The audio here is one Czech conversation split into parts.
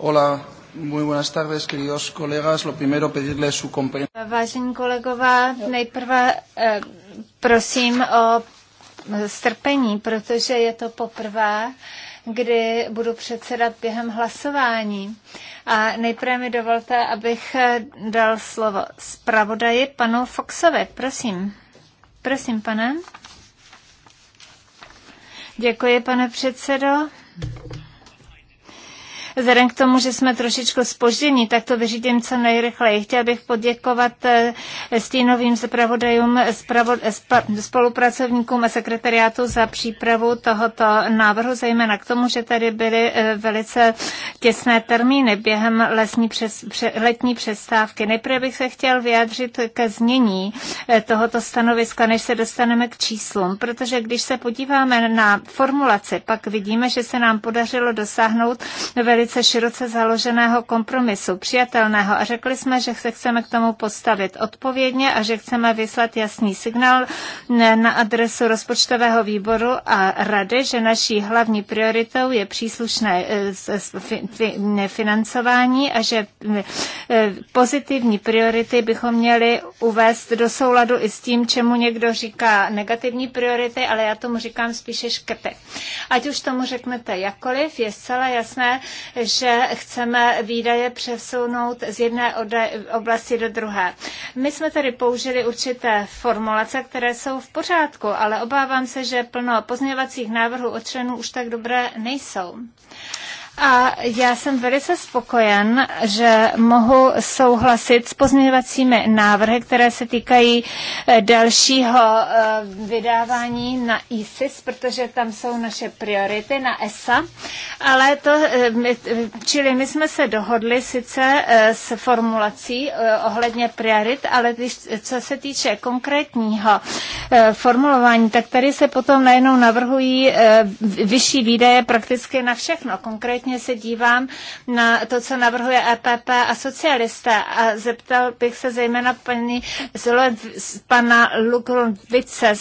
Hola, muy buenas tardes, queridos colegas. Lo primero, pedirle su comprensión. Vážení kolegové, nejprve eh, prosím o strpení, protože je to poprvé, kdy budu předsedat během hlasování. A nejprve mi dovolte, abych eh, dal slovo zpravodaji panu Foxovi. Prosím. Prosím, pane. Děkuji, pane předsedo. Vzhledem k tomu, že jsme trošičku spoždění, tak to vyřídím co nejrychleji. Chtěl bych poděkovat eh, stínovým zpravodajům, spolupracovníkům a sekretariátu za přípravu tohoto návrhu, zejména k tomu, že tady byly eh, velice těsné termíny během lesní přes, pře, letní přestávky. Nejprve bych se chtěl vyjádřit ke změní eh, tohoto stanoviska, než se dostaneme k číslům, protože když se podíváme na formulaci, pak vidíme, že se nám podařilo dosáhnout velice velice široce založeného kompromisu, přijatelného a řekli jsme, že se chceme k tomu postavit odpovědně a že chceme vyslat jasný signál na adresu rozpočtového výboru a rady, že naší hlavní prioritou je příslušné eh, financování a že eh, pozitivní priority bychom měli uvést do souladu i s tím, čemu někdo říká negativní priority, ale já tomu říkám spíše škrty. Ať už tomu řeknete jakkoliv, je zcela jasné, že chceme výdaje přesunout z jedné oblasti do druhé. My jsme tady použili určité formulace, které jsou v pořádku, ale obávám se, že plno pozměňovacích návrhů od členů už tak dobré nejsou. A já jsem velice spokojen, že mohu souhlasit s pozměňovacími návrhy, které se týkají eh, dalšího eh, vydávání na ISIS, protože tam jsou naše priority na ESA. Ale to, eh, čili my jsme se dohodli sice s formulací ohledně priorit, ale když, co se týče konkrétního formulování, tak tady se potom najednou navrhují vyšší výdaje prakticky na všechno, konkrétně konkrétně vlastně se dívám na to, co navrhuje EPP a socialisté a zeptal bych se zejména paní Zole, pana Lukovice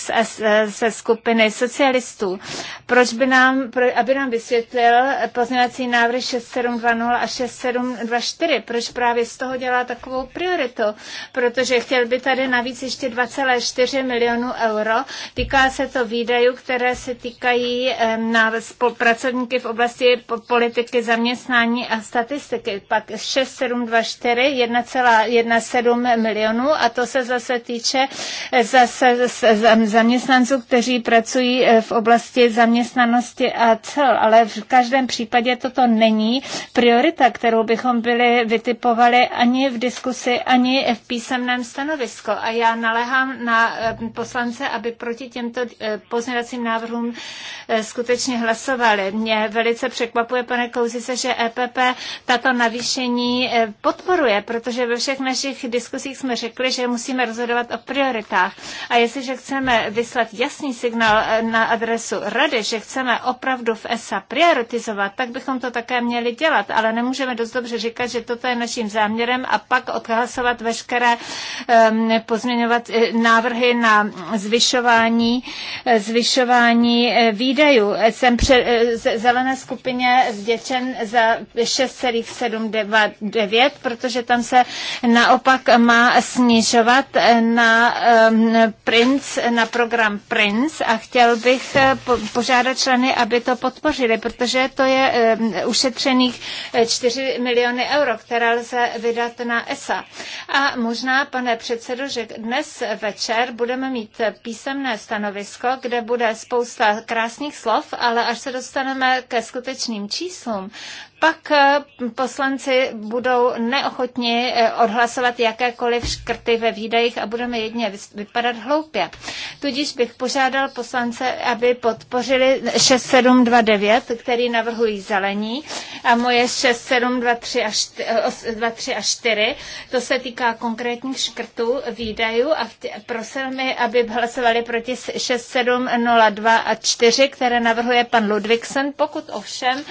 ze skupiny socialistů, proč by nám, aby nám vysvětlil pozměňovací návrh 6720 a 6724, proč právě z toho dělá takovou prioritu, protože chtěl by tady navíc ještě 2,4 milionů euro. Týká se to výdajů, které se týkají na pracovníky v oblasti politiky politiky zaměstnání a statistiky. Pak 6724 1,17 milionů a to se zase týče eh, zase zaměstnanců, kteří pracují eh, v oblasti zaměstnanosti a cel. Ale v každém případě toto není priorita, kterou bychom byli vytipovali ani v diskusi, ani v písemném stanovisku. A já nalehám na eh, poslance, aby proti těmto pozměňovacím návrhům skutečně hlasovali. Mě velice překvapuje, pane zpravodajkou se, že EPP tato navýšení eh, podporuje, protože ve všech našich diskusích jsme řekli, že musíme rozhodovat o prioritách. A jestliže chceme vyslat jasný signál eh, na adresu Rady, že chceme opravdu v ESA prioritizovat, tak bychom to také měli dělat, ale nemůžeme dost dobře říkat, že toto je naším záměrem a pak odhlasovat veškeré um, pozměňovat eh, návrhy na zvyšování, zvyšování výdajů. Jsem před, zelené skupině zvětšen za 6,799, protože tam se naopak má snižovat na Prince, na program Prince a chtěl bych eh, požádat členy, aby to podpořili, protože to je ušetřených 4 eh, miliony euro, které lze vydat na ESA. A možná, pane předsedo, že dnes večer budeme mít písemné stanovisko, kde bude spousta krásných slov, ale až se dostaneme ke skutečným číslům, číslům pak eh, poslanci budou neochotni eh, odhlasovat jakékoliv škrty ve výdajích a budeme jedně vypadat hloupě. Tudíž bych požádal poslance, aby podpořili 6729, který navrhují zelení, a moje 6723 a 4, eh, to se týká konkrétních škrtů výdajů a prosil mi, aby hlasovali proti 6702 a 4, které navrhuje pan Ludvíksen, pokud ovšem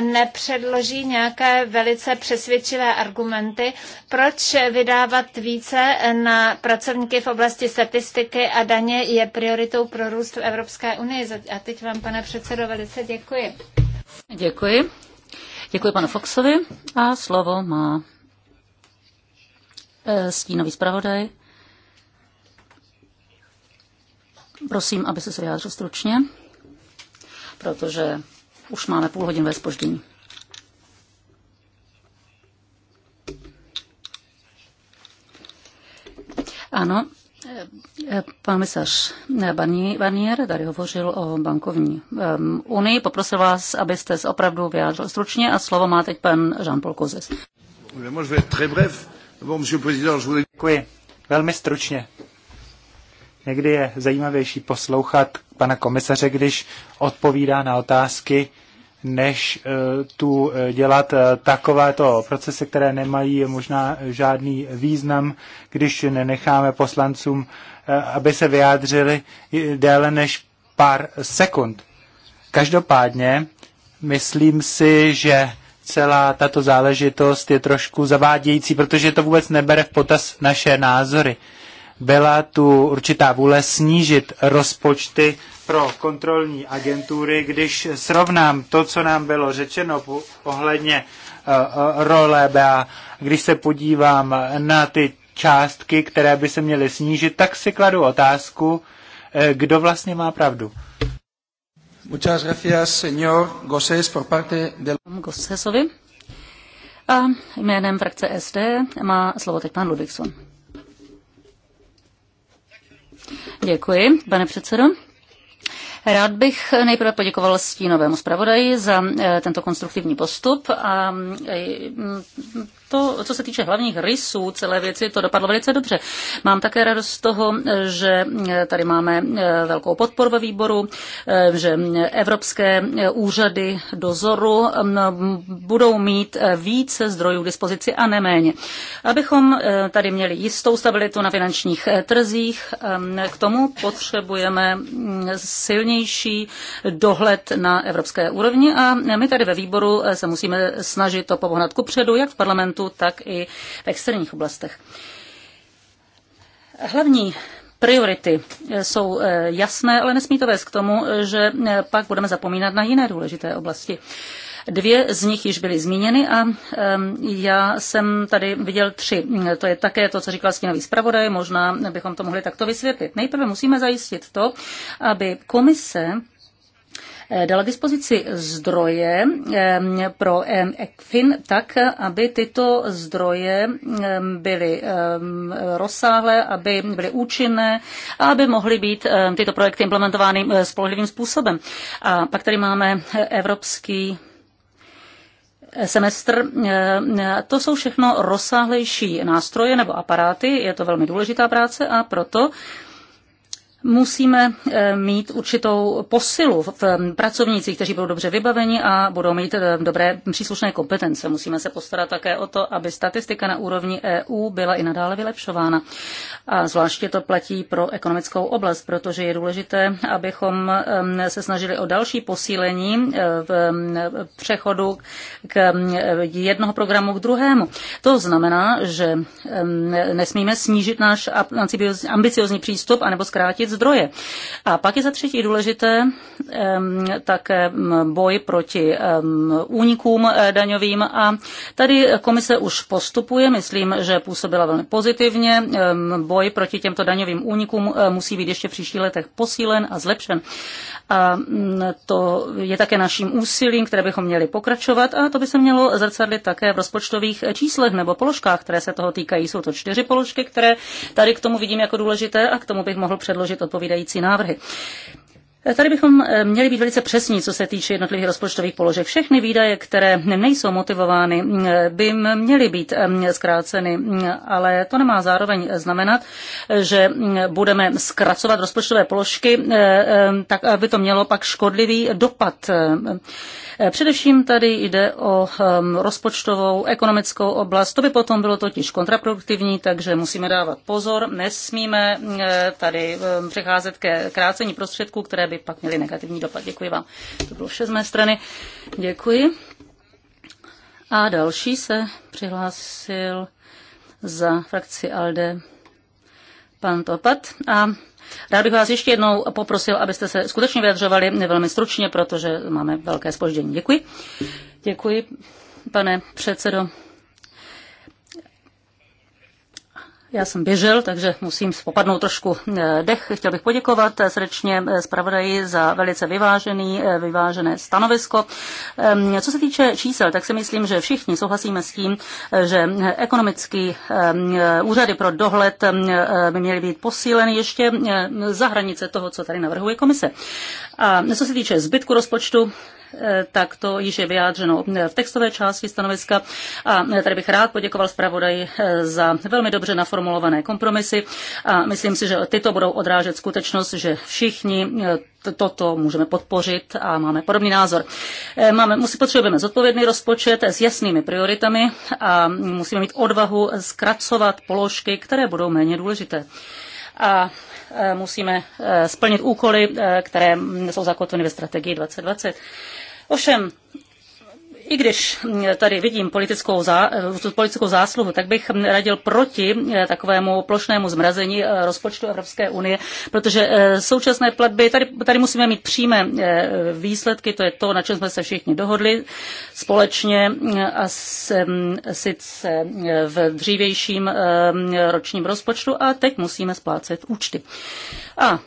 nepřijde předloží nějaké velice přesvědčivé argumenty, proč vydávat více na pracovníky v oblasti statistiky a daně je prioritou pro růst v Evropské unii. A teď vám, pane předsedo, velice děkuji. Děkuji. Děkuji panu Foxovi a slovo má e, stínový zpravodaj. Prosím, aby se vyjádřil stručně, protože už máme půl ve spoždění. Ano, Pan komisař Barnier tady hovořil o bankovní ehm, unii. Poprosil vás, abyste se opravdu vyjádřil stručně a slovo má teď pan Jean-Paul Kozes. Děkuji. Velmi stručně. Někdy je zajímavější poslouchat pana komisaře, když odpovídá na otázky, než eh, tu eh, dělat eh, takovéto procesy, které nemají možná žádný význam, když nenecháme poslancům, aby se vyjádřili déle než pár sekund. Každopádně myslím si, že celá tato záležitost je trošku zavádějící, protože to vůbec nebere v potaz naše názory. Byla tu určitá vůle snížit rozpočty pro kontrolní agentury, když srovnám to, co nám bylo řečeno ohledně eh, eh, role BA, když se podívám na ty částky, které by se měly snížit, tak si kladu otázku, eh, kdo vlastně má pravdu. Muchas gracias, señor Gosses, por parte del... Gossesovi. A jménem frakce SD má slovo teď pan Ludvíkson. Děkuji, pane předsedo. Rád bych nejprve poděkoval stínovému zpravodaji za eh, tento konstruktivní postup a eh, to, co se týče hlavních rysů celé věci, to dopadlo velice dobře. Mám také radost z toho, že tady máme eh, velkou podporu ve výboru, eh, že evropské úřady dozoru mm, budou mít eh, více zdrojů k dispozici a neméně. Abychom tady měli jistou stabilitu na finančních trzích, k tomu potřebujeme mm, silnější dohled na evropské úrovni a my tady ve výboru se musíme snažit to pohnat kupředu, jak v parlamentu, tak i v externích oblastech. Hlavní priority eh, jsou eh, jasné, ale nesmí to vést k tomu, eh, že pak budeme zapomínat na jiné důležité oblasti. Dvě z nich již byly zmíněny a já jsem tady viděl tři. To je také to, co říkal stínový zpravodaj, možná bychom to mohli takto vysvětlit. Nejprve musíme zajistit to, aby komise Eh, dala dispozici zdroje eh, pro ECFIN tak, aby tyto zdroje byly rozsáhlé, aby byly účinné a aby mohly být tyto projekty implementovány eh, spolehlivým způsobem. A pak tady máme evropský semestr. To jsou všechno rozsáhlejší nástroje nebo aparáty, je to velmi důležitá práce a proto musíme eh, mít určitou posilu v pracovnících, kteří budou dobře vybaveni a budou mít eh, dobré příslušné kompetence. Musíme se postarat také o to, aby statistika na úrovni EU byla i nadále vylepšována. A zvláště to platí pro ekonomickou oblast, protože je důležité, abychom eh, se snažili o další posílení v přechodu k jednoho programu k druhému. To znamená, že nesmíme snížit náš ambiciozní přístup anebo zkrátit zajistit zdroje. A pak je za třetí důležité také boj proti únikům eh, daňovým a tady komise už postupuje, myslím, že působila velmi pozitivně. Boj proti těmto daňovým únikům eh, musí být ještě v příštích letech posílen a zlepšen. A mm, to je také naším úsilím, které bychom měli pokračovat a to by se mělo zrcadlit také v rozpočtových číslech nebo položkách, které se toho týkají. Jsou to čtyři položky, které tady k tomu vidím jako důležité a k tomu bych mohl předložit předložit odpovídající návrhy. E, tady bychom e, měli být velice přesní, co se týče jednotlivých rozpočtových položek. Všechny výdaje, které nejsou motivovány, by měly být zkráceny, ale to nemá zároveň znamenat, že budeme zkracovat rozpočtové položky, e, tak aby to mělo pak škodlivý dopad. Eh, především tady jde o ehm, rozpočtovou, ekonomickou oblast. To by potom bylo totiž kontraproduktivní, takže musíme dávat pozor. Nesmíme eh, tady ehm, přecházet ke krácení prostředků, které by pak měly negativní dopad. Děkuji vám. To bylo vše z mé strany. Děkuji. A další se přihlásil za frakci ALDE pan Topat a Rád bych vás ještě jednou poprosil, abyste se skutečně vyjadřovali velmi stručně, protože máme velké spoždění. Děkuji. Děkuji, pane předsedo. Já jsem běžel, takže musím popadnout trošku eh, dech. Chtěl bych poděkovat eh, srdečně eh, zpravodaji za velice vyvážený, vyvážené stanovisko. Ehm, co se týče čísel, tak si myslím, že všichni souhlasíme s tím, že ekonomický ehm, úřady pro dohled ehm, by měly být posíleny ještě za hranice toho, co tady navrhuje komise. A co se týče zbytku rozpočtu, tak to již je vyjádřeno v textové části stanoviska. A tady bych rád poděkoval zpravodaji eh, za velmi dobře naformulované kompromisy a myslím si, že tyto budou odrážet skutečnost, že všichni eh, toto můžeme podpořit a máme podobný názor. Eh, máme, musí, potřebujeme zodpovědný rozpočet s jasnými prioritami a musíme mít odvahu zkracovat položky, které budou méně důležité. A musíme splnit úkoly, které mm, jsou zakotveny ve strategii 2020. Ovšem, i když tady vidím politickou, zá, politickou zásluhu, tak bych radil proti eh, takovému plošnému zmrazení eh, rozpočtu Evropské unie, protože eh, současné platby, tady, tady musíme mít přímé výsledky, to je to, na čem jsme se všichni dohodli společně a mm, sice v dřívějším ročním rozpočtu a teď musíme splácet účty. A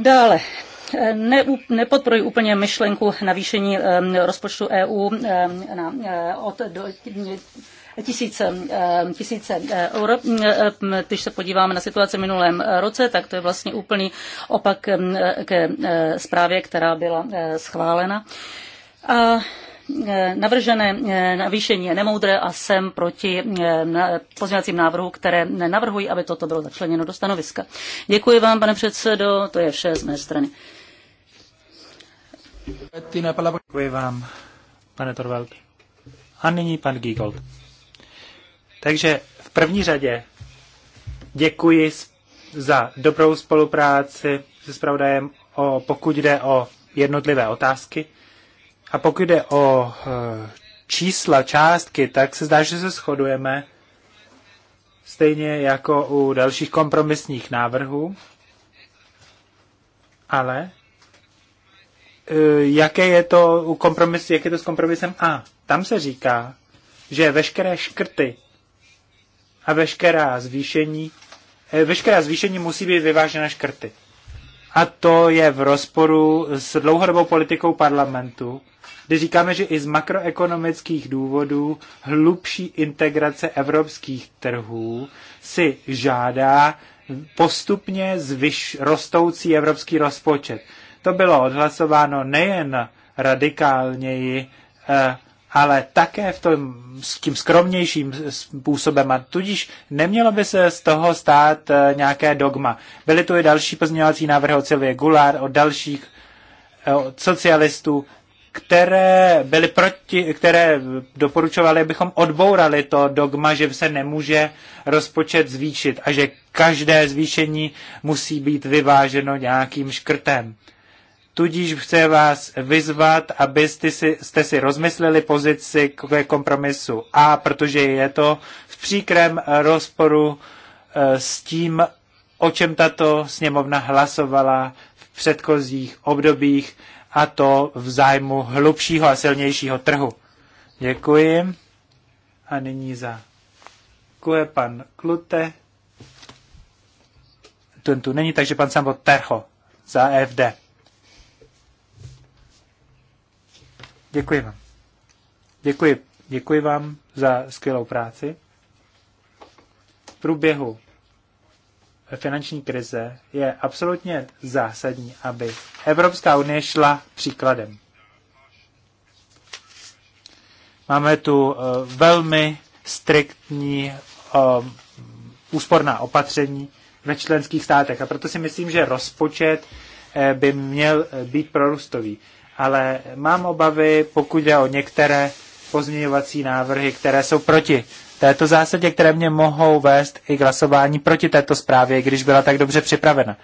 Dále, ne, nepodporuji úplně myšlenku navýšení rozpočtu EU na, e, od do, tisíce, tisíce e, euro. E, když se podíváme na situaci v minulém roce, tak to je vlastně úplný opak ke zprávě, která byla schválena. A navržené navýšení je nemoudré a jsem proti pozměňovacím návrhu, které navrhují, aby toto bylo začleněno do stanoviska. Děkuji vám, pane předsedo, to je vše z mé strany. Děkuji vám, pane Torvald. A nyní pan Giegold. Takže v první řadě děkuji za dobrou spolupráci se spravodajem, o, pokud jde o jednotlivé otázky. A pokud jde o e, čísla, částky, tak se zdá, že se shodujeme stejně jako u dalších kompromisních návrhů, ale Eh, jaké je to kompromis, jak je to s kompromisem A. Tam se říká, že veškeré škrty a veškerá zvýšení, eh, veškerá zvýšení musí být vyvážena škrty. A to je v rozporu s dlouhodobou politikou parlamentu, kdy říkáme, že i z makroekonomických důvodů hlubší integrace evropských trhů si žádá postupně zvyš, rostoucí evropský rozpočet. To bylo odhlasováno nejen radikálněji, eh, ale také v tom, s tím skromnějším způsobem. A tudíž nemělo by se z toho stát eh, nějaké dogma. Byly tu i další pozměňovací návrhy od Silvie Gulár, od dalších eh, od socialistů, které, byly proti, které doporučovali, abychom odbourali to dogma, že se nemůže rozpočet zvýšit a že každé zvýšení musí být vyváženo nějakým škrtem. Tudíž chce vás vyzvat, abyste si, jste si rozmysleli pozici k kompromisu A, protože je to v příkrém rozporu eh, s tím, o čem tato sněmovna hlasovala v předchozích obdobích, a to v zájmu hlubšího a silnějšího trhu. Děkuji. A nyní za kuje pan Klute. Ten tu není, takže pan Sambo Terho za e FD. Děkuji vám. Děkuji. Děkuji vám za skvělou práci. V průběhu finanční krize je absolutně zásadní, aby Evropská unie šla příkladem. Máme tu eh, velmi striktní eh, úsporná opatření ve členských státech a proto si myslím, že rozpočet eh, by měl být prorůstový ale mám obavy, pokud jde o některé pozměňovací návrhy, které jsou proti této zásadě, které mě mohou vést i k hlasování proti této zprávě, když byla tak dobře připravena.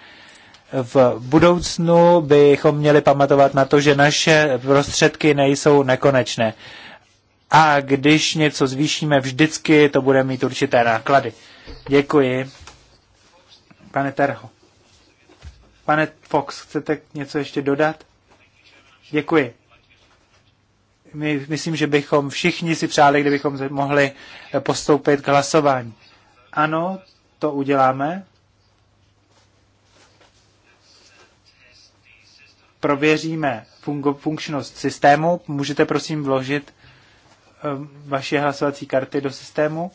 V budoucnu bychom měli pamatovat na to, že naše prostředky nejsou nekonečné. A když něco zvýšíme vždycky, to bude mít určité náklady. Děkuji. Pane Terho. Pane Fox, chcete něco ještě dodat? Děkuji. My, myslím, že bychom všichni si přáli, kdybychom mohli postoupit k hlasování. Ano, to uděláme. Prověříme funkčnost systému. Můžete prosím vložit eh, vaše hlasovací karty do systému.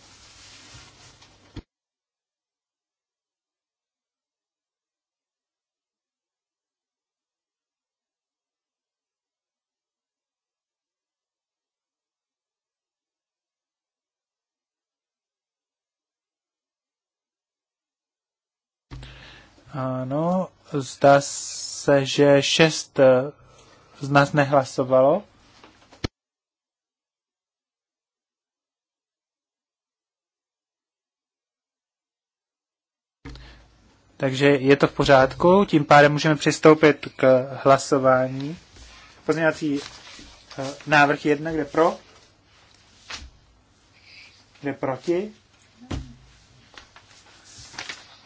Ano, zdá se, že šest eh, z nás nehlasovalo. Takže je to v pořádku, tím pádem můžeme přistoupit k hlasování. Pozměňovací eh, návrh jedna, kde pro? Kde proti?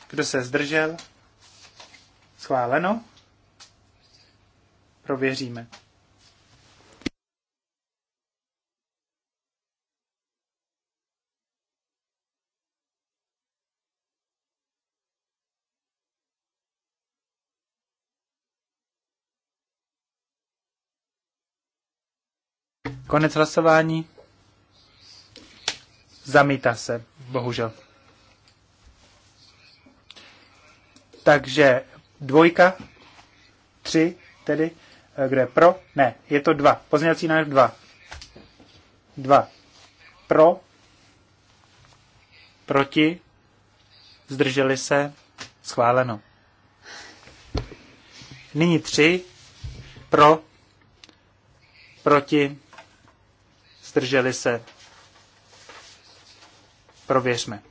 Kdo se zdržel? Schváleno? Prověříme. Konec hlasování. Zamítá se, bohužel. Takže Dvojka, tři, tedy, eh, kdo je pro? Ne, je to dva. Pozměňovací návrh dva. Dva. Pro, proti, zdrželi se, schváleno. Nyní tři, pro, proti, zdrželi se, prověřme.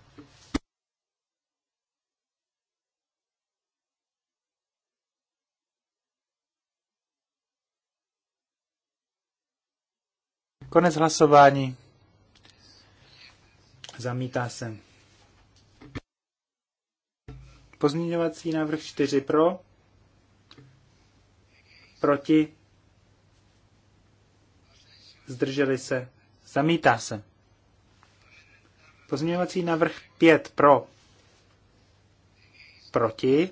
Konec hlasování. Zamítá se. Pozměňovací návrh 4 pro. Proti. Zdrželi se. Zamítá se. Pozměňovací návrh 5 pro. Proti.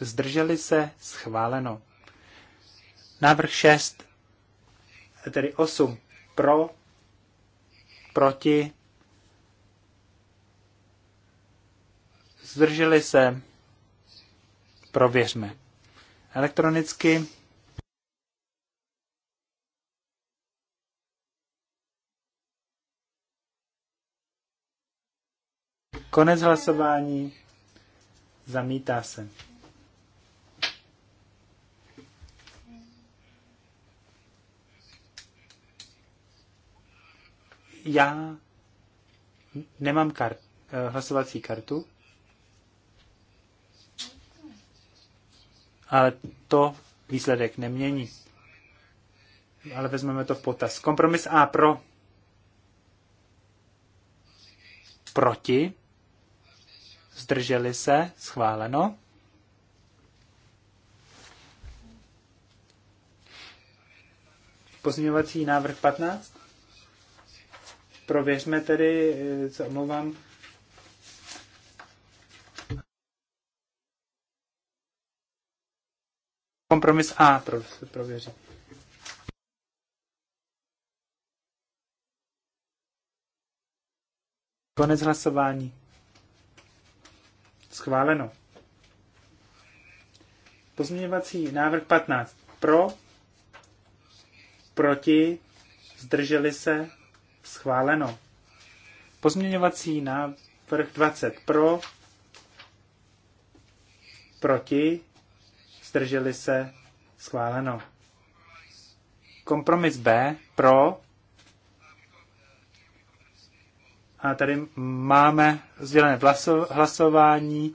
Zdrželi se. Schváleno. Návrh 6 tedy 8 pro, proti, zdrželi se, prověřme. Elektronicky Konec hlasování. Zamítá se. Já nemám kart, eh, hlasovací kartu, ale to výsledek nemění. Ale vezmeme to v potaz. Kompromis A pro. Proti. Zdrželi se. Schváleno. Pozměňovací návrh 15 prověřme tedy, eh, se omlouvám, kompromis A pro, prověřit. Konec hlasování. Schváleno. Pozměňovací návrh 15. Pro, proti, zdrželi se, Schváleno. Pozměňovací návrh 20 pro, proti, zdrželi se, schváleno. Kompromis B pro, a tady máme sdělené hlasování,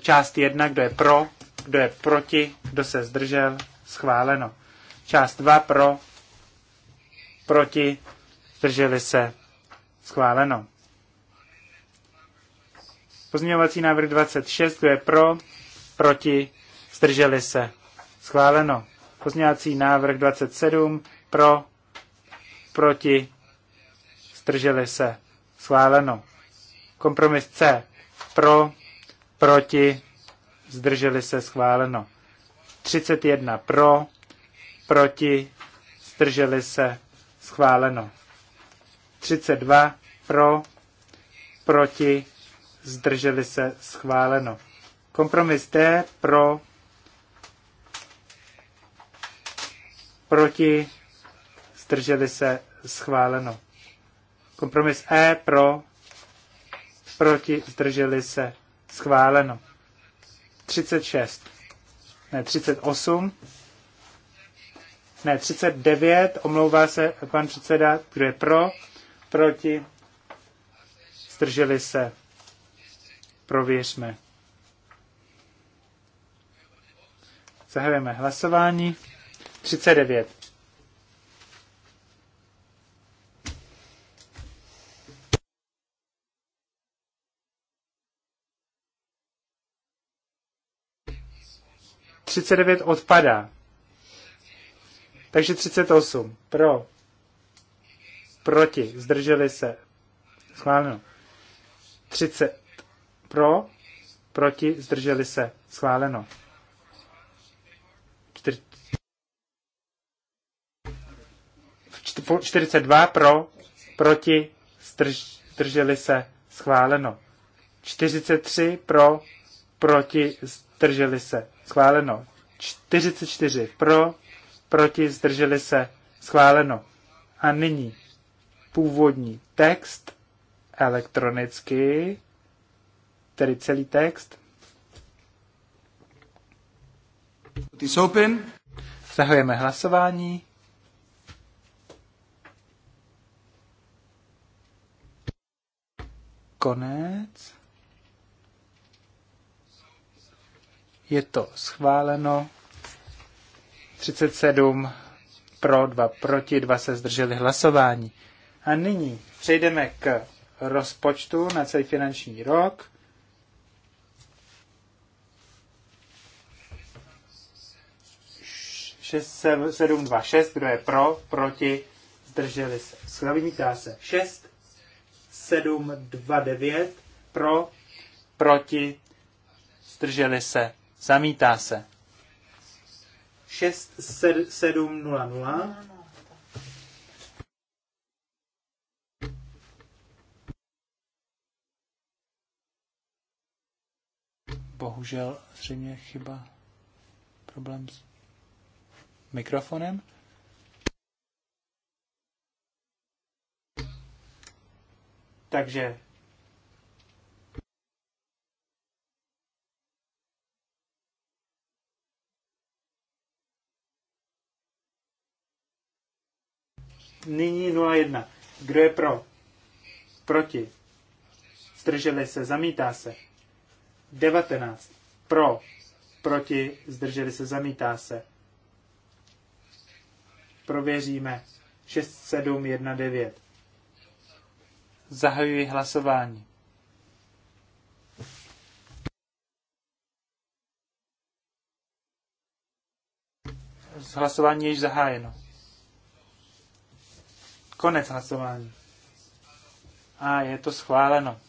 část 1, kdo je pro, kdo je proti, kdo se zdržel, schváleno. Část 2 pro, proti, zdrželi se, schváleno. Pozměňovací návrh 26, kdo je pro, proti, zdrželi se, schváleno. Pozměňovací návrh 27, pro, proti, zdrželi se, schváleno. Kompromis C, pro, proti, zdrželi se, schváleno. 31 pro, proti, zdrželi se, schváleno. 32 pro, proti, zdrželi se, schváleno. Kompromis D pro, proti, zdrželi se, schváleno. Kompromis E pro, proti, zdrželi se, schváleno. 36, ne 38, ne 39, omlouvá se pan předseda, kdo je pro, proti, zdrželi se, prověřme. Zahajujeme hlasování. 39. Třicet devět odpadá. Takže osm. Pro proti, zdrželi se, schváleno. 30 pro, proti, zdrželi se, schváleno. 42 pro, proti, zdrželi se, schváleno. 43 pro, proti, zdrželi se, schváleno. 44 pro, proti, zdrželi se, schváleno. A nyní původní text elektronicky, tedy celý text. Zahajeme hlasování. Konec. Je to schváleno. 37 pro, 2 proti, 2 se zdrželi hlasování. A nyní přejdeme k rozpočtu na celý finanční rok. Šest, kdo je pro, proti, zdrželi se. Schvítá se dva devět, pro, proti, zdrželi se, zamítá se. 6, 7, 0, 0 bohužel zřejmě chyba, problém s mikrofonem. Takže Nyní 0,1. Kdo je pro? Proti. Zdrželi se, zamítá se. 19. Pro, proti, zdrželi se, zamítá se. Prověříme. 6719. Zahajuji hlasování. Hlasování je již zahájeno. Konec hlasování. A je to schváleno.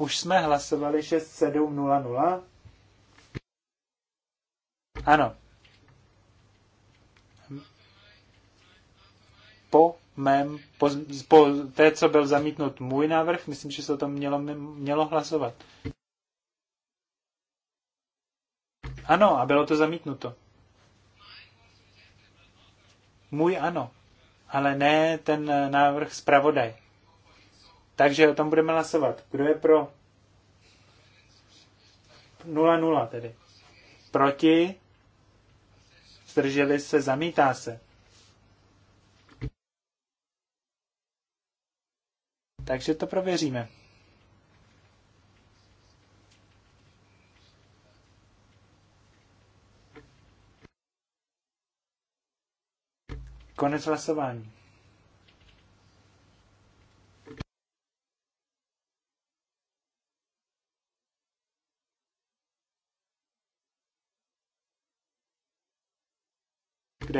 Už jsme hlasovali 6700. Ano. Po mém, po, po té, co byl zamítnut můj návrh, myslím, že se o tom mělo, mělo hlasovat. Ano, a bylo to zamítnuto. Můj ano, ale ne ten návrh zpravodaj. Takže o tom budeme hlasovat. Kdo je pro? 0-0 tedy. Proti? Zdrželi se, zamítá se. Takže to prověříme. Konec hlasování.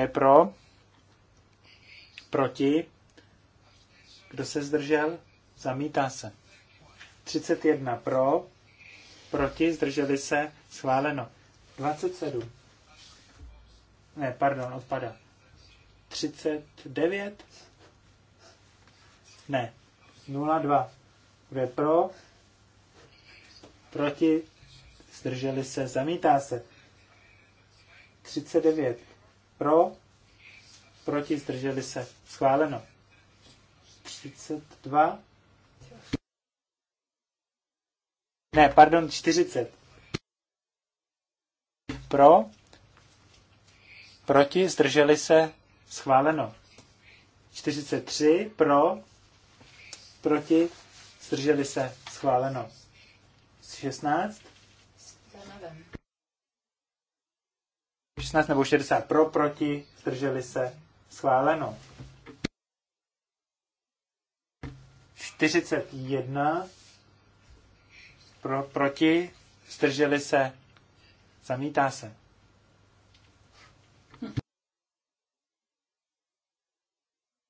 je pro? Proti? Kdo se zdržel? Zamítá se. 31 pro, proti, zdrželi se, schváleno. 27. Ne, pardon, odpada. 39. Ne. 02. Kdo je pro? Proti, zdrželi se, zamítá se. 39 pro, proti, zdrželi se, schváleno. 32. Ne, pardon, 40. Pro, proti, zdrželi se, schváleno. 43 pro, proti, zdrželi se, schváleno. 16 16 nebo 60 pro, proti, zdrželi se, schváleno. 41 pro, proti, zdrželi se, zamítá se.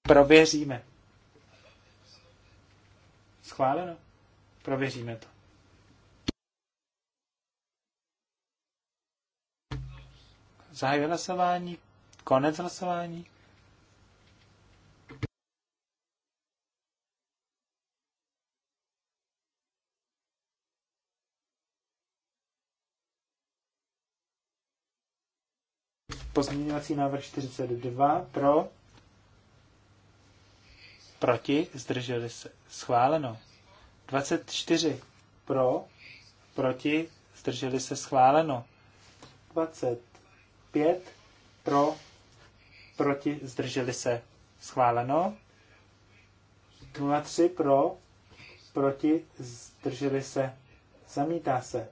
Prověříme. Schváleno. Prověříme to. Zahajuji hlasování. Konec hlasování. Pozměňovací návrh 42 pro, proti, zdrželi se, schváleno. 24 pro, proti, zdrželi se, schváleno. 20 5 pro, proti, zdrželi se, schváleno. 03 pro, proti, zdrželi se, zamítá se.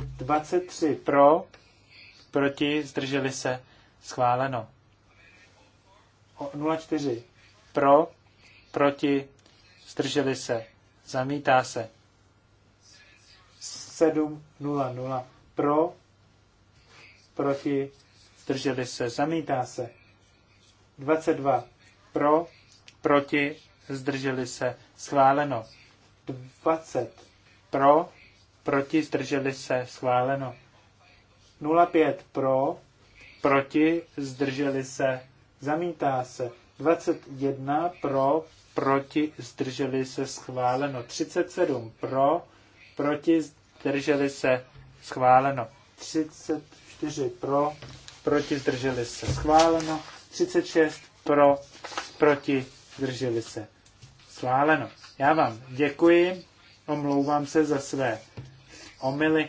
23 pro, proti, zdrželi se, schváleno. 04 pro, proti, zdrželi se, zamítá se. 7.00 pro, proti, zdrželi se, zamítá se. 22 pro, proti, zdrželi se, schváleno. 20 pro, proti, zdrželi se, schváleno. 05 pro, proti, zdrželi se, zamítá se. 21 pro, proti, zdrželi se, schváleno. 37 pro, proti, zdrželi se, schváleno. 34 pro, proti, zdrželi se, schváleno. 36 pro, proti, zdrželi se, schváleno. Já vám děkuji, omlouvám se za své omily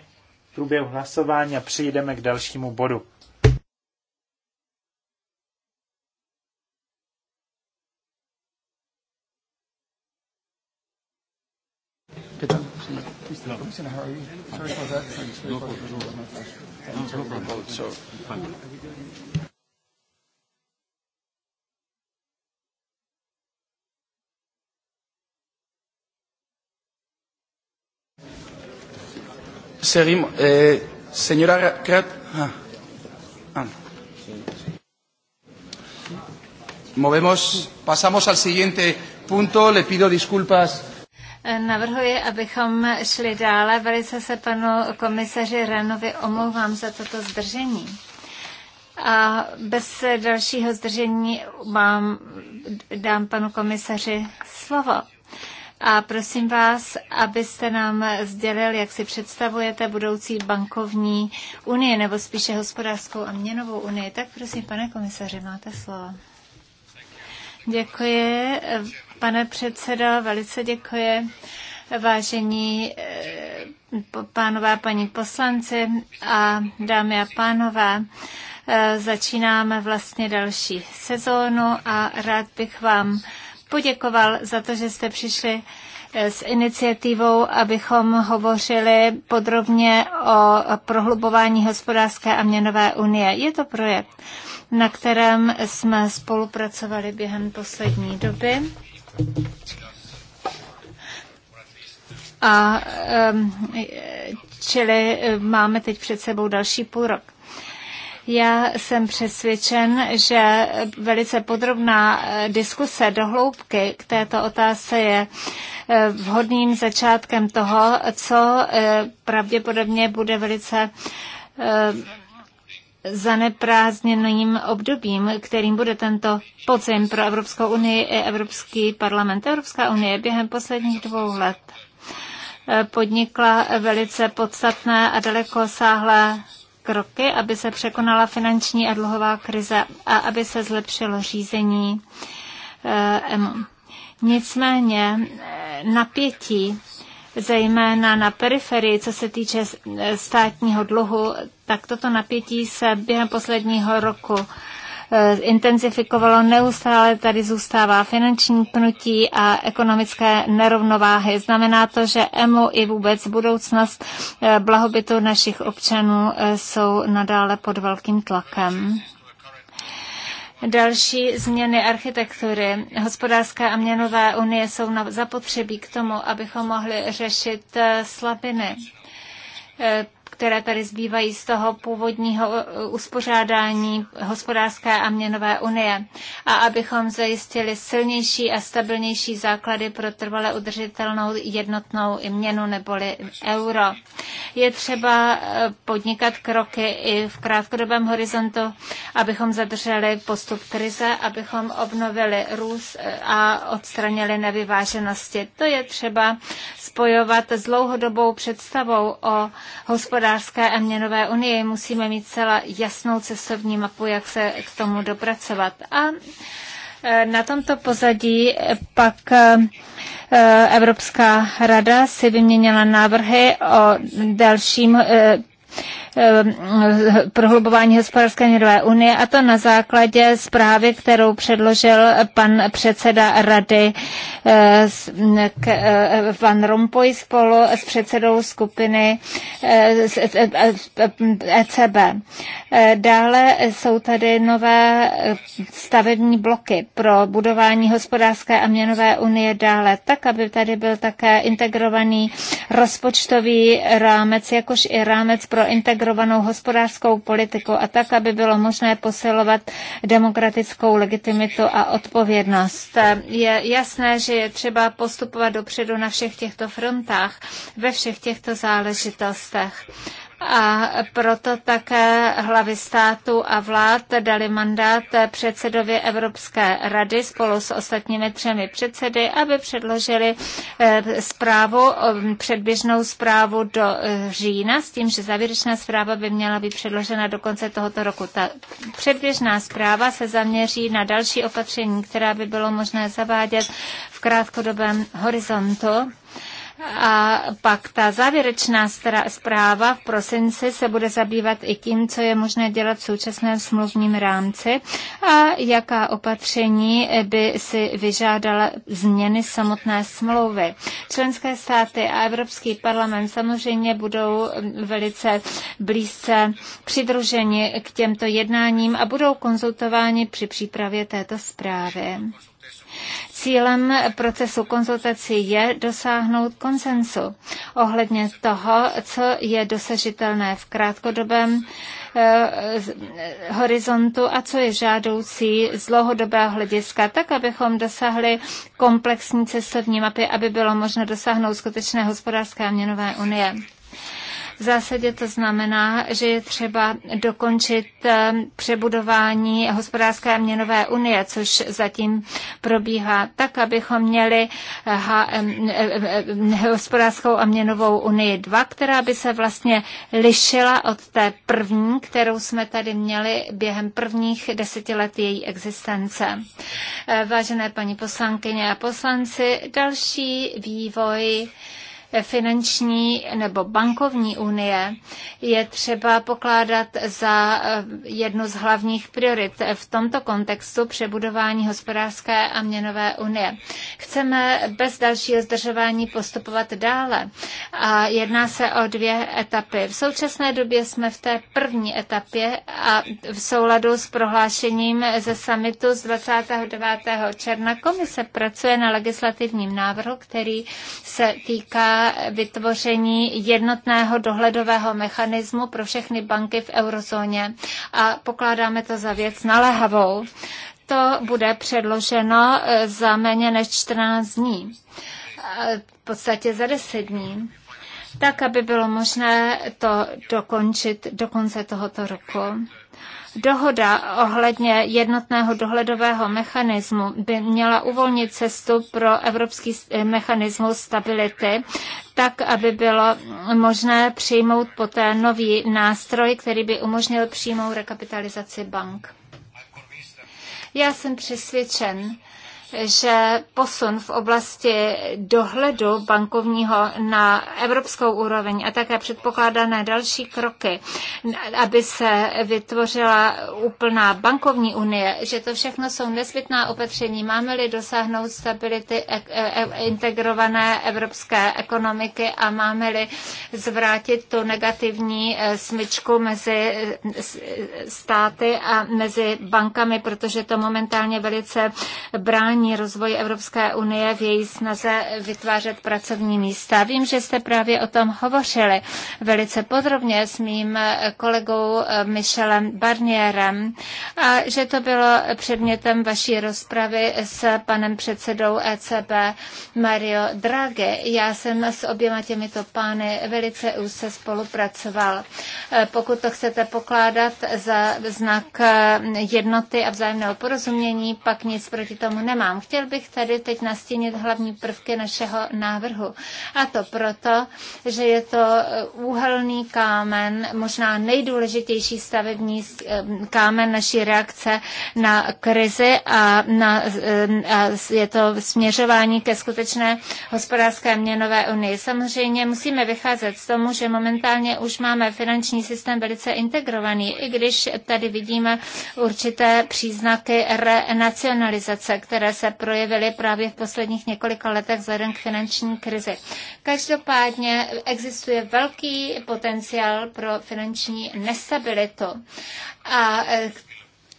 v průběhu hlasování a přijdeme k dalšímu bodu. was in a hurry. Sorry for that. Thanks. No problem. No problem. So. Seguimos. Eh, señora Krat. Ah. Ah. Movemos, pasamos al siguiente punto. Le pido disculpas navrhuji, abychom šli dále. Velice se panu komisaři Renovi omlouvám za toto zdržení. A bez dalšího zdržení vám dám panu komisaři slovo. A prosím vás, abyste nám sdělil, jak si představujete budoucí bankovní unii, nebo spíše hospodářskou a měnovou unii. Tak prosím, pane komisaři, máte slovo. Děkuji, pane předsedo, velice děkuji. Vážení eh, pánové, paní poslanci a dámy a pánové, eh, začínáme vlastně další sezónu a rád bych vám poděkoval za to, že jste přišli eh, s iniciativou, abychom hovořili podrobně o prohlubování hospodářské a měnové unie. Je to projekt, na kterém jsme spolupracovali během poslední doby a čili e, máme teď před sebou další půl rok. Já jsem přesvědčen, že velice podrobná e, diskuse do hloubky k této otázce je e, vhodným začátkem toho, co pravděpodobně bude velice zaneprázdněným obdobím, kterým bude tento podzim pro Evropskou unii i Evropský parlament. Evropská unie během posledních dvou let eh, podnikla velice podstatné a daleko sáhlé kroky, aby se překonala finanční a dluhová krize a aby se zlepšilo řízení EMU. Eh, Nicméně eh, napětí zejména na periferii, co se týče státního dluhu, tak toto napětí se během posledního roku eh, intenzifikovalo, neustále tady zůstává finanční pnutí a ekonomické nerovnováhy. Znamená to, že EMU i vůbec budoucnost eh, blahobytu našich občanů eh, jsou nadále pod velkým tlakem. Další změny architektury hospodářská a měnová unie jsou na zapotřebí k tomu, abychom mohli řešit eh, slabiny eh, které tady zbývají z toho původního uh, uspořádání hospodářské a měnové unie a abychom zajistili silnější a stabilnější základy pro trvale udržitelnou jednotnou měnu neboli euro. Je třeba uh, podnikat kroky i v krátkodobém horizontu, abychom zadrželi postup krize, abychom obnovili růst uh, a odstranili nevyváženosti. To je třeba spojovat s dlouhodobou představou o hospodářské a měnové unii. Musíme mít celá jasnou cestovní mapu, jak se k tomu dopracovat. A e, na tomto pozadí pak e, Evropská rada si vyměnila návrhy o dalším e, Eh, prohlubování hospodářské měnové unie a to na základě zprávy, kterou předložil pan předseda rady eh, eh, Van Rompuy spolu s předsedou skupiny ECB. E dále jsou tady nové stavební bloky pro budování hospodářské a měnové unie dále, tak aby tady byl také integrovaný rozpočtový rámec, jakož i rámec pro integrovaný integrovanou hospodářskou politiku a tak, aby bylo možné posilovat demokratickou legitimitu a odpovědnost. Je jasné, že je třeba postupovat dopředu na všech těchto frontách, ve všech těchto záležitostech a proto také hlavy států a vlád dali mandát předsedovi Evropské rady spolu s ostatními třemi předsedy, aby předložili eh, zprávu, eh, předběžnou zprávu do eh, října s tím, že závěrečná zpráva by měla být předložena do konce tohoto roku. Ta předběžná zpráva se zaměří na další opatření, která by bylo možné zavádět v krátkodobém horizontu a pak ta závěrečná zpráva v prosinci se bude zabývat i tím, co je možné dělat v současném smluvním rámci a jaká opatření by si vyžádala změny samotné smlouvy. Členské státy a Evropský parlament samozřejmě budou velice blízce přidruženi k těmto jednáním a budou konzultováni při přípravě této zprávy. Cílem procesu konzultací je dosáhnout konsensu ohledně toho, co je dosažitelné v krátkodobém eh, eh, horizontu a co je žádoucí z dlouhodobého hlediska, tak abychom dosáhli komplexní cestovní mapy, aby bylo možno dosáhnout skutečné hospodářské a měnové unie. V zásadě to znamená, že je třeba dokončit eh, přebudování hospodářské a měnové unie, což zatím probíhá tak, abychom měli eh, eh, hospodářskou a měnovou unii 2, která by se vlastně lišila od té první, kterou jsme tady měli během prvních deseti let její existence. Vážené paní poslankyně a poslanci, další vývoj finanční nebo bankovní unie je třeba pokládat za eh, jednu z hlavních priorit v tomto kontextu přebudování hospodářské a měnové unie. Chceme bez dalšího zdržování postupovat dále a jedná se o dvě etapy. V současné době jsme v té první etapě a v souladu s prohlášením ze summitu z 29. června komise pracuje na legislativním návrhu, který se týká vytvoření jednotného dohledového mechanismu pro všechny banky v eurozóně a pokládáme to za věc naléhavou. To bude předloženo e, za méně než 14 dní, e, v podstatě za 10 dní, tak aby bylo možné to dokončit do konce tohoto roku. Dohoda ohledně jednotného dohledového mechanismu by měla uvolnit cestu pro evropský eh, mechanismus stability, tak, aby bylo možné přijmout poté nový nástroj, který by umožnil přímou rekapitalizaci bank. Já jsem přesvědčen, že posun v oblasti dohledu bankovního na evropskou úroveň a také předpokládané další kroky, aby se vytvořila úplná bankovní unie, že to všechno jsou nezbytná opatření. Máme-li dosáhnout stability e, e, e, integrované evropské ekonomiky a máme-li zvrátit tu negativní smyčku mezi státy a mezi bankami, protože to momentálně velice brání brání rozvoji Evropské unie v její snaze vytvářet pracovní místa. Vím, že jste právě o tom hovořili velice podrobně s mým kolegou eh, Michelem Barnierem a že to bylo předmětem vaší rozpravy s panem předsedou ECB Mario Draghi. Já jsem s oběma těmito pány velice úzce spolupracoval. Eh, pokud to chcete pokládat za znak eh, jednoty a vzájemného porozumění, pak nic proti tomu nemá vám. Chtěl bych tady teď nastínit hlavní prvky našeho návrhu. A to proto, že je to eh, úhelný kámen, možná nejdůležitější stavební eh, kámen naší reakce na krizi a, na, eh, a je to směřování ke skutečné hospodářské měnové unii. Samozřejmě musíme vycházet z tomu, že momentálně už máme finanční systém velice integrovaný, i když tady vidíme určité příznaky renacionalizace, které se projevily právě v posledních několika letech vzhledem k finanční krizi. Každopádně existuje velký potenciál pro finanční nestabilitu. A eh,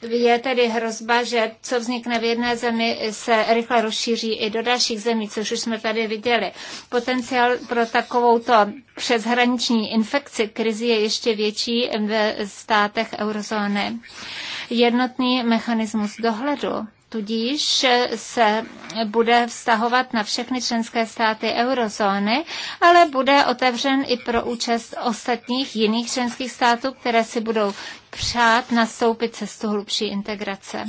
je tedy hrozba, že co vznikne v jedné zemi, se rychle rozšíří i do dalších zemí, což už jsme tady viděli. Potenciál pro takovouto přeshraniční infekci krizi je ještě větší ve státech eurozóny. Jednotný mechanismus dohledu tudíž se bude vztahovat na všechny členské státy eurozóny, ale bude otevřen i pro účast ostatních jiných členských států, které si budou přát nastoupit cestu hlubší integrace.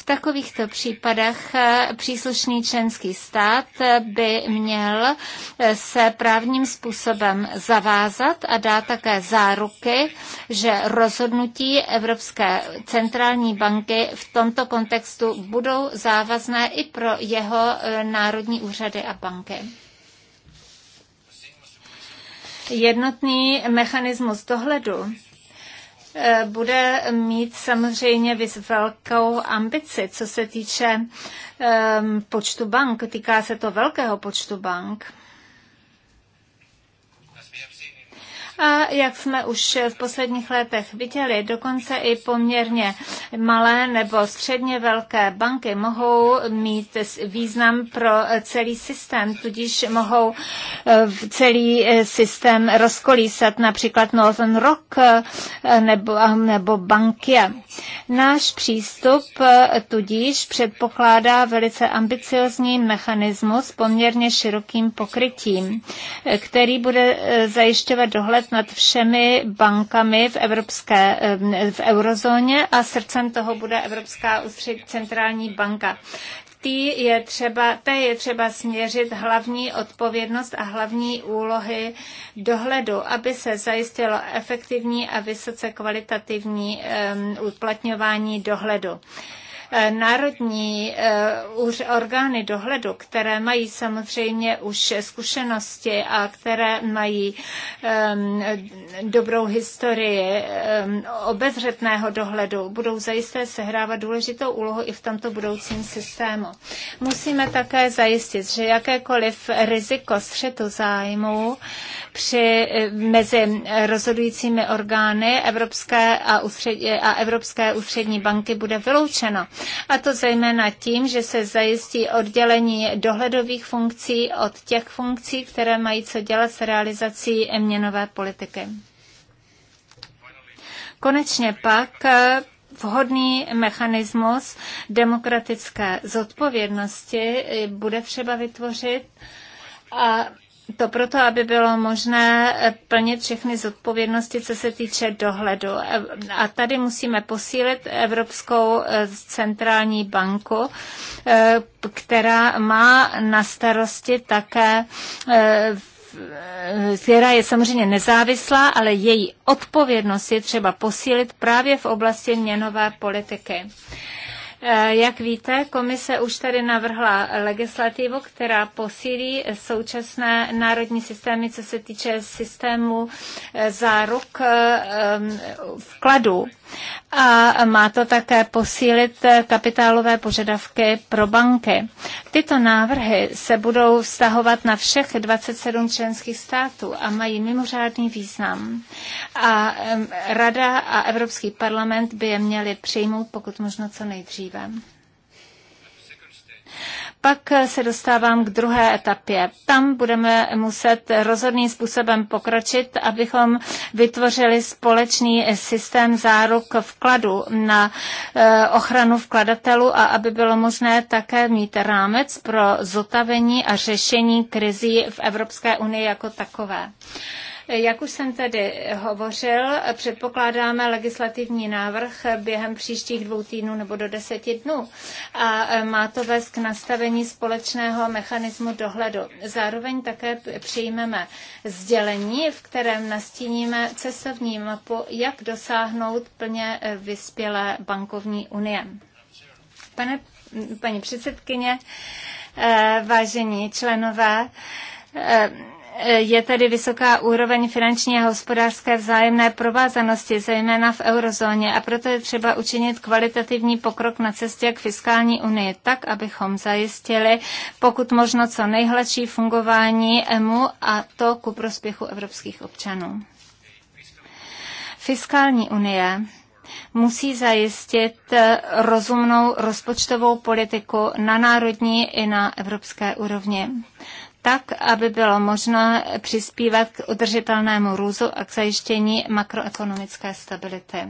V takovýchto případech eh, příslušný členský stát eh, by měl eh, se právním způsobem zavázat a dá také záruky, že rozhodnutí Evropské centrální banky v tomto kontextu budou závazné i pro jeho národní úřady a banky jednotný mechanismus dohledu Eh, bude mít samozřejmě velkou ambici, co se týče eh, počtu bank. Týká se to velkého počtu bank. A jak jsme už v posledních letech viděli, dokonce i poměrně malé nebo středně velké banky mohou mít význam pro celý systém, tudíž mohou eh, celý eh, systém rozkolísat, například Northern Rock eh, nebo, nebo banky. Náš přístup tudíž předpokládá velice ambiciozní mechanismus poměrně širokým pokrytím, který bude zajišťovat dohled nad všemi bankami v evropské, eh, v eurozóně a srdcem toho bude Evropská ústřední centrální banka tý je třeba, té je třeba směřit hlavní odpovědnost a hlavní úlohy dohledu, aby se zajistilo efektivní a vysoce kvalitativní um, uplatňování dohledu. Eh, národní eh, orgány dohledu, které mají samozřejmě už zkušenosti a které mají ehm, dobrou historii ehm, obezřetného dohledu, budou zajisté sehrávat důležitou úlohu i v tomto budoucím systému. Musíme také zajistit, že jakékoliv riziko střetu zájmu při, eh, mezi rozhodujícími orgány Evropské a, ústřed, a Evropské ústřední banky bude vyloučeno a to zejména tím, že se zajistí oddělení dohledových funkcí od těch funkcí, které mají co dělat s realizací měnové politiky. Konečně pak eh, vhodný mechanismus demokratické zodpovědnosti eh, bude třeba vytvořit a to proto, aby bylo možné eh, plnit všechny zodpovědnosti, co se týče dohledu. Eh, a tady musíme posílit Evropskou eh, centrální banku, která má na starosti také která je samozřejmě nezávislá, ale její odpovědnost je třeba posílit právě v oblasti měnové politiky. Eh, jak víte, komise už tady navrhla legislativu, která posílí současné národní systémy, co se týče systému eh, záruk eh, vkladů a má to také posílit kapitálové požadavky pro banky. Tyto návrhy se budou vztahovat na všech 27 členských států a mají mimořádný význam. A Rada a Evropský parlament by je měli přijmout pokud možno co nejdříve. Pak se dostávám k druhé etapě. Tam budeme muset rozhodným způsobem pokročit, abychom vytvořili společný systém záruk vkladu na eh, ochranu vkladatelů a aby bylo možné také mít rámec pro zotavení a řešení krizí v Evropské unii jako takové. Jak už jsem tedy hovořil, předpokládáme legislativní návrh během příštích dvou týdnů nebo do deseti dnů a e, má to vést k nastavení společného mechanismu dohledu. Zároveň také přijmeme sdělení, v kterém nastíníme cestovní mapu, jak dosáhnout plně e, vyspělé bankovní unie. Pane, paní předsedkyně, e, vážení členové, je tady vysoká úroveň finanční a hospodářské vzájemné provázanosti, zejména v eurozóně, a proto je třeba učinit kvalitativní pokrok na cestě k fiskální unii tak, abychom zajistili pokud možno co nejhladší fungování EMU a to ku prospěchu evropských občanů. Fiskální unie musí zajistit rozumnou rozpočtovou politiku na národní i na evropské úrovni tak, aby bylo možné přispívat k udržitelnému růzu a k zajištění makroekonomické stability.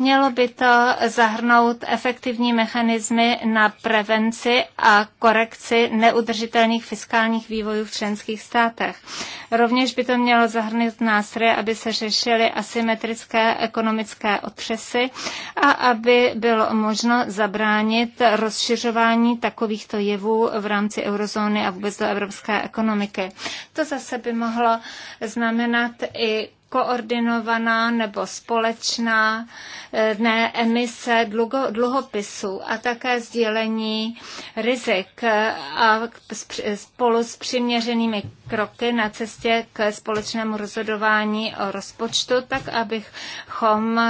Mělo by to zahrnout efektivní mechanismy na prevenci a korekci neudržitelných fiskálních vývojů v členských státech. Rovněž by to mělo zahrnout nástroje, aby se řešily asymetrické ekonomické otřesy a aby bylo možno zabránit rozšiřování takovýchto jevů v rámci eurozóny a vůbec do evropské ekonomiky. To zase by mohlo znamenat i koordinovaná nebo společná eh, ne, emise dlugo, dluhopisů a také sdílení rizik a spolu s přiměřenými kroky na cestě k společnému rozhodování o rozpočtu, tak abychom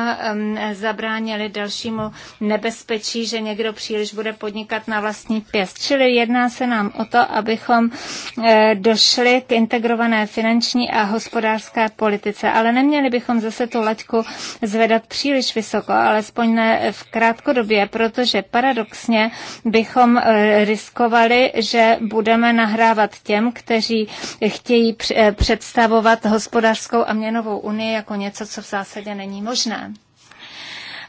zabránili dalšímu nebezpečí, že někdo příliš bude podnikat na vlastní pěst. Čili jedná se nám o to, abychom eh, došli k integrované finanční a hospodářské politice situace, ale neměli bychom zase tu laťku zvedat příliš vysoko, alespoň ne v krátkodobě, protože paradoxně bychom eh, riskovali, že budeme nahrávat těm, kteří chtějí představovat hospodářskou a měnovou unii jako něco, co v zásadě není možné.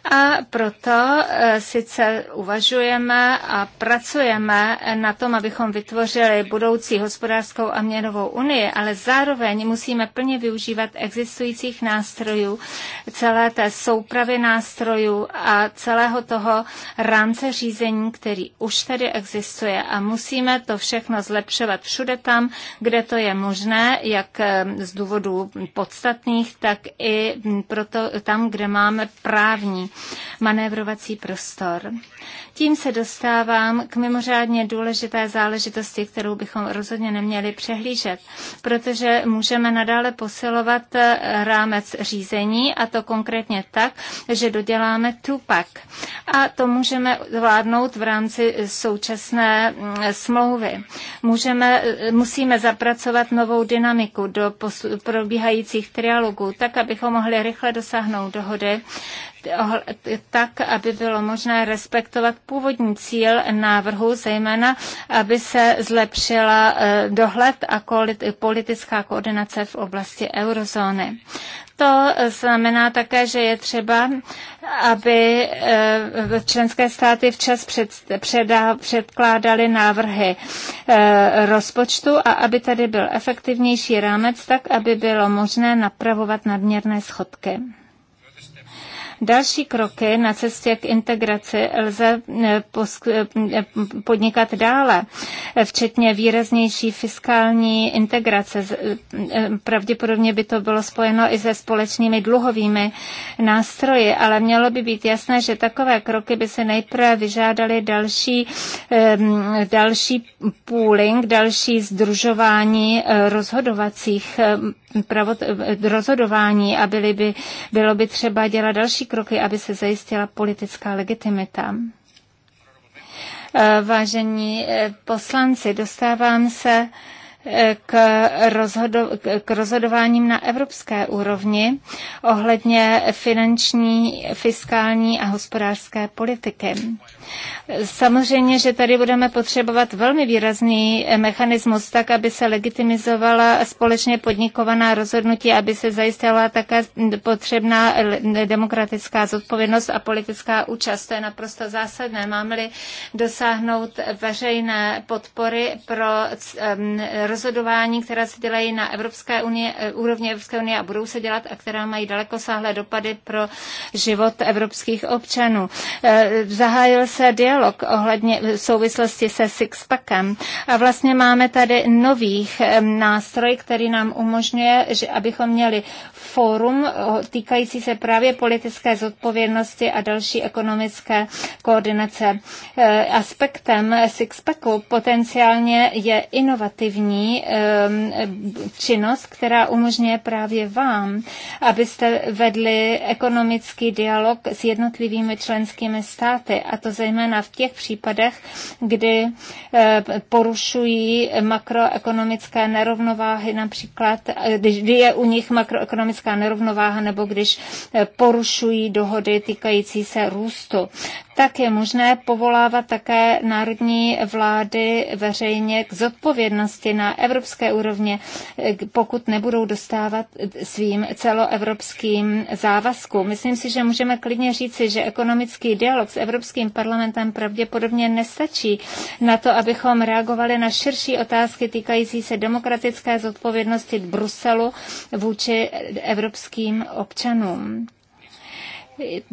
A proto e, sice uvažujeme a pracujeme na tom, abychom vytvořili budoucí hospodářskou a měnovou unii, ale zároveň musíme plně využívat existujících nástrojů, celé té soupravy nástrojů a celého toho rámce řízení, který už tady existuje. A musíme to všechno zlepšovat všude tam, kde to je možné, jak e, z důvodů podstatných, tak i proto tam, kde máme právní manévrovací prostor, tím se dostávám k mimořádně důležité záležitosti, kterou bychom rozhodně neměli přehlížet, protože můžeme nadále posilovat eh, rámec řízení a to konkrétně tak, že doděláme tupak. A to můžeme zvládnout v rámci eh, současné mm, smlouvy. Můžeme, eh, musíme zapracovat novou dynamiku do probíhajících trialogů, tak, abychom mohli rychle dosáhnout dohody, tak, aby bylo možné respektovat původní cíl návrhu, zejména aby se zlepšila eh, dohled a politická koordinace v oblasti eurozóny. To znamená také, že je třeba, aby eh, členské státy včas před, předá, předkládaly návrhy eh, rozpočtu a aby tady byl efektivnější rámec, tak aby bylo možné napravovat nadměrné schodky. Další kroky na cestě k integraci lze eh, eh, eh, podnikat dále, včetně výraznější fiskální integrace. Pravděpodobně by to bylo spojeno i se společnými dluhovými nástroji, ale mělo by být jasné, že takové kroky by se nejprve vyžádaly další, ehm, další pooling, další združování rozhodovacích ehm, pravot, rozhodování a byly by, bylo by třeba dělat další kroky, aby se zajistila politická legitimita. Eh, vážení eh, poslanci, dostávám se k, rozhodo, k rozhodováním na evropské úrovni ohledně finanční, fiskální a hospodářské politiky. Samozřejmě, že tady budeme potřebovat velmi výrazný mechanismus, tak aby se legitimizovala společně podnikovaná rozhodnutí, aby se zajistila také potřebná demokratická zodpovědnost a politická účast. To je naprosto zásadné. Máme-li dosáhnout veřejné podpory pro um, rozhodování, která se dělají na Evropské unie, eh, úrovni Evropské unie a budou se dělat a která mají dalekosáhlé dopady pro život evropských občanů. Eh, zahájil se dialog ohledně v souvislosti se Sixpackem a vlastně máme tady nových eh, nástroj, který nám umožňuje, že abychom měli fórum týkající se právě politické zodpovědnosti a další ekonomické koordinace. Aspektem Sixpacku potenciálně je inovativní um, činnost, která umožňuje právě vám, abyste vedli ekonomický dialog s jednotlivými členskými státy, a to zejména v těch případech, kdy porušují makroekonomické nerovnováhy, například když je u nich makroekonomická nerovnováha nebo když eh, porušují dohody týkající se růstu tak je možné povolávat také národní vlády veřejně k zodpovědnosti na evropské úrovně, pokud nebudou dostávat svým celoevropským závazkům. Myslím si, že můžeme klidně říci, že ekonomický dialog s Evropským parlamentem pravděpodobně nestačí na to, abychom reagovali na širší otázky týkající se demokratické zodpovědnosti Bruselu vůči evropským občanům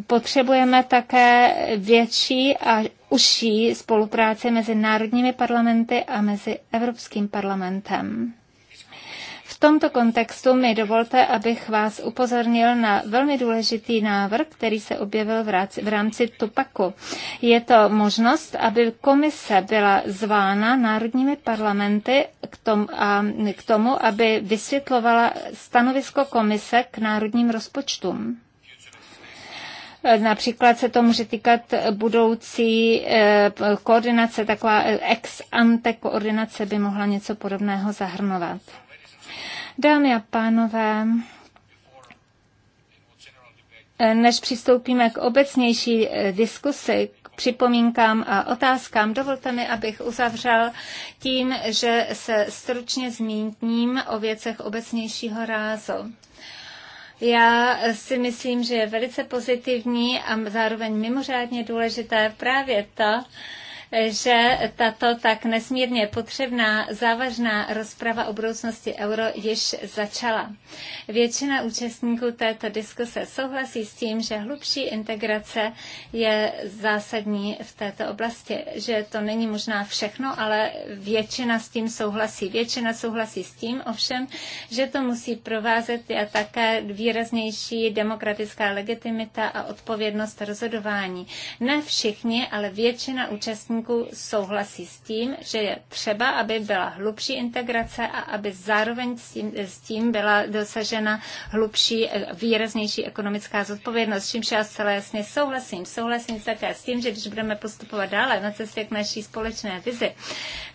potřebujeme také větší a užší spolupráci mezi národními parlamenty a mezi Evropským parlamentem. V tomto kontextu mi dovolte, abych vás upozornil na velmi důležitý návrh, který se objevil v rámci Tupaku. Je to možnost, aby komise byla zvána národními parlamenty k tomu, a, k tomu aby vysvětlovala stanovisko komise k národním rozpočtům. Například se to může týkat budoucí eh, koordinace, taková eh, ex ante koordinace by mohla něco podobného zahrnovat. Dámy a pánové, eh, než přistoupíme k obecnější diskusi, připomínkám a otázkám. Dovolte mi, abych uzavřel tím, že se stručně zmíním o věcech obecnějšího rázu. Já si myslím, že je velice pozitivní a zároveň mimořádně důležité právě to, že tato tak nesmírně potřebná závažná rozprava o budoucnosti euro již začala. Většina účastníků této diskuse souhlasí s tím, že hlubší integrace je zásadní v této oblasti, že to není možná všechno, ale většina s tím souhlasí. Většina souhlasí s tím ovšem, že to musí provázet a také výraznější demokratická legitimita a odpovědnost rozhodování. Ne všichni, ale většina účastníků řečníků souhlasí s tím, že je třeba, aby byla hlubší integrace a aby zároveň s tím, s tím byla dosažena hlubší, e, výraznější ekonomická zodpovědnost, s čímž já zcela jasně souhlasím. Souhlasím také s tím, že když budeme postupovat dále na cestě k naší společné vizi,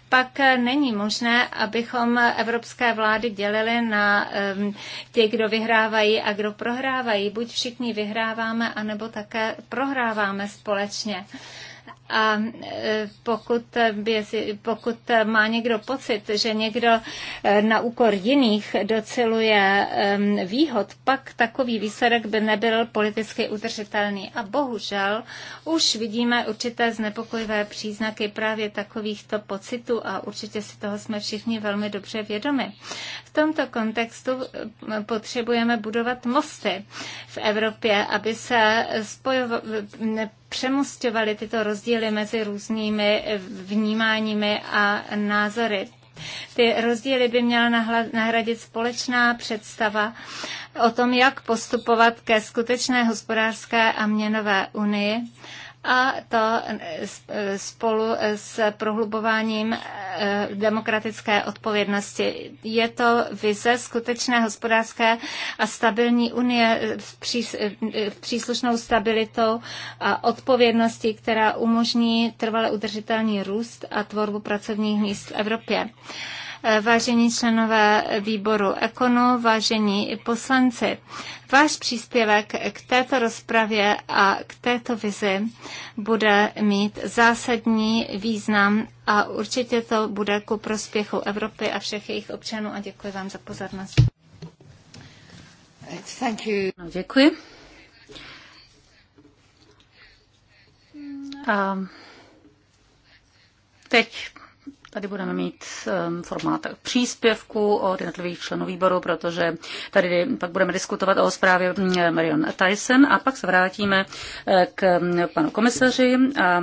pak e, není možné, abychom evropské vlády dělili na um, ty, kdo vyhrávají a kdo prohrávají. Buď všichni vyhráváme, anebo také prohráváme společně. Uh, a e, pokud, pokud má někdo pocit, že někdo e, na úkor jiných doceluje e, výhod, pak takový výsledek by nebyl politicky udržitelný. A bohužel už vidíme určité znepokojivé příznaky právě takovýchto pocitů a určitě si toho jsme všichni velmi dobře vědomi. V tomto kontextu potřebujeme budovat mosty v Evropě, aby se spojovo- přemostovali tyto rozdíly mezi různými vnímáními a názory. Ty rozdíly by měla nahradit společná představa o tom, jak postupovat ke skutečné hospodářské a měnové unii a to eh, eh, spolu eh, s prohlubováním demokratické odpovědnosti. Je to vize skutečné hospodářské a stabilní unie v příslušnou stabilitou a odpovědností, která umožní trvale udržitelný růst a tvorbu pracovních míst v Evropě vážení členové výboru Ekonu, vážení poslanci. Váš příspěvek k této rozpravě a k této vizi bude mít zásadní význam a určitě to bude ku prospěchu Evropy a všech jejich občanů a děkuji vám za pozornost. Thank you. No, děkuji. A teď Tady budeme mít ehm, formát příspěvku od jednotlivých členů výboru, protože tady pak budeme diskutovat o zprávě mm, Marion Tyson a pak se vrátíme eh, k mm, panu komisaři. A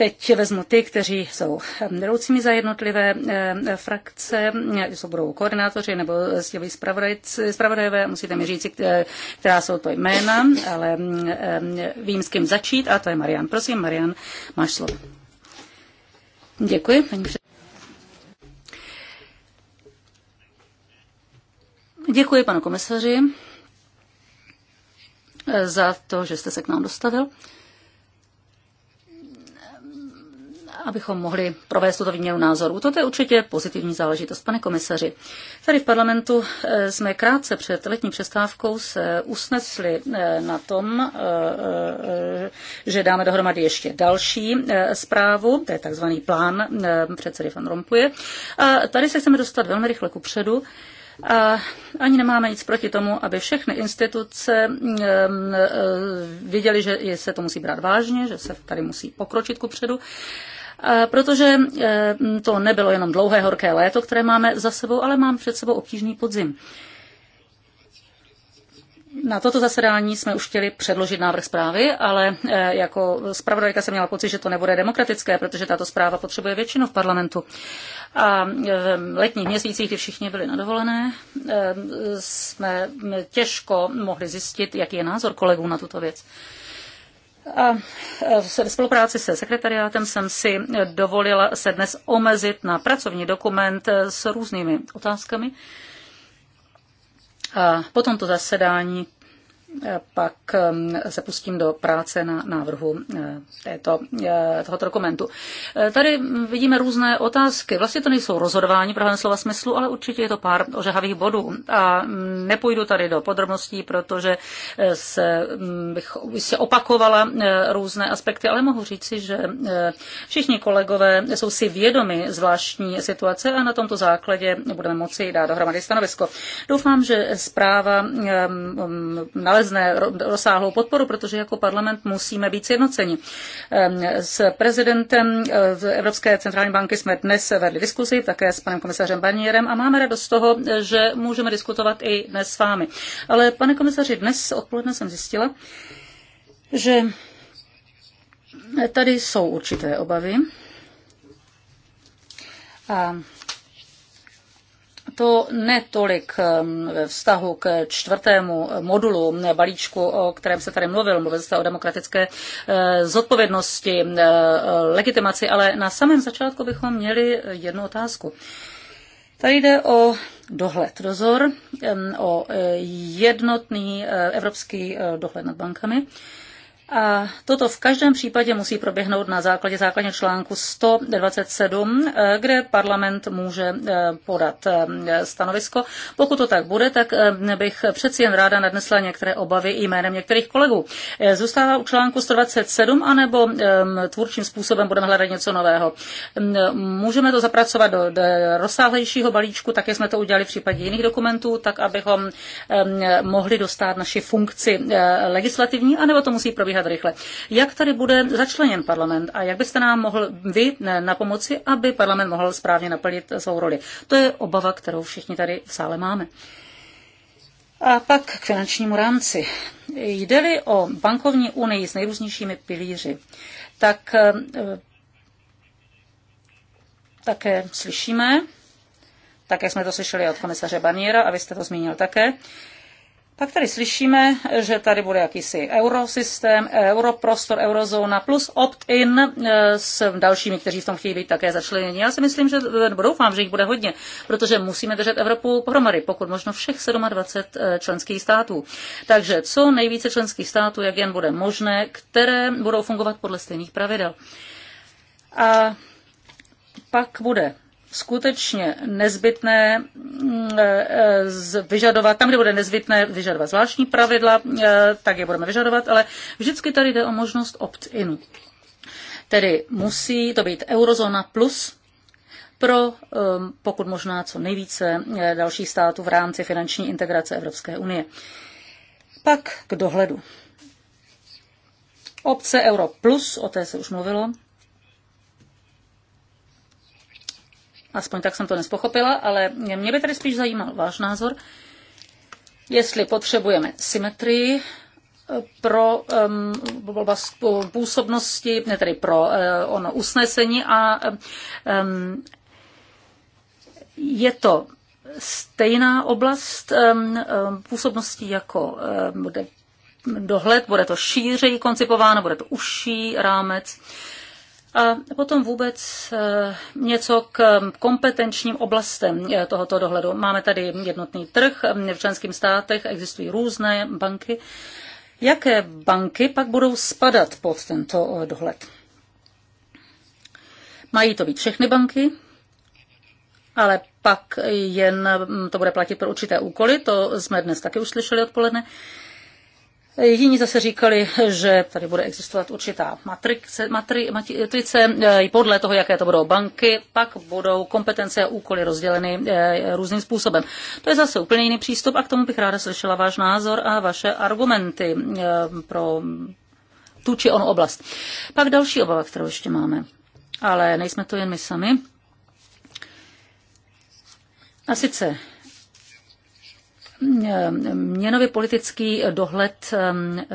Teď vezmu ty, kteří jsou vedoucími za jednotlivé eh, frakce, eh, jsou budou koordinátoři nebo stěví zpravodajové, musíte mi říct, eh, která jsou to jména, ale vím, s kým začít a to je Marian. Prosím, Marian, máš slovo. Děkuji, paní před... Děkuji panu komisaři za to, že jste se k nám dostavil. abychom mohli provést tuto výměnu názorů. Toto je určitě pozitivní záležitost. Pane komisaři, tady v parlamentu eh, jsme krátce před letní přestávkou se usnesli eh, na tom, eh, že dáme dohromady ještě další zprávu, to je takzvaný plán předsedy Van Rompuje. A tady se chceme dostat velmi rychle ku předu. A ani nemáme nic proti tomu, aby všechny instituce mm, viděly, že se to musí brát vážně, že se tady musí pokročit ku předu. Eh, protože eh, to nebylo jenom dlouhé horké léto, které máme za sebou, ale mám před sebou obtížný podzim. Na toto zasedání jsme už chtěli předložit návrh zprávy, ale eh, jako zpravodajka jsem měla pocit, že to nebude demokratické, protože tato zpráva potřebuje většinu v parlamentu. A v letních měsících, kdy všichni byli nadovolené, jsme těžko mohli zjistit, jaký je názor kolegů na tuto věc. A e, v spolupráci se sekretariátem jsem si dovolila se dnes omezit na pracovní dokument e, s různými otázkami. A po tomto zasedání pak ehm, se pustím do práce na návrhu eh, této, eh, tohoto dokumentu. Eh, tady vidíme různé otázky. Vlastně to nejsou rozhodování pravém slova smyslu, ale určitě je to pár ožahavých bodů. A mm, nepůjdu tady do podrobností, protože se, mm, bych se opakovala různé aspekty, ale mohu říci, že všichni kolegové jsou si vědomi zvláštní situace a na tomto základě budeme moci dát dohromady stanovisko. Doufám, že zpráva nalezí ehm, nalezne rozsáhlou podporu, protože jako parlament musíme být sjednoceni. S prezidentem eh, Evropské centrální banky jsme dnes vedli diskusi, také s panem komisařem Barnierem a máme radost z toho, že můžeme diskutovat i dnes s vámi. Ale pane komisaři, dnes odpoledne jsem zjistila, že tady jsou určité obavy. A to netolik ehm, ve vztahu k čtvrtému eh, modulu eh, balíčku, o kterém se tady mluvil, mluvil se o demokratické eh, zodpovědnosti, legitimaci, ale na samém začátku bychom měli jednu otázku. Tady jde o dohled, dozor, ehm, o jednotný evropský dohled nad bankami. A toto v každém případě musí proběhnout na základě základního článku 127, eh, kde parlament může eh, podat eh, stanovisko. Pokud to tak bude, tak bych přeci jen ráda nadnesla některé obavy jménem některých kolegů. Zůstává u článku 127, anebo ehm, tvůrčím způsobem budeme hledat něco nového. Ehm, můžeme to zapracovat do rozsáhlejšího balíčku, také jsme to udělali v případě jiných dokumentů, tak abychom ehm, mohli dostat naši funkci legislativní, anebo to musí probíhat probíhat rychle. Jak tady bude začleněn parlament a jak byste nám mohl vy eh, na pomoci, aby parlament mohl správně naplnit svou roli? To je obava, kterou všichni tady v sále máme. A pak k finančnímu rámci. Jde-li o bankovní unii s nejrůznějšími pilíři, tak eh, eh, také slyšíme, také jsme to slyšeli od komisaře Baniera a vy jste to zmínil také, pak tady slyšíme, že tady bude jakýsi eurosystém, europrostor, eurozóna plus opt-in eh, s dalšími, kteří v tom chtějí být také začleněni. Já si myslím, že nebo doufám, že jich bude hodně, protože musíme držet Evropu pohromady, pokud možno všech 27 eh, členských států. Takže co nejvíce členských států, jak jen bude možné, které budou fungovat podle stejných pravidel. A pak bude skutečně nezbytné mm, e, e, vyžadovat, tam, kde bude nezbytné vyžadovat zvláštní pravidla, e, tak je budeme vyžadovat, ale vždycky tady jde o možnost opt-inu. Tedy musí to být eurozóna plus pro um, pokud možná co nejvíce dalších států v rámci finanční integrace Evropské unie. Pak k dohledu. Obce Euro plus, o té se už mluvilo, Aspoň tak jsem to nespochopila, ale mě by tady spíš zajímal váš názor, jestli potřebujeme symetrii pro um, působnosti, ne tedy pro uh, ono usnesení a um, je to stejná oblast um, působnosti jako um, bude dohled, bude to šířej koncipováno, bude to užší rámec. Uh, a potom vůbec eh, něco k kompetenčním oblastem eh, tohoto dohledu. Máme tady jednotný trh, mm, v členských státech existují různé banky. Jaké banky pak budou spadat pod tento eh, dohled? Mají to být všechny banky, ale pak jen mm, to bude platit pro určité úkoly, to jsme dnes taky slyšeli odpoledne. Jiní zase říkali, že tady bude existovat určitá matrice, matri, matrice eh, podle toho, jaké to budou banky, pak budou kompetence a úkoly rozděleny eh, různým způsobem. To je zase úplně jiný přístup a k tomu bych ráda slyšela váš názor a vaše argumenty eh, pro tu či onu oblast. Pak další obava, kterou ještě máme, ale nejsme to jen my sami. A sice měnově politický dohled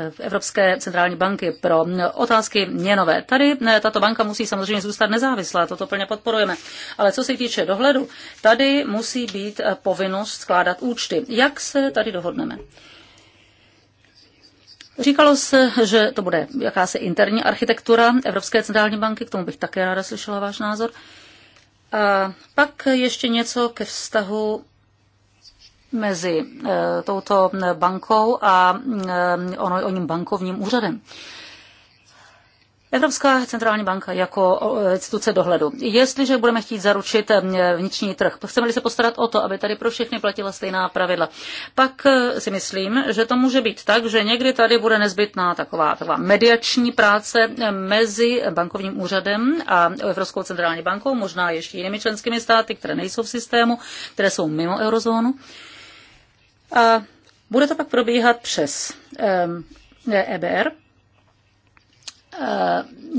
v Evropské centrální banky pro otázky měnové. Tady tato banka musí samozřejmě zůstat nezávislá, toto plně podporujeme. Ale co se týče dohledu, tady musí být eh, povinnost skládat účty. Jak se tady dohodneme? Říkalo se, že to bude jakási interní architektura Evropské centrální banky, k tomu bych také ráda slyšela váš názor. A pak ještě něco ke vztahu mezi eh, touto bankou a eh, ono, oním bankovním úřadem. Evropská centrální banka jako eh, instituce dohledu. Jestliže budeme chtít zaručit vnitřní trh, chceme-li se postarat o to, aby tady pro všechny platila stejná pravidla, pak si myslím, že to může být tak, že někdy tady bude nezbytná taková, taková mediační práce mezi bankovním úřadem a Evropskou centrální bankou, možná ještě jinými členskými státy, které nejsou v systému, které jsou mimo eurozónu. A bude to pak probíhat přes EBR, e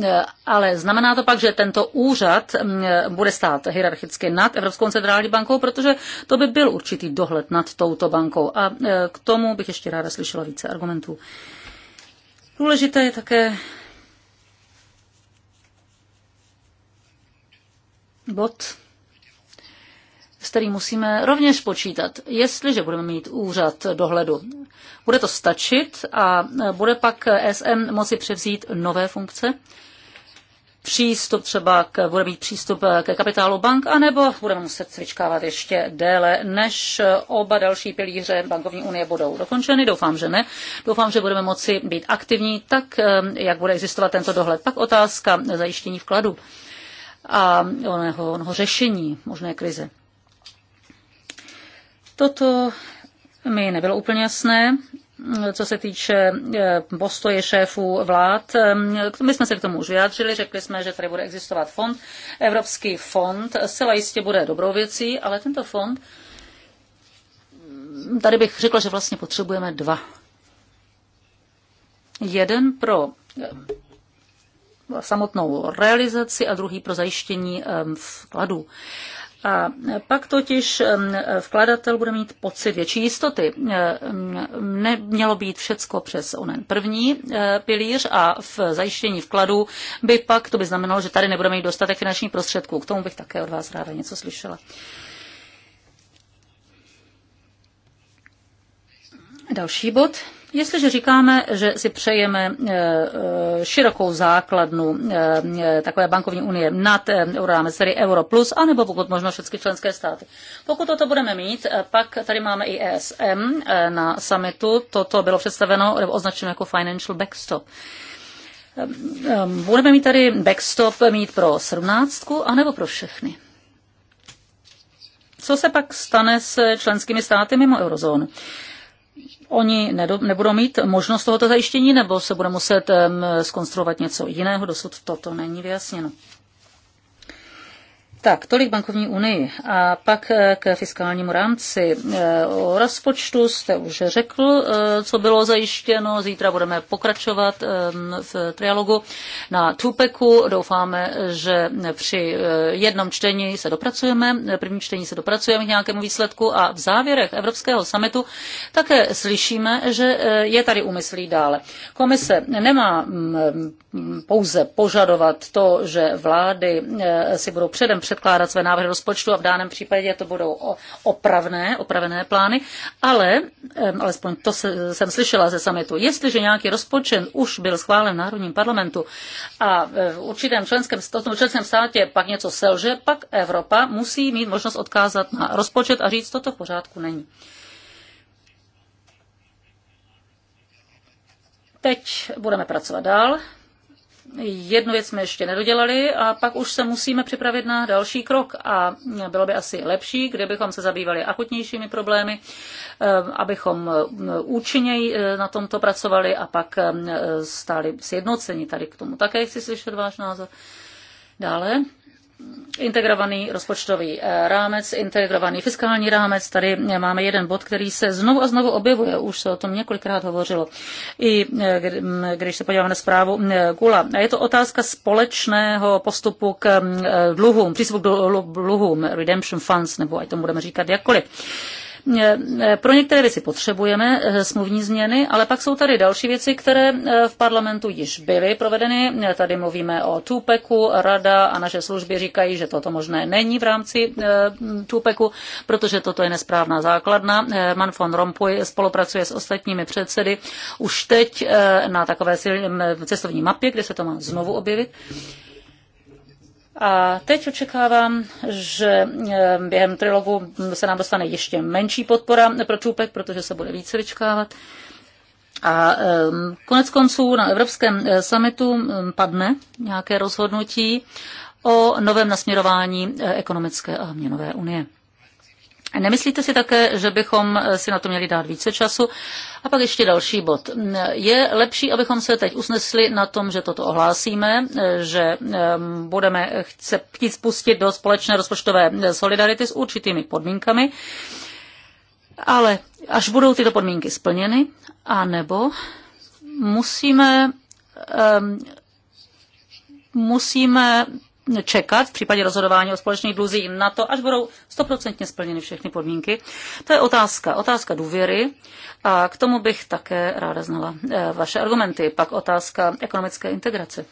e, ale znamená to pak, že tento úřad bude stát hierarchicky nad Evropskou centrální bankou, protože to by byl určitý dohled nad touto bankou. A e, k tomu bych ještě ráda slyšela více argumentů. Důležité je také bod s kterým musíme rovněž počítat, jestliže budeme mít úřad dohledu. Bude to stačit a bude pak SM moci převzít nové funkce? přístup třeba k, bude mít přístup ke kapitálu bank, anebo budeme muset cvičkávat ještě déle, než oba další pilíře bankovní unie budou dokončeny. Doufám, že ne. Doufám, že budeme moci být aktivní tak, jak bude existovat tento dohled. Pak otázka zajištění vkladu a onoho, onoho řešení možné krize. Toto mi nebylo úplně jasné, co se týče eh, postoje šéfů vlád. Eh, my jsme se k tomu už vyjádřili, řekli jsme, že tady bude existovat fond. Evropský fond zcela jistě bude dobrou věcí, ale tento fond, hm, tady bych řekla, že vlastně potřebujeme dva. Jeden pro eh, samotnou realizaci a druhý pro zajištění vkladů. A pak totiž vkladatel bude mít pocit větší jistoty. Nemělo být všecko přes onen první eh, pilíř a v zajištění vkladu by pak, to by znamenalo, že tady nebudeme mít dostatek finančních prostředků. K tomu bych také od vás ráda něco slyšela. Další bod Jestliže říkáme, že si přejeme eh, eh, širokou základnu eh, takové bankovní unie nad rámec, tedy euro plus, anebo pokud možno všechny členské státy. Pokud toto budeme mít, pak tady máme i ESM na summitu. Toto bylo představeno nebo označeno jako financial backstop. Budeme mít tady backstop mít pro sedmnáctku, anebo pro všechny. Co se pak stane s členskými státy mimo eurozónu? oni nebudou mít možnost tohoto zajištění, nebo se bude muset skonstruovat něco jiného, dosud toto není vyjasněno. Tak, tolik bankovní unii. A pak eh, k fiskálnímu rámci. Eh, o rozpočtu jste už řekl, eh, co bylo zajištěno. Zítra budeme pokračovat ehm, v trialogu na Tupeku. Doufáme, že při jednom čtení se dopracujeme, první čtení se dopracujeme k nějakému výsledku a v závěrech Evropského samitu také slyšíme, že je tady úmyslí dále. Komise nemá mm, mm, pouze požadovat to, že vlády si budou předem předkládat své návrhy rozpočtu a v daném případě to budou opravné, opravené plány, ale, alespoň to jsem slyšela ze samitu, jestliže nějaký rozpočet už byl schválen v Národním parlamentu a e, v určitém členském, v členském státě pak něco selže, pak Evropa musí mít možnost odkázat na rozpočet a říct, toto v pořádku není. Teď budeme pracovat dál jednu věc jsme ještě nedodělali a pak už se musíme připravit na další krok a bylo by asi lepší, kdybychom se zabývali akutnějšími problémy, eh, abychom eh, účinněji eh, na tomto pracovali a pak stáli sjednoceni. Tady k tomu také chci slyšet váš názor. Dále integrovaný rozpočtový eh, rámec, integrovaný fiskální rámec. Tady máme jeden bod, který se znovu a znovu objevuje, už se o tom několikrát hovořilo, i eh, když se podíváme na zprávu eh, Gula. Je to otázka společného postupu k dluhům, přístupu k dluhům, redemption funds, nebo ať tomu budeme říkat jakkoliv. Eh, eh, pro některé věci potřebujeme eh, smluvní změny, ale pak jsou tady další věci, které v parlamentu již byly provedeny. Tady mluvíme o Tupeku, rada a naše služby říkají, že toto možné není v rámci Tupeku, protože toto je nesprávná základna. Man von Rompuy spolupracuje s ostatními předsedy už teď na takové cestovní mapě, kde se to má znovu objevit. A teď očekávám, že eh, během trilogu se nám dostane ještě menší podpora pro čůpek, protože se bude více vyčkávat. A ehm, konec konců na Evropském eh, summitu ehm, padne nějaké rozhodnutí o novém nasměrování eh, ekonomické a měnové unie. Nemyslíte si také, že bychom si na to měli dát více času? A pak ještě další bod. Je lepší, abychom se teď usnesli na tom, že toto ohlásíme, že budeme chtít spustit do společné rozpočtové solidarity s určitými podmínkami, ale až budou tyto podmínky splněny, anebo musíme um, musíme čekat v případě rozhodování o společných dluzích na to, až budou stoprocentně splněny všechny podmínky. To je otázka, otázka důvěry a k tomu bych také ráda znala eh, vaše argumenty. Pak otázka ekonomické integrace.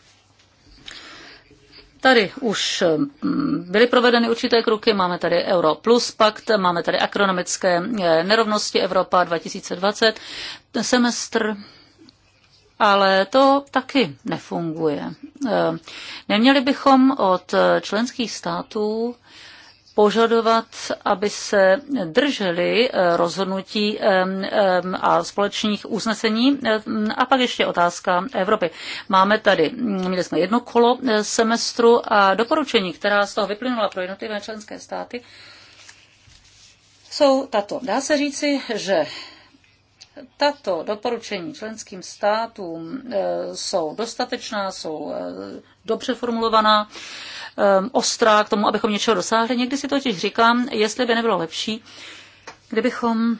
Tady už mm, byly provedeny určité kroky, máme tady Euro plus pakt, máme tady akronomické eh, nerovnosti Evropa 2020, semestr ale to taky nefunguje. Eh, neměli bychom od členských států požadovat, aby se drželi eh, rozhodnutí a společných usnesení. Eh, a pak ještě otázka Evropy. Máme tady, mm, měli jsme jedno kolo semestru a doporučení, která z toho vyplynula pro jednotlivé členské státy, jsou tato. Dá se říci, že tato doporučení členským státům eh, jsou dostatečná, jsou eh, dobře formulovaná, eh, ostrá k tomu, abychom něčeho dosáhli. Někdy si totiž říkám, jestli by nebylo lepší, kdybychom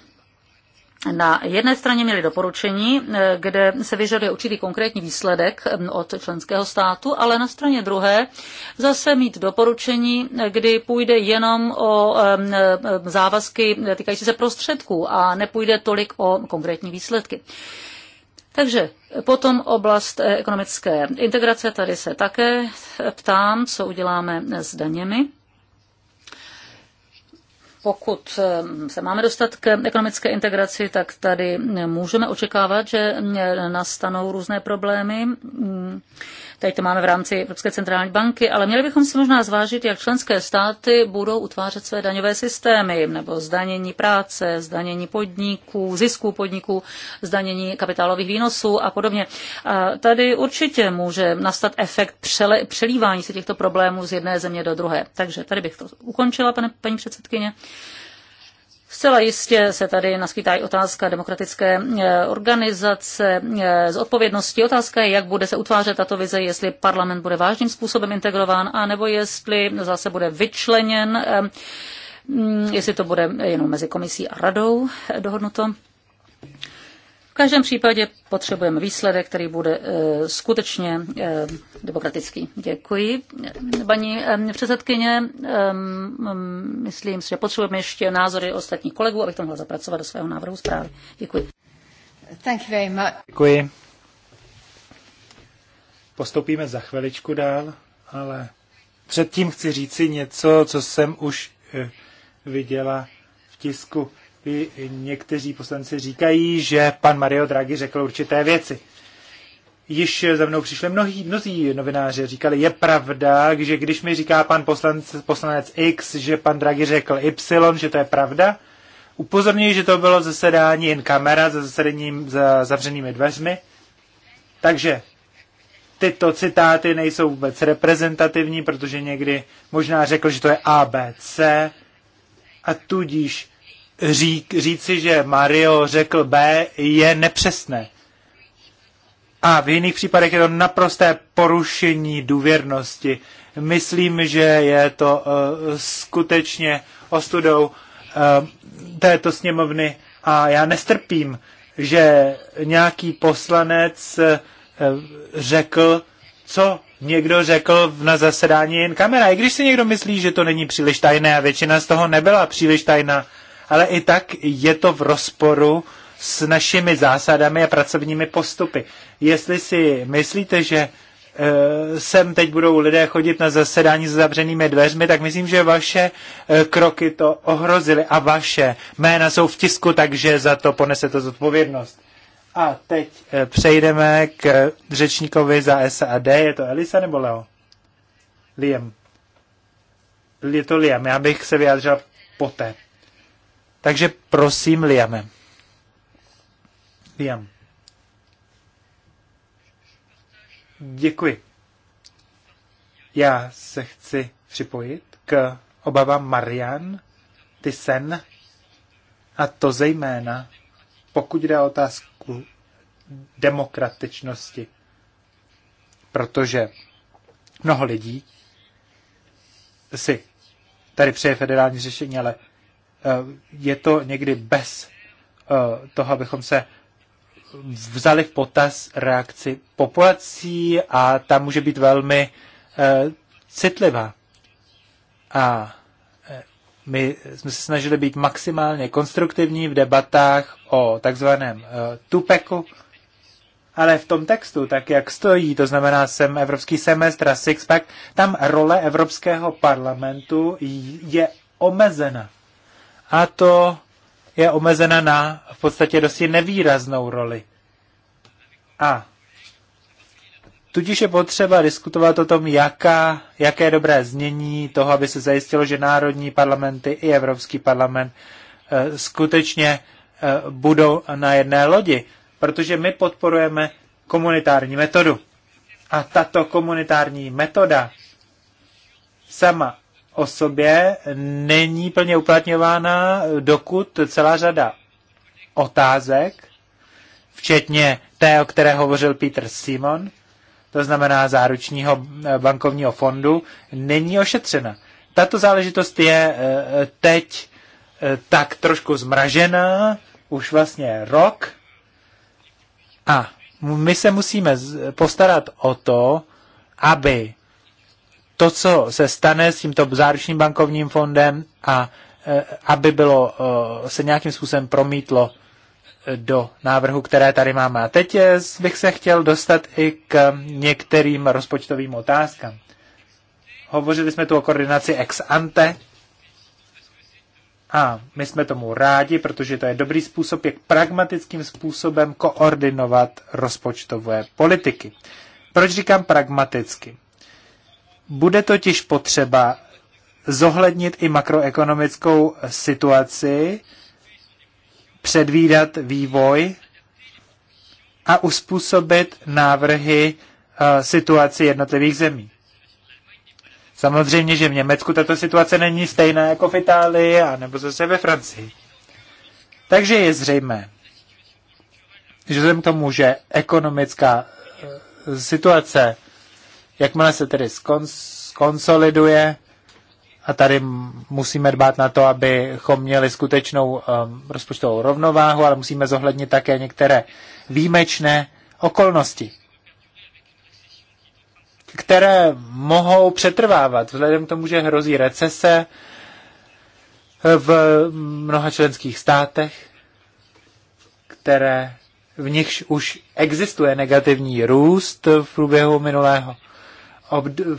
na jedné straně měli doporučení, eh, kde se vyžaduje určitý konkrétní výsledek eh, od členského státu, ale na straně druhé zase mít doporučení, eh, kdy půjde jenom o závazky týkající se prostředků a nepůjde tolik o konkrétní výsledky. Takže potom oblast ekonomické integrace, tady se také ptám, co uděláme s daněmi pokud ehm, se máme dostat k ekonomické integraci, tak tady můžeme očekávat, že ehm, nastanou různé problémy. Mm. Teď to máme v rámci Evropské centrální banky, ale měli bychom si možná zvážit, jak členské státy budou utvářet své daňové systémy, nebo zdanění práce, zdanění podniků, zisků podniků, zdanění kapitálových výnosů a podobně. A tady určitě může nastat efekt přele, přelívání se těchto problémů z jedné země do druhé. Takže tady bych to ukončila, pane, paní předsedkyně. Zcela jistě se tady naskytá i otázka demokratické eh, organizace eh, z odpovědnosti. Otázka je, jak bude se utvářet tato vize, jestli parlament bude vážným způsobem integrován, anebo jestli zase bude vyčleněn, eh, mm, jestli to bude jenom mezi komisí a radou dohodnuto. V každém případě potřebujeme výsledek, který bude eh, skutečně eh, demokratický. Děkuji, paní eh, předsedkyně. Mm, myslím si, že potřebujeme ještě názory ostatních kolegů, abych to mohla zapracovat do svého návrhu zprávy. Děkuji. Thank you very much. Děkuji. Postoupíme za chviličku dál, ale předtím chci říci něco, co jsem už viděla v tisku někteří poslanci říkají, že pan Mario Draghi řekl určité věci. Již za mnou přišli mnohí, mnozí novináři, říkali, je pravda, že když mi říká pan poslanec, poslanec X, že pan Draghi řekl Y, že to je pravda, upozorňuji, že to bylo zasedání jen kamera za zasedením za zavřenými dveřmi, takže tyto citáty nejsou vůbec reprezentativní, protože někdy možná řekl, že to je ABC a tudíž řík, říci, že Mario řekl B, je nepřesné. A v jiných případech je to naprosté porušení důvěrnosti. Myslím, že je to uh, skutečně ostudou uh, této sněmovny a já nestrpím, že nějaký poslanec uh, řekl, co někdo řekl na zasedání jen kamera. I když si někdo myslí, že to není příliš tajné a většina z toho nebyla příliš tajná, ale i tak je to v rozporu s našimi zásadami a pracovními postupy. Jestli si myslíte, že eh, sem teď budou lidé chodit na zasedání s zavřenými dveřmi, tak myslím, že vaše eh, kroky to ohrozily a vaše jména jsou v tisku, takže za to ponese to zodpovědnost. A teď eh, přejdeme k řečníkovi za SAD. Je to Elisa nebo Leo? Liam. Je to Liam. Já bych se vyjádřil poté. Takže prosím, Liame. Liam. Děkuji. Já se chci připojit k obavám Marian sen a to zejména, pokud jde o otázku demokratičnosti. Protože mnoho lidí si tady přeje federální řešení, ale Eh, je to někdy bez eh, toho, abychom se vzali v potaz reakci populací a ta může být velmi eh, citlivá. A my jsme se snažili být maximálně konstruktivní v debatách o takzvaném tupeku, ale v tom textu, tak jak stojí, to znamená sem evropský semestr a sixpack, tam role Evropského parlamentu je omezena a to je omezena na v podstatě dosti nevýraznou roli. A Tudíž je potřeba diskutovat o tom, jaká, jaké dobré znění toho, aby se zajistilo, že národní parlamenty i Evropský parlament e, skutečně e, budou na jedné lodi, protože my podporujeme komunitární metodu. A tato komunitární metoda sama osobě není plně uplatňována, dokud celá řada otázek, včetně té, o které hovořil Peter Simon, to znamená záručního eh, bankovního fondu, není ošetřena. Tato záležitost je eh, teď eh, tak trošku zmražená, už vlastně rok, a my se musíme postarat o to, aby to, co se stane s tímto záručním bankovním fondem a e, aby bylo, e, se nějakým způsobem promítlo e, do návrhu, které tady máme. A teď bych se chtěl dostat i k některým rozpočtovým otázkám. Hovořili jsme tu o koordinaci ex ante a my jsme tomu rádi, protože to je dobrý způsob, jak pragmatickým způsobem koordinovat rozpočtové politiky. Proč říkám pragmaticky? Bude totiž potřeba zohlednit i makroekonomickou situaci, předvídat vývoj a uspůsobit návrhy eh, situaci jednotlivých zemí. Samozřejmě, že v Německu tato situace není stejná jako v Itálii a nebo zase ve Francii. Takže je zřejmé, že vzhledem k tomu, že ekonomická eh, situace Jakmile se tedy skonsoliduje, a tady musíme dbát na to, abychom měli skutečnou um, rozpočtovou rovnováhu, ale musíme zohlednit také některé výjimečné okolnosti, které mohou přetrvávat vzhledem k tomu, že hrozí recese v mnoha členských státech, které v nichž už existuje negativní růst v průběhu minulého obd-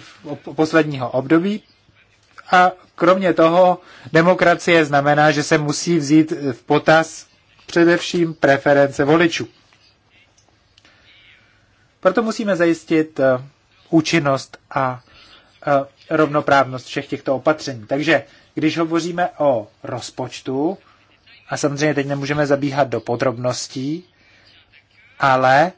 posledního období. A kromě toho demokracie znamená, že se musí vzít v potaz především preference voličů. Proto musíme zajistit eh, účinnost a eh, rovnoprávnost všech těchto opatření. Takže když hovoříme o rozpočtu, a samozřejmě teď nemůžeme zabíhat do podrobností, ale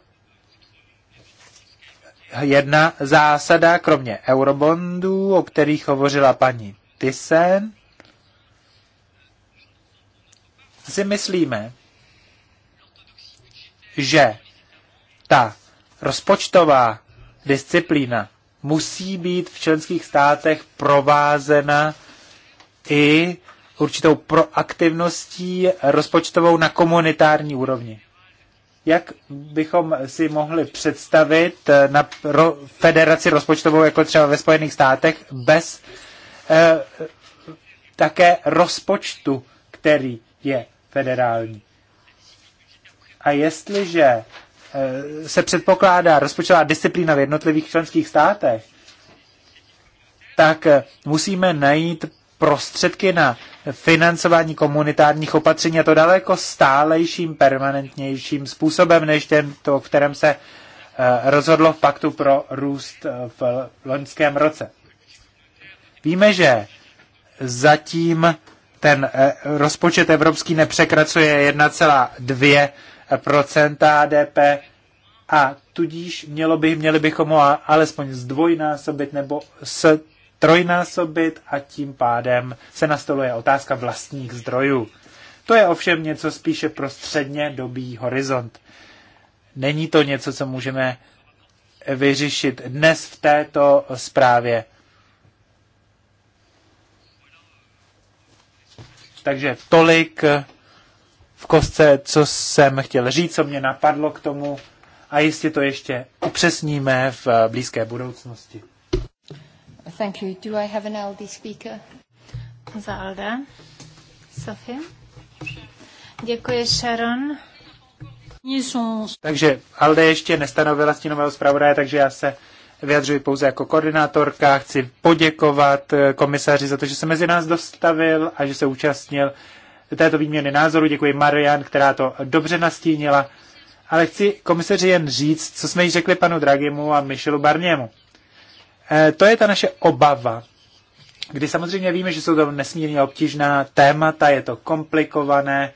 jedna zásada, kromě eurobondů, o kterých hovořila paní Tysen, si myslíme, že ta rozpočtová disciplína musí být v členských státech provázena i určitou proaktivností rozpočtovou na komunitární úrovni jak bychom si mohli představit eh, na ro, federaci rozpočtovou, jako třeba ve Spojených státech, bez e, také rozpočtu, který je federální. A jestliže e, se předpokládá rozpočtová disciplína v jednotlivých členských státech, tak musíme najít prostředky na financování komunitárních opatření a to daleko stálejším, permanentnějším způsobem, než ten, to, o kterém se eh, rozhodlo v Paktu pro růst eh, v loňském roce. Víme, že zatím ten eh, rozpočet evropský nepřekracuje 1,2 ADP a tudíž mělo by, měli bychom ho alespoň zdvojnásobit nebo trojnásobit a tím pádem se nastoluje otázka vlastních zdrojů. To je ovšem něco spíše pro středně dobý horizont. Není to něco, co můžeme vyřešit dnes v této zprávě. Takže tolik v kostce, co jsem chtěl říct, co mě napadlo k tomu a jistě to ještě upřesníme v blízké budoucnosti. Thank you. Do I have an LD speaker? Děkuji, Sharon. Takže Alde ještě nestanovila stínového zpravodaje, takže já se vyjadřuji pouze jako koordinátorka. Chci poděkovat eh, komisaři za to, že se mezi nás dostavil a že se účastnil této výměny názoru. Děkuji Marian, která to dobře nastínila. Ale chci komisaři jen říct, co jsme již řekli panu Dragimu a Michelu Barniemu. Eh, to je ta naše obava, kdy samozřejmě víme, že jsou to nesmírně obtížná témata, je to komplikované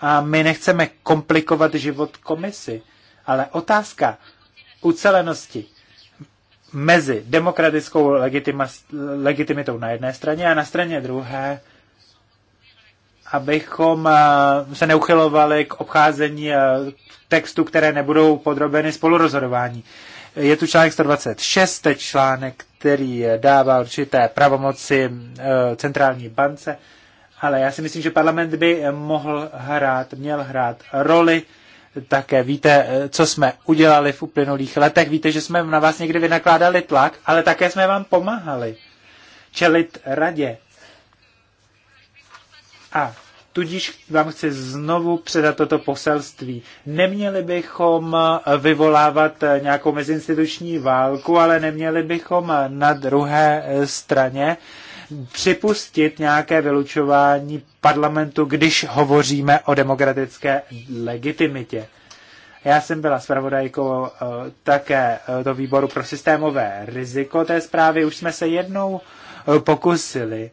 a my nechceme komplikovat život komisi. Ale otázka ucelenosti mezi demokratickou legitimitou na jedné straně a na straně druhé, abychom eh, se neuchylovali k obcházení eh, textů, které nebudou podrobeny spolurozhodování. Je tu článek 126, teď článek, který eh, dává určité pravomoci eh, centrální bance, ale já si myslím, že parlament by mohl hrát, měl hrát roli. Také víte, eh, co jsme udělali v uplynulých letech. Víte, že jsme na vás někdy vynakládali tlak, ale také jsme vám pomáhali čelit radě. A Tudíž vám chci znovu předat toto poselství. Neměli bychom vyvolávat nějakou mezinstituční válku, ale neměli bychom na druhé straně připustit nějaké vylučování parlamentu, když hovoříme o demokratické legitimitě. Já jsem byla zpravodajkou eh, také eh, do výboru pro systémové riziko té zprávy. Už jsme se jednou eh, pokusili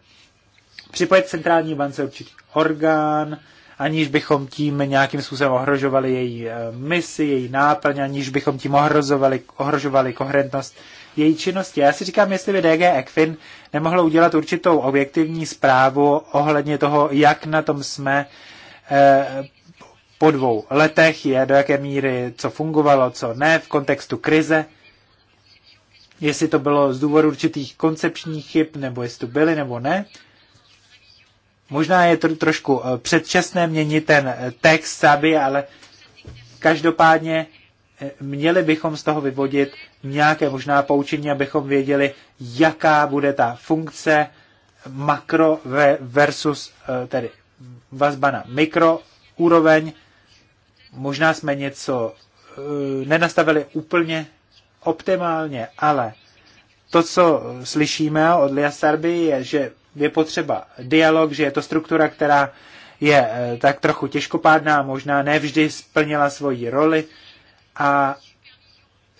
připojit centrální bance určitě orgán, aniž bychom tím nějakým způsobem ohrožovali její eh, misi, její náplň, aniž bychom tím ohrozovali, ohrožovali koherentnost její činnosti. Já si říkám, jestli by DG ECFIN nemohlo udělat určitou objektivní zprávu ohledně toho, jak na tom jsme eh, po dvou letech, je do jaké míry co fungovalo, co ne v kontextu krize, jestli to bylo z důvodu určitých koncepčních chyb, nebo jestli to byly, nebo ne. Možná je to trošku eh, předčasné měnit ten eh, text Saby, ale každopádně eh, měli bychom z toho vyvodit nějaké možná poučení, abychom věděli, jaká bude ta funkce makro versus tedy vazba na mikro úroveň. Možná jsme něco nenastavili úplně optimálně, ale to, co slyšíme od Lia Sarby, je, že je potřeba dialog, že je to struktura, která je eh, tak trochu těžkopádná, možná nevždy splnila svoji roli a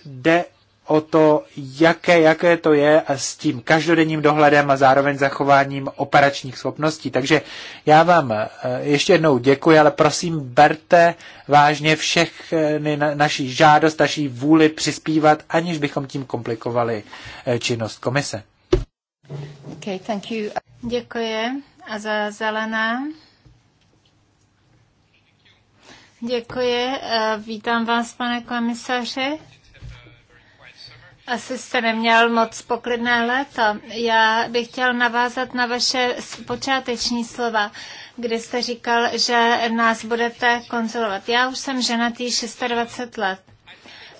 jde o to, jaké, jaké to je a s tím každodenním dohledem a zároveň zachováním operačních schopností. Takže já vám eh, ještě jednou děkuji, ale prosím, berte vážně všechny na, naší žádost, naší vůli přispívat, aniž bychom tím komplikovali eh, činnost komise. Okay, thank you. Děkuji. A za zelená? Děkuji. Eh, vítám vás, pane komisaři. Asi jste neměl moc poklidné léto. Já bych chtěl navázat na vaše počáteční slova, kdy jste říkal, že nás budete konzolovat. Já už jsem ženatý 26 let.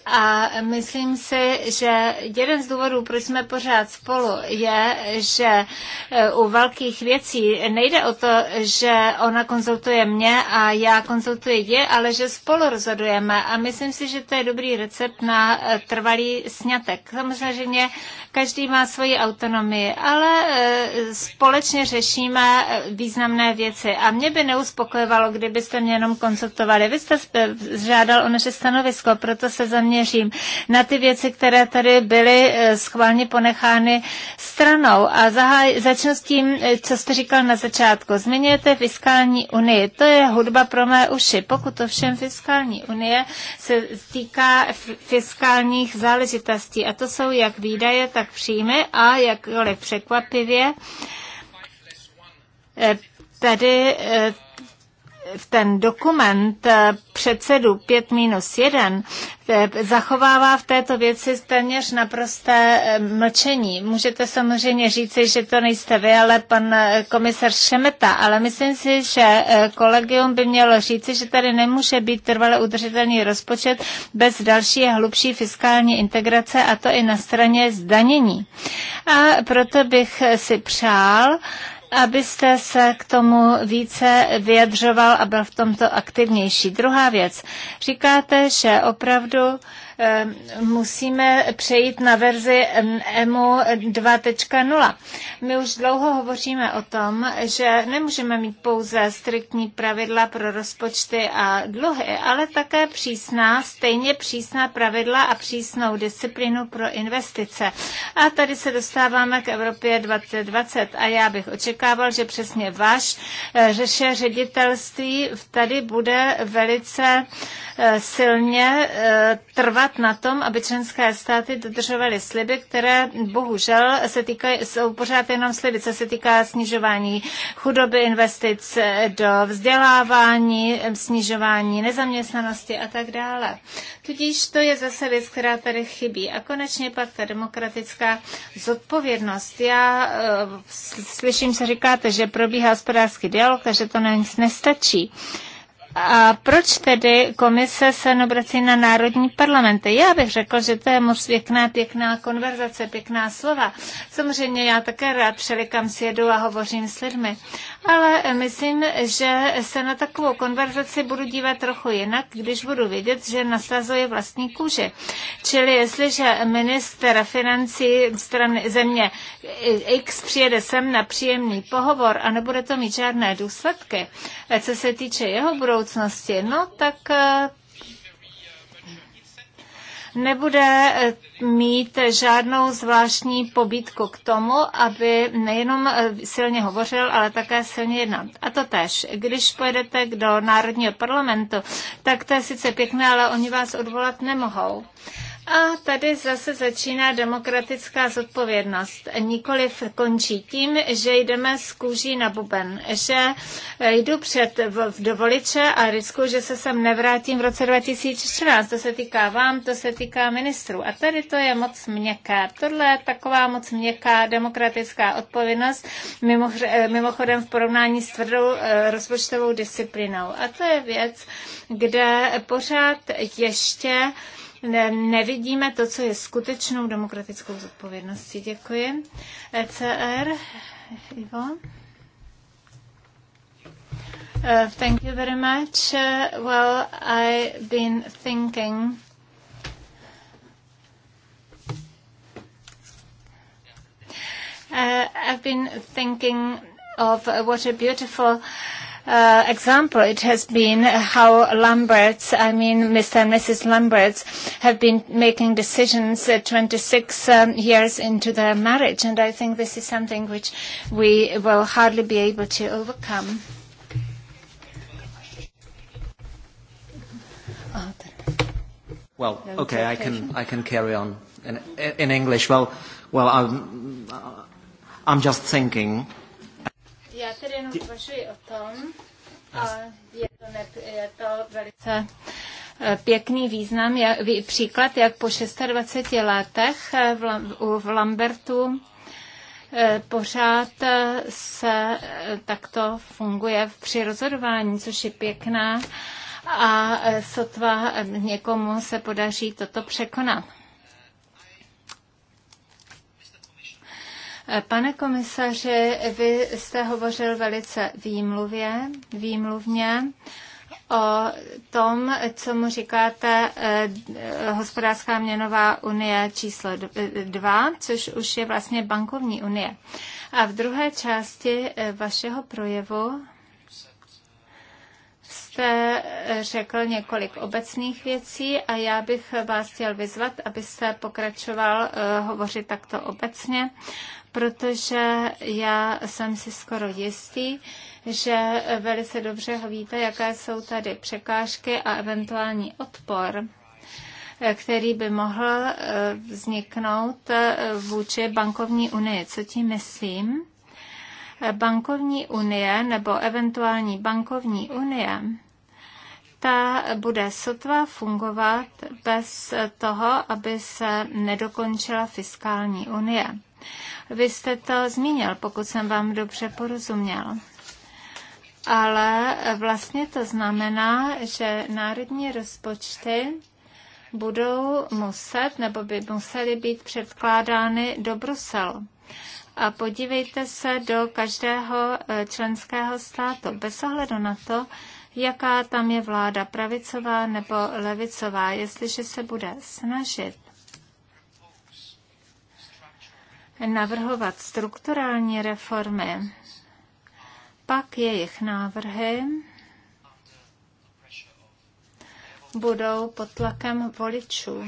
A myslím si, že jeden z důvodů, proč jsme pořád spolu, je, že e, u velkých věcí nejde o to, že ona konzultuje mě a já konzultuji je, ale že spolu rozhodujeme. A myslím si, že to je dobrý recept na e, trvalý snětek. Samozřejmě každý má svoji autonomii, ale e, společně řešíme významné věci. A mě by neuspokojovalo, kdybyste mě jenom konzultovali. Vy jste žádal o naše stanovisko, proto se za mě zaměřím na ty věci, které tady byly eh, schválně ponechány stranou. A zahaj, začnu s tím, eh, co jste říkal na začátku. Zmiňujete fiskální unii. To je hudba pro mé uši. Pokud to všem fiskální unie se týká fiskálních záležitostí. A to jsou jak výdaje, tak příjmy a jakkoliv překvapivě eh, tady ten dokument eh, předsedu 5 minus 1 eh, zachovává v této věci téměř naprosté eh, mlčení. Můžete samozřejmě říci, že to nejste vy, ale pan komisar Šemeta, ale myslím si, že kolegium by mělo říci, že tady nemůže být trvale udržitelný rozpočet bez další a hlubší fiskální integrace a to i na straně zdanění. A proto bych si přál, abyste se k tomu více vyjadřoval a byl v tomto aktivnější. Druhá věc. Říkáte, že opravdu Eh, musíme přejít na verzi EMU 2.0. My už dlouho hovoříme o tom, že nemůžeme mít pouze striktní pravidla pro rozpočty a dluhy, ale také přísná, stejně přísná pravidla a přísnou disciplínu pro investice. A tady se dostáváme k Evropě 2020 a já bych očekával, že přesně váš eh, řeše ředitelství tady bude velice eh, silně trvat trvat na tom, aby členské státy dodržovaly sliby, které bohužel se týkají, jsou pořád jenom sliby, co se týká snižování chudoby, investic do vzdělávání, snižování nezaměstnanosti a tak dále. Tudíž to je zase věc, která tady chybí. A konečně pak ta demokratická zodpovědnost. Já eh, slyším, co říkáte, že probíhá hospodářský dialog a že to na nic nestačí. A proč tedy komise se obrací na národní parlamenty? Já bych řekl, že to je moc pěkná, pěkná konverzace, pěkná slova. Samozřejmě já také rád všelikam sjedu a hovořím s lidmi ale myslím, že se na takovou konverzaci budu dívat trochu jinak, když budu vidět, že nasazuje vlastní kůže. Čili jestliže minister financí strany země X přijede sem na příjemný pohovor a nebude to mít žádné důsledky, co se týče jeho budoucnosti, no tak eh, nebude eh, mít žádnou zvláštní pobídku k tomu, aby nejenom eh, silně hovořil, ale také silně jednal. A to tež. Když pojedete do Národního parlamentu, tak to je sice pěkné, ale oni vás odvolat nemohou. A tady zase začíná demokratická zodpovědnost. Nikoliv končí tím, že jdeme z kůží na buben, že jdu před v dovoliče a riskuju, že se sem nevrátím v roce 2014. To se týká vám, to se týká ministrů. A tady to je moc měkké. Tohle je taková moc měkká demokratická odpovědnost, eh, mimochodem v porovnání s tvrdou eh, rozpočtovou disciplinou. A to je věc, kde pořád ještě ne, nevidíme to, co je skutečnou demokratickou zodpovědností. Děkuji. ECR, Ivo. Uh, thank you very much. Uh, well, I've been thinking. Uh, I've been thinking of uh, what a beautiful uh, uh, example, it has been how Lamberts, I mean Mr. and Mrs. Lamberts, have been making decisions uh, 26 um, years into their marriage. And I think this is something which we will hardly be able to overcome. Well, no okay, I can I can carry on in, in English. Well, well, I'm I'm just thinking já tedy jenom uvažuji o tom, a je to, ne, je to velice e, pěkný význam, jak, příklad, jak po 26 letech e, v, v Lambertu e, pořád se takto funguje při rozhodování, což je pěkná a sotva někomu se podaří toto překonat. Pane komisaři, vy jste hovořil velice výmluvě, výmluvně o tom, co mu říkáte eh, hospodářská měnová unie číslo 2, eh, což už je vlastně bankovní unie. A v druhé části eh, vašeho projevu jste řekl několik obecných věcí a já bych vás chtěl vyzvat, abyste pokračoval hovořit takto obecně protože já jsem si skoro jistý, že velice dobře víte, jaké jsou tady překážky a eventuální odpor který by mohl eh, vzniknout eh, vůči bankovní unii. Co tím myslím? Eh, bankovní unie nebo eventuální bankovní unie ta bude sotva fungovat bez toho, aby se nedokončila fiskální unie. Vy jste to zmínil, pokud jsem vám dobře porozuměl. Ale vlastně to znamená, že národní rozpočty budou muset nebo by musely být předkládány do Bruselu. A podívejte se do každého e, členského státu, bez ohledu na to, jaká tam je vláda pravicová nebo levicová, jestliže se bude snažit navrhovat strukturální reformy, pak jejich návrhy budou pod tlakem voličů.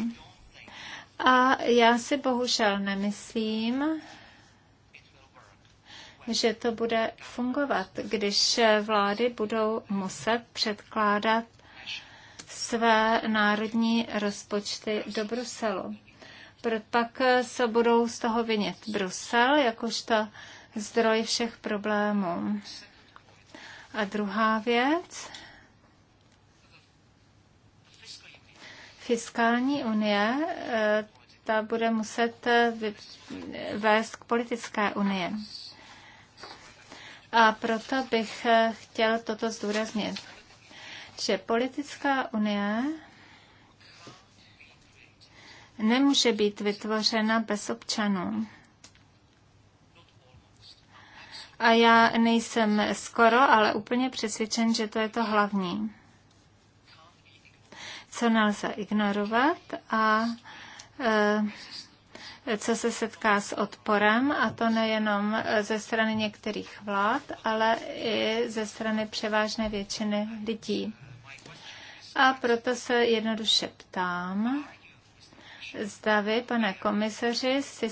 A já si bohužel nemyslím, že to bude fungovat, když vlády budou muset předkládat své národní rozpočty do Bruselu pak eh, se budou z toho vinit Brusel, jakožto zdroj všech problémů. A druhá věc, fiskální unie, eh, ta bude muset eh, vést k politické unie. A proto bych chtěl toto zdůraznit, že politická unie nemůže být vytvořena bez občanů. A já nejsem skoro, ale úplně přesvědčen, že to je to hlavní. Co nelze ignorovat a eh, co se setká s odporem, a to nejenom eh, ze strany některých vlád, ale i ze strany převážné většiny lidí. A proto se jednoduše ptám, Zda vy, pane komisaři, si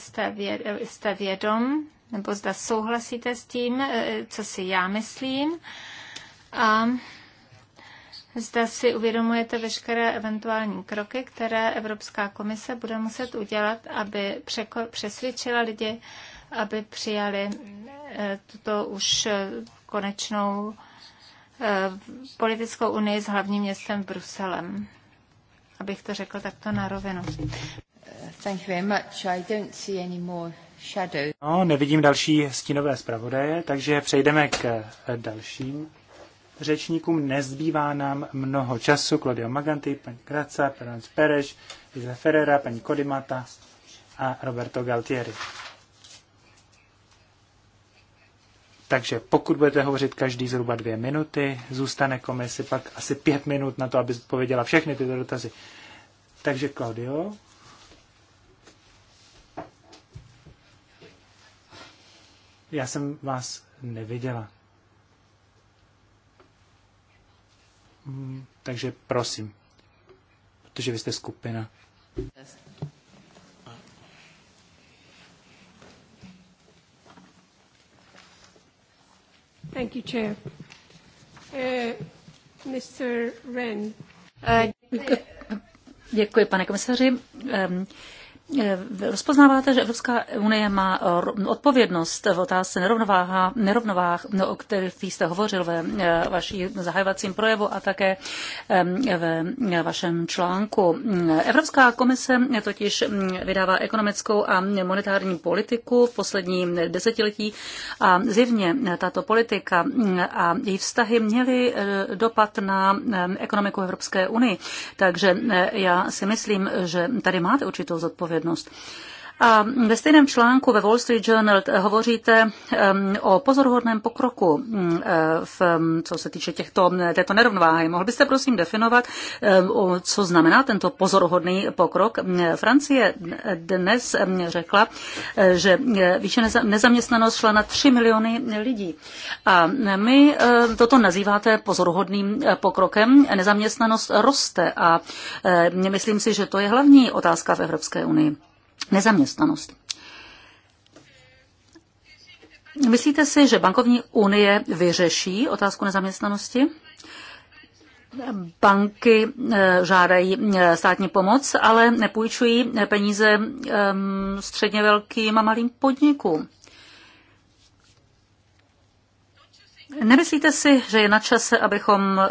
jste vědom, nebo zda souhlasíte s tím, e, co si já myslím. A Zda si uvědomujete veškeré eventuální kroky, které Evropská komise bude muset udělat, aby přesvědčila lidi, aby přijali e, tuto už konečnou e, politickou unii s hlavním městem Bruselem abych to řekl takto na rovinu. Thank you very much. I don't see any more shadow. No, nevidím další stínové zpravodaje, takže přejdeme k dalším řečníkům. Nezbývá nám mnoho času. Claudio Maganti, paní Graca, Perons Pereš, Lisa Ferrera, paní Kodimata a Roberto Galtieri. Takže pokud budete hovořit každý zhruba dvě minuty, zůstane komisi pak asi pět minut na to, aby odpověděla všechny tyto dotazy. Takže Claudio. Já jsem vás neviděla. Hmm, takže prosím, protože vy jste skupina. Thank you, Chair. Uh, Mr. Ren. Uh, děkuji, pane komisaři. Um, Eh, rozpoznáváte, že Evropská unie má eh, odpovědnost v otázce nerovnováha, nerovnováh, no, o kterých jste hovořil ve eh, vaší zahajovacím projevu a také ve vašem článku. Evropská komise totiž mm, vydává ekonomickou a monetární politiku v posledním desetiletí a zjevně tato politika mm, a její vztahy měly dopad na ekonomiku Evropské unie. Takže já si myslím, že tady máte určitou zodpovědnost odpovědnost. A ve stejném článku ve Wall Street Journal hovoříte o pozoruhodném pokroku, v, co se týče těchto, této nerovnováhy. Mohl byste prosím definovat, co znamená tento pozoruhodný pokrok? Francie dnes řekla, že výše nezaměstnanost šla na 3 miliony lidí. A my toto nazýváte pozoruhodným pokrokem. Nezaměstnanost roste a myslím si, že to je hlavní otázka v Evropské unii. Nezaměstnanost. Myslíte si, že bankovní unie vyřeší otázku nezaměstnanosti? Banky eh, žádají eh, státní pomoc, ale nepůjčují eh, peníze ehm, středně velkým a malým podnikům. Nemyslíte si, že je na čase, abychom eh,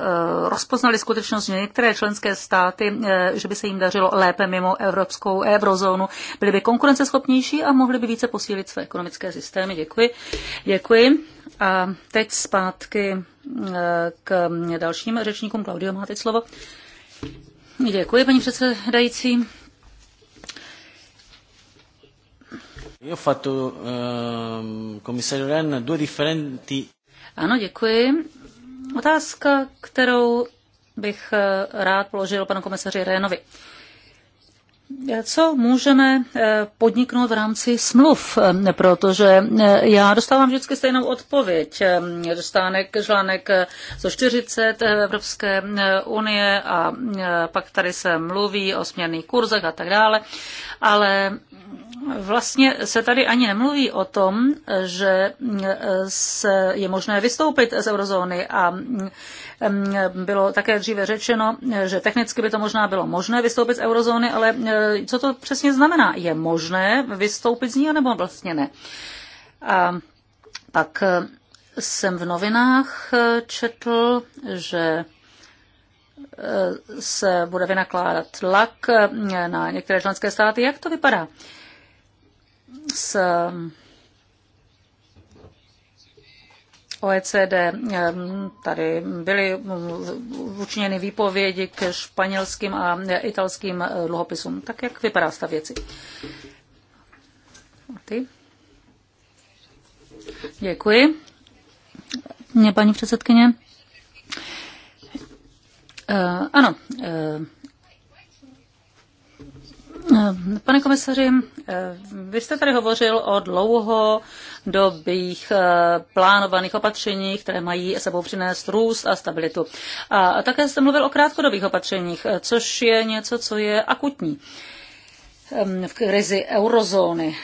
rozpoznali skutečnost, že některé členské státy, eh, že by se jim dařilo lépe mimo evropskou eurozónu, byly by konkurenceschopnější a mohly by více posílit své ekonomické systémy? Děkuji. Děkuji. A teď zpátky eh, k mm, dalším řečníkům. Claudio máte slovo. Děkuji, paní předsedající. Io jsem fatto, ehm, commissario Ren, due differenti ano, děkuji. Otázka, kterou bych eh, rád položil panu komisaři Rénovi. Co můžeme eh, podniknout v rámci smluv? Eh, protože já dostávám vždycky stejnou odpověď. Dostánek žlánek 140 Evropské unie a pak tady se mluví o směrných kurzech a tak dále. Ale Vlastně se tady ani nemluví o tom, že mm, se je možné vystoupit z eurozóny a mm, mm, bylo také dříve řečeno, že technicky by to možná bylo možné vystoupit z eurozóny, ale co to přesně znamená? Je možné vystoupit z ní, nebo vlastně ne? A pak jsem v novinách četl, že se bude vynakládat tlak na některé členské státy. Jak to vypadá? s um, OECD um, tady byly um, učiněny výpovědi k španělským a italským uh, dluhopisům. Tak jak vypadá ta věci? A ty? Děkuji. Mě paní předsedkyně. Uh, ano, uh, Eh, pane komisaři, eh, vy jste tady hovořil o dlouhodobých eh, plánovaných opatřeních, které mají sebou přinést růst a stabilitu. A také jste mluvil o krátkodobých opatřeních, což je něco, co je akutní ehm, v krizi eurozóny.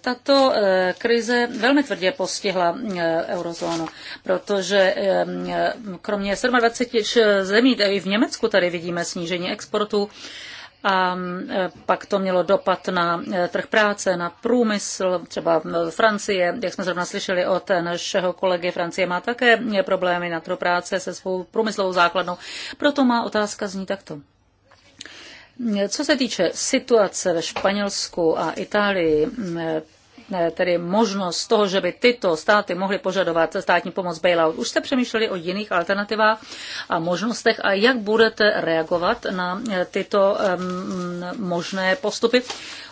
Tato krize velmi tvrdě postihla eurozónu, protože ehm, kromě 27 zemí, tedy v Německu tady vidíme snížení exportu, a e, pak to mělo dopad na e, trh práce, na průmysl, třeba e, Francie, jak jsme zrovna slyšeli od našeho kolegy, Francie má také problémy na trh práce se svou průmyslovou základnou. Proto má otázka zní takto. Co se týče situace ve Španělsku a Itálii, Eh, tedy možnost toho, že by tyto státy mohly požadovat státní pomoc bailout. Už jste přemýšleli o jiných alternativách a možnostech a jak budete reagovat na eh, tyto možné postupy?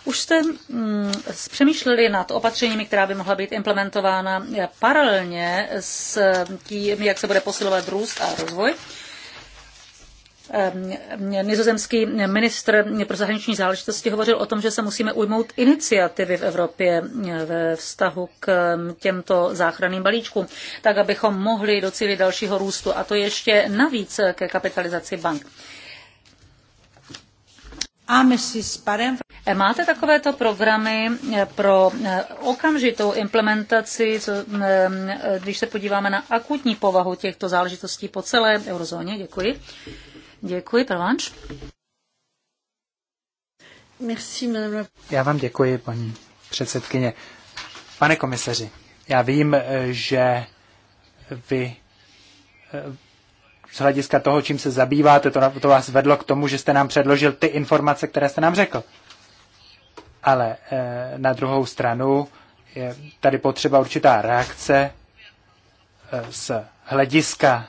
Už jste mm, přemýšleli nad opatřeními, která by mohla být implementována eh, paralelně s tím, jak se bude posilovat růst a rozvoj? Ehm, e, nizozemský ministr pro zahraniční záležitosti hovořil o tom, že se musíme ujmout iniciativy v Evropě e, ve vztahu k těmto záchranným balíčkům, tak abychom mohli docílit dalšího růstu a to ještě navíc ke kapitalizaci bank. E, máte takovéto programy pro okamžitou implementaci, když se podíváme na akutní povahu těchto záležitostí po celé eurozóně? Děkuji. Děkuji, Prvanč. Merci, madame. Já vám děkuji, paní předsedkyně. Pane komisaři, já vím, eh, že vy eh, z hlediska toho, čím se zabýváte, to, to vás vedlo k tomu, že jste nám předložil ty informace, které jste nám řekl. Ale eh, na druhou stranu je tady potřeba určitá reakce z hlediska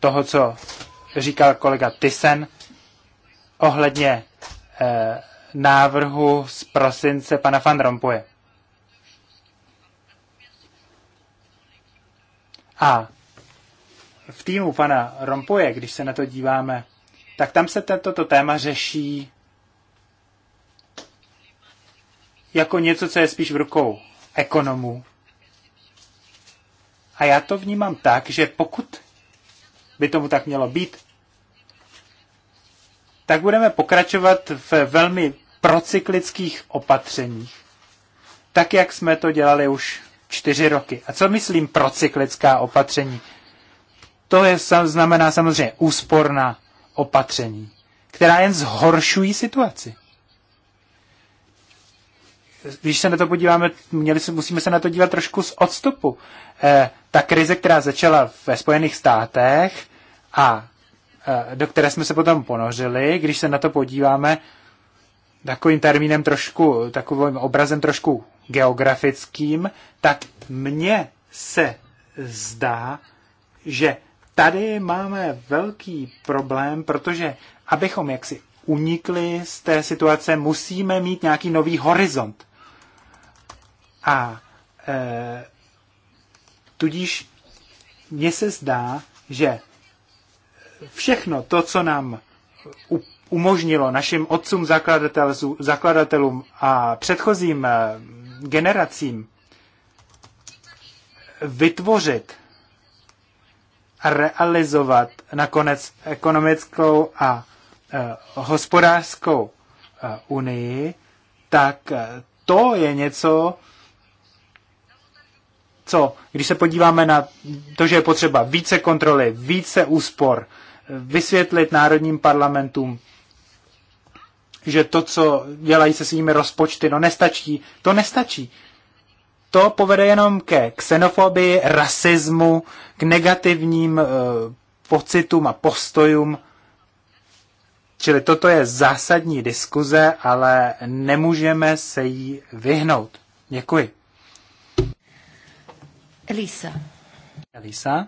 toho, co říkal kolega Tysen ohledně eh, návrhu z prosince pana Van Rompuje. A v týmu pana Rompuje, když se na to díváme, tak tam se toto téma řeší jako něco, co je spíš v rukou ekonomů. A já to vnímám tak, že pokud by tomu tak mělo být, tak budeme pokračovat v velmi procyklických opatřeních. Tak, jak jsme to dělali už čtyři roky. A co myslím procyklická opatření? To je, znamená samozřejmě úsporná opatření, která jen zhoršují situaci. Když se na to podíváme, měli, musíme se na to dívat trošku z odstupu. Eh, ta krize, která začala ve Spojených státech a e, do které jsme se potom ponořili, když se na to podíváme takovým termínem trošku, takovým obrazem trošku geografickým, tak mně se zdá, že tady máme velký problém, protože abychom jaksi unikli z té situace, musíme mít nějaký nový horizont. A e, Tudíž mně se zdá, že všechno to, co nám umožnilo našim otcům zakladatelům a předchozím eh, generacím vytvořit a realizovat nakonec ekonomickou a eh, hospodářskou eh, unii, tak to je něco, co, když se podíváme na to, že je potřeba více kontroly, více úspor, vysvětlit národním parlamentům, že to, co dělají se svými rozpočty, no nestačí. To nestačí. To povede jenom ke xenofobii, rasismu, k negativním e, pocitům a postojům. Čili toto je zásadní diskuze, ale nemůžeme se jí vyhnout. Děkuji. Elisa. Elisa.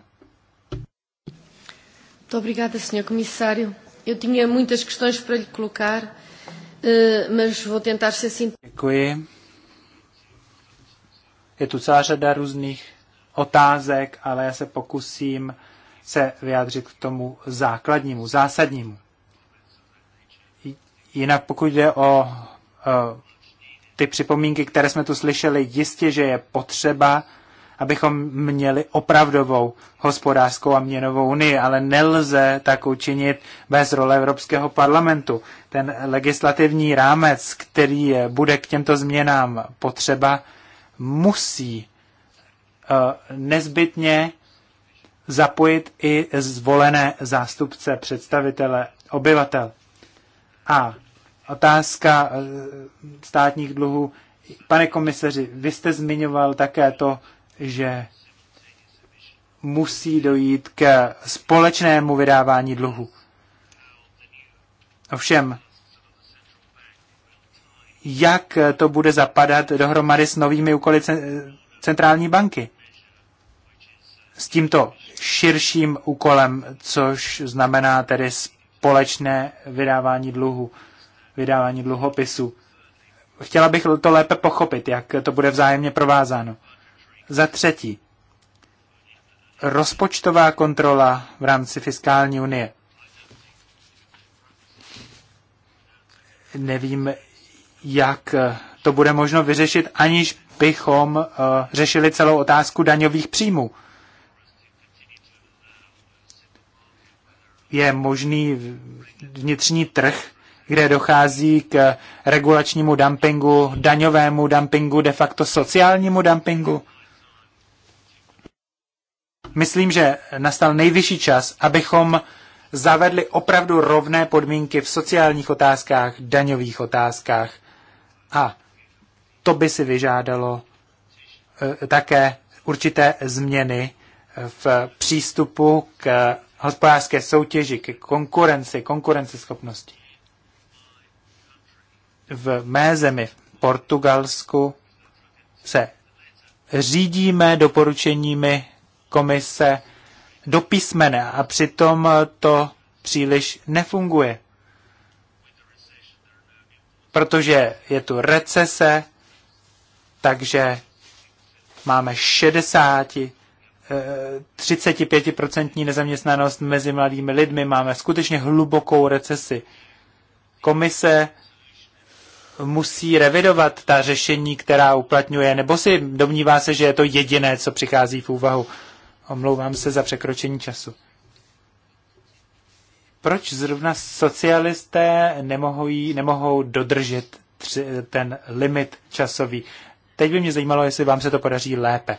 Muito obrigada, Sr. Comissário. Eu tinha muitas questões para lhe colocar, eh, mas vou tentar ser Děkuji. Je tu celá řada různých otázek, ale já se pokusím se vyjádřit k tomu základnímu, zásadnímu. Jinak pokud jde o eh, ty připomínky, které jsme tu slyšeli, jistě, že je potřeba abychom měli opravdovou hospodářskou a měnovou unii, ale nelze tak učinit bez role Evropského parlamentu. Ten legislativní rámec, který bude k těmto změnám potřeba, musí eh, nezbytně zapojit i zvolené zástupce, představitele, obyvatel. A otázka eh, státních dluhů. Pane komisaři, vy jste zmiňoval také to, že musí dojít k společnému vydávání dluhu. Ovšem, jak to bude zapadat dohromady s novými úkoly centrální banky? S tímto širším úkolem, což znamená tedy společné vydávání dluhu, vydávání dluhopisu. Chtěla bych to lépe pochopit, jak to bude vzájemně provázáno. Za třetí, rozpočtová kontrola v rámci fiskální unie. Nevím, jak to bude možno vyřešit, aniž bychom eh, řešili celou otázku daňových příjmů. Je možný vnitřní trh, kde dochází k regulačnímu dumpingu, daňovému dumpingu, de facto sociálnímu dumpingu myslím, že nastal nejvyšší čas, abychom zavedli opravdu rovné podmínky v sociálních otázkách, daňových otázkách. A to by si vyžádalo eh, také určité změny eh, v přístupu k hospodářské soutěži, k konkurenci, konkurenceschopnosti. V mé zemi, v Portugalsku, se řídíme doporučeními komise do písmene a přitom to příliš nefunguje. Protože je tu recese, takže máme 60, 35% eh, nezaměstnanost mezi mladými lidmi, máme skutečně hlubokou recesi. Komise musí revidovat ta řešení, která uplatňuje, nebo si domnívá se, že je to jediné, co přichází v úvahu. Omlouvám se za překročení času. Proč zrovna socialisté nemohou, nemohou dodržet tři, ten limit časový? Teď by mě zajímalo, jestli vám se to podaří lépe.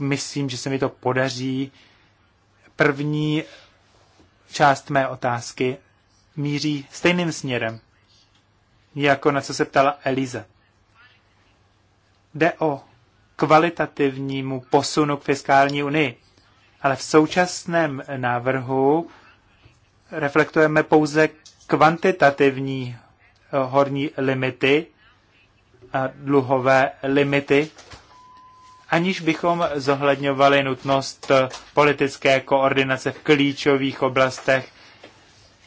Myslím, že se mi to podaří. První část mé otázky míří stejným směrem, jako na co se ptala Eliza. Jde o kvalitativnímu posunu k fiskální unii. Ale v současném návrhu reflektujeme pouze kvantitativní eh, horní limity a dluhové limity, aniž bychom zohledňovali nutnost eh, politické koordinace v klíčových oblastech,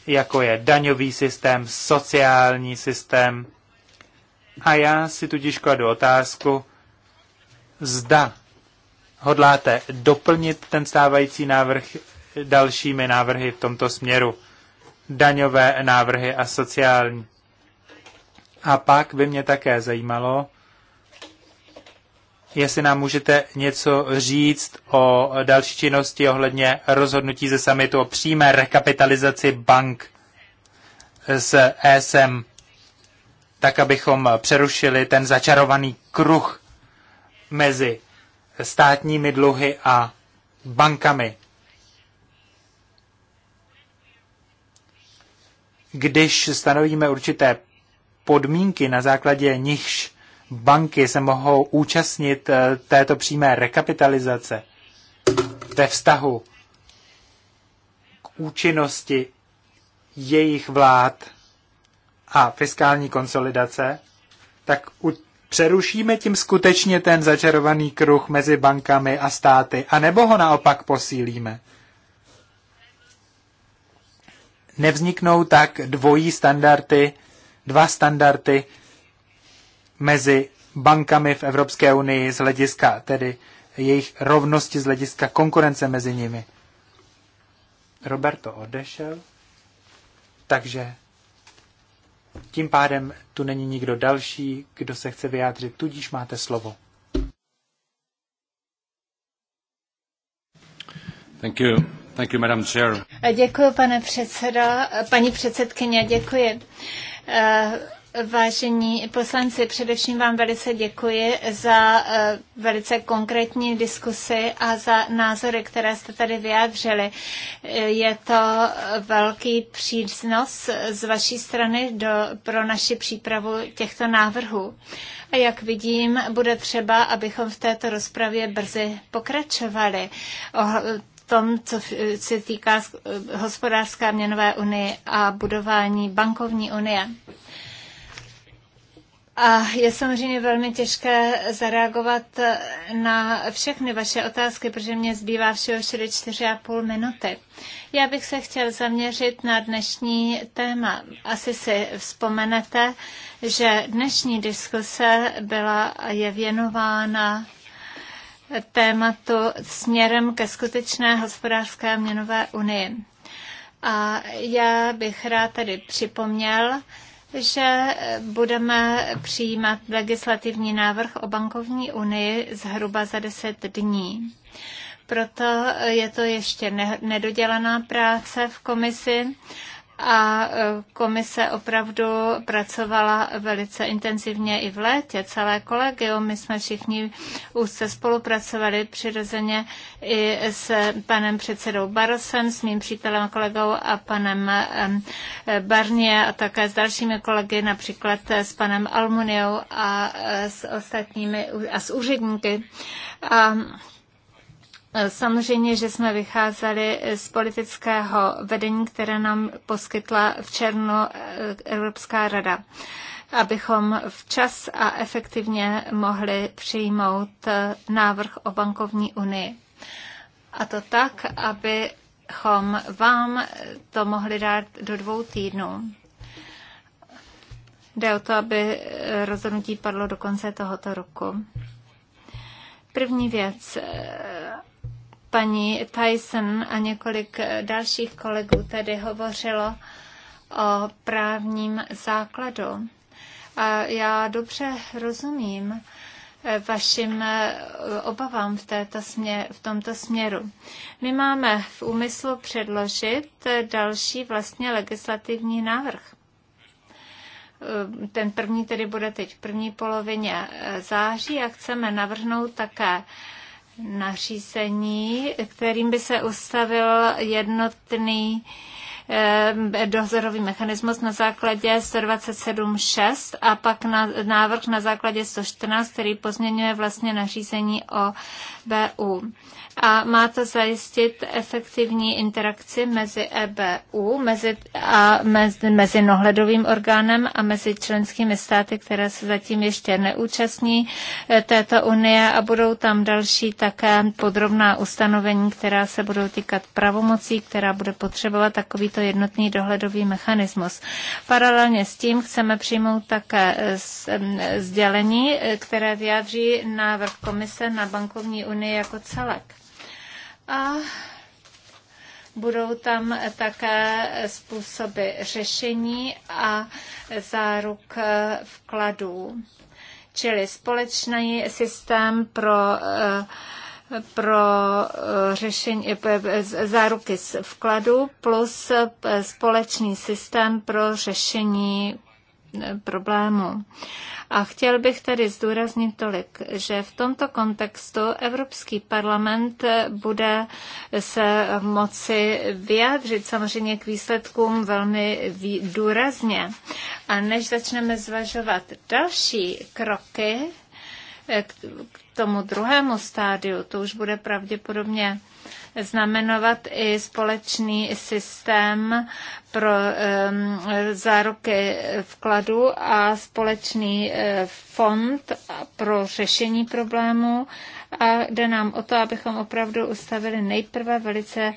jako je daňový systém, sociální systém. A já si tudíž kladu otázku, zda hodláte doplnit ten stávající návrh dalšími návrhy v tomto směru. Daňové návrhy a sociální. A pak by mě také zajímalo, jestli nám můžete něco říct o další činnosti ohledně rozhodnutí ze samitu o přímé rekapitalizaci bank e s ESM, tak abychom přerušili ten začarovaný kruh mezi státními dluhy a bankami. Když stanovíme určité podmínky, na základě nichž banky se mohou účastnit eh, této přímé rekapitalizace ve vztahu k účinnosti jejich vlád a fiskální konsolidace, tak u Přerušíme tím skutečně ten začarovaný kruh mezi bankami a státy, anebo ho naopak posílíme? Nevzniknou tak dvojí standardy, dva standardy mezi bankami v Evropské unii z hlediska tedy jejich rovnosti, z hlediska konkurence mezi nimi. Roberto odešel, takže tím pádem tu není nikdo další, kdo se chce vyjádřit, tudíž máte slovo. Thank you. Thank you, Madam Chair. Děkuji, pane předseda, paní předsedkyně, děkuji. Uh, Vážení poslanci, především vám velice děkuji za eh, velice konkrétní diskusy a za názory, které jste tady vyjádřili. Eh, je to velký přínos z vaší strany do, pro naši přípravu těchto návrhů. A jak vidím, bude třeba, abychom v této rozpravě brzy pokračovali tom, co se týká eh, hospodářské měnové unie a budování bankovní unie. A je samozřejmě velmi těžké zareagovat na všechny vaše otázky, protože mě zbývá všeho všude půl minuty. Já bych se chtěl zaměřit na dnešní téma. Asi si vzpomenete, že dnešní diskuse byla a je věnována tématu směrem ke skutečné hospodářské měnové unii. A já bych rád tady připomněl, že budeme přijímat legislativní návrh o bankovní unii zhruba za 10 dní. Proto je to ještě nedodělaná práce v komisi a e, komise opravdu pracovala velice intenzivně i v létě. Celé kolegium, my jsme všichni úzce spolupracovali přirozeně i s panem předsedou Barosem, s mým přítelem a kolegou a panem Barnie a také s dalšími kolegy, například s panem Almuniou a e, s ostatními a s úředníky. A Samozřejmě, že jsme vycházeli z politického vedení, které nám poskytla v černu eh, Evropská rada, abychom včas a efektivně mohli přijmout eh, návrh o bankovní unii. A to tak, abychom vám to mohli dát do dvou týdnů. Jde o to, aby eh, rozhodnutí padlo do konce tohoto roku. První věc, paní Tyson a několik dalších kolegů tedy hovořilo o právním základu. A já dobře rozumím eh, vašim eh, obavám v, této směr, v tomto směru. My máme v úmyslu předložit eh, další vlastně legislativní návrh. Ten první tedy bude teď v první polovině září a chceme navrhnout také nařízení, kterým by se ustavil jednotný eh, dozorový mechanismus na základě 127.6 a pak na, návrh na základě 114, který pozměňuje vlastně nařízení o BU a má to zajistit efektivní interakci mezi EBU mezi, a mezi, mezi nohledovým orgánem a mezi členskými státy, které se zatím ještě neúčastní e, této unie a budou tam další také podrobná ustanovení, která se budou týkat pravomocí, která bude potřebovat takovýto jednotný dohledový mechanismus. Paralelně s tím chceme přijmout také e, sdělení, e, které vyjádří návrh komise na bankovní unii jako celek a budou tam také způsoby řešení a záruk vkladů, čili společný systém pro pro řešení záruky z vkladu plus společný systém pro řešení Eh, problému. A chtěl bych tedy zdůraznit tolik, že v tomto kontextu Evropský parlament eh, bude se moci vyjádřit samozřejmě k výsledkům velmi důrazně. A než začneme zvažovat další kroky eh, k tomu druhému stádiu, to už bude pravděpodobně znamenovat i společný systém pro um, záruky vkladu a společný eh, fond pro řešení problému a jde nám o to, abychom opravdu ustavili nejprve velice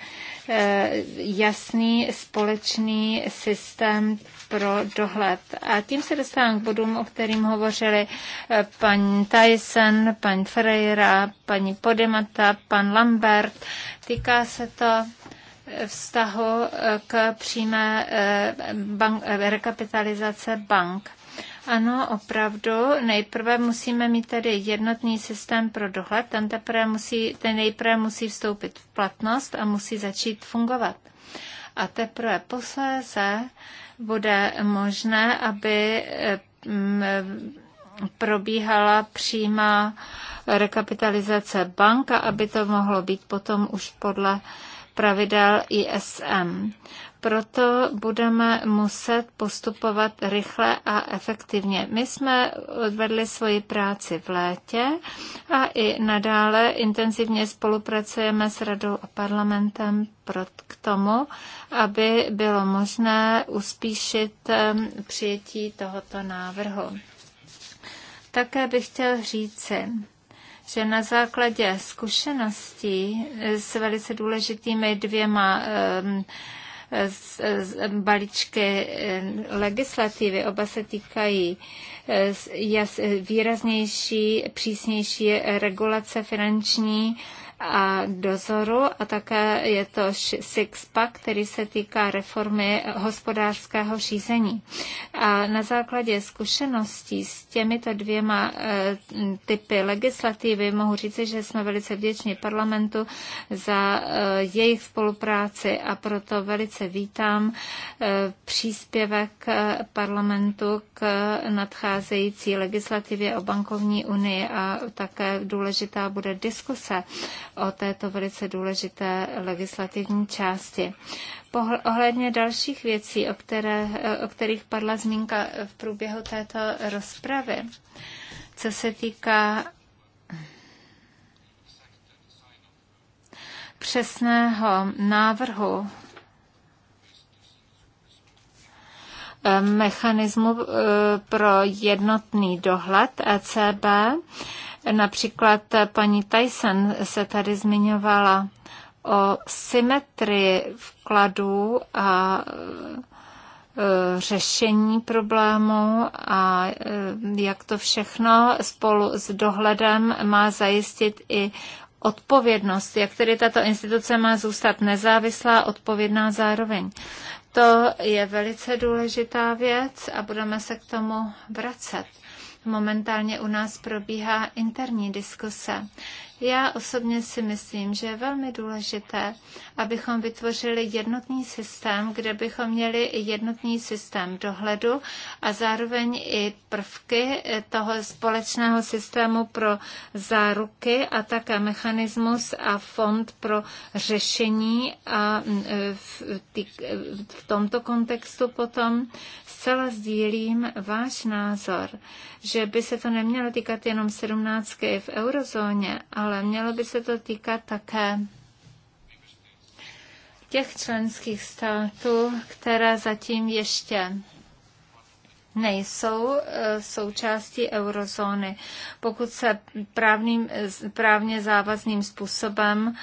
eh, jasný společný systém pro dohled. A tím se dostávám k bodům, o kterým hovořili eh, paní Tyson, paní Ferreira, paní Podemata, pan Lambert. Týká se to eh, vztahu eh, k přímé bank, rekapitalizace bank. Ano, opravdu. Nejprve musíme mít tedy jednotný systém pro dohled, ten, teprve musí, ten nejprve musí vstoupit v platnost a musí začít fungovat a teprve posléze bude možné, aby mm, probíhala přímá rekapitalizace banka, aby to mohlo být potom už podle pravidel ISM proto budeme muset postupovat rychle a efektivně. My jsme odvedli svoji práci v létě a i nadále intenzivně spolupracujeme s radou a parlamentem k tomu, aby bylo možné uspíšit přijetí tohoto návrhu. Také bych chtěl říci, že na základě zkušeností s velice důležitými dvěma z, z balíčky legislativy. Oba se týkají e, výraznější, přísnější regulace finanční a dozoru a také je to SIXPAC, který se týká reformy hospodářského řízení. A na základě zkušeností s těmito dvěma eh, typy legislativy mohu říci, že jsme velice vděční parlamentu za eh, jejich spolupráci a proto velice vítám eh, příspěvek parlamentu k nadcházející legislativě o bankovní unii a také důležitá bude diskuse o této velice důležité legislativní části. ohledně dalších věcí, o, které, o kterých padla zmínka v průběhu této rozpravy, co se týká přesného návrhu eh, mechanismu eh, pro jednotný dohled ECB Například paní Tyson se tady zmiňovala o symetrii vkladů a e, řešení problému a e, jak to všechno spolu s dohledem má zajistit i odpovědnost, jak tedy tato instituce má zůstat nezávislá, odpovědná zároveň. To je velice důležitá věc a budeme se k tomu vracet. Momentálně u nás probíhá interní diskuse. Já osobně si myslím, že je velmi důležité, abychom vytvořili jednotný systém, kde bychom měli jednotný systém dohledu a zároveň i prvky eh, toho společného systému pro záruky a také mechanismus a fond pro řešení a mm, eh, eh, v, tomto kontextu potom zcela sdílím váš názor, že by se to nemělo týkat jenom sedmnáctky v eurozóně, ale ale mělo by se to týkat také těch členských států, které zatím ještě nejsou eh, součástí eurozóny, pokud se právným, eh, právně závazným způsobem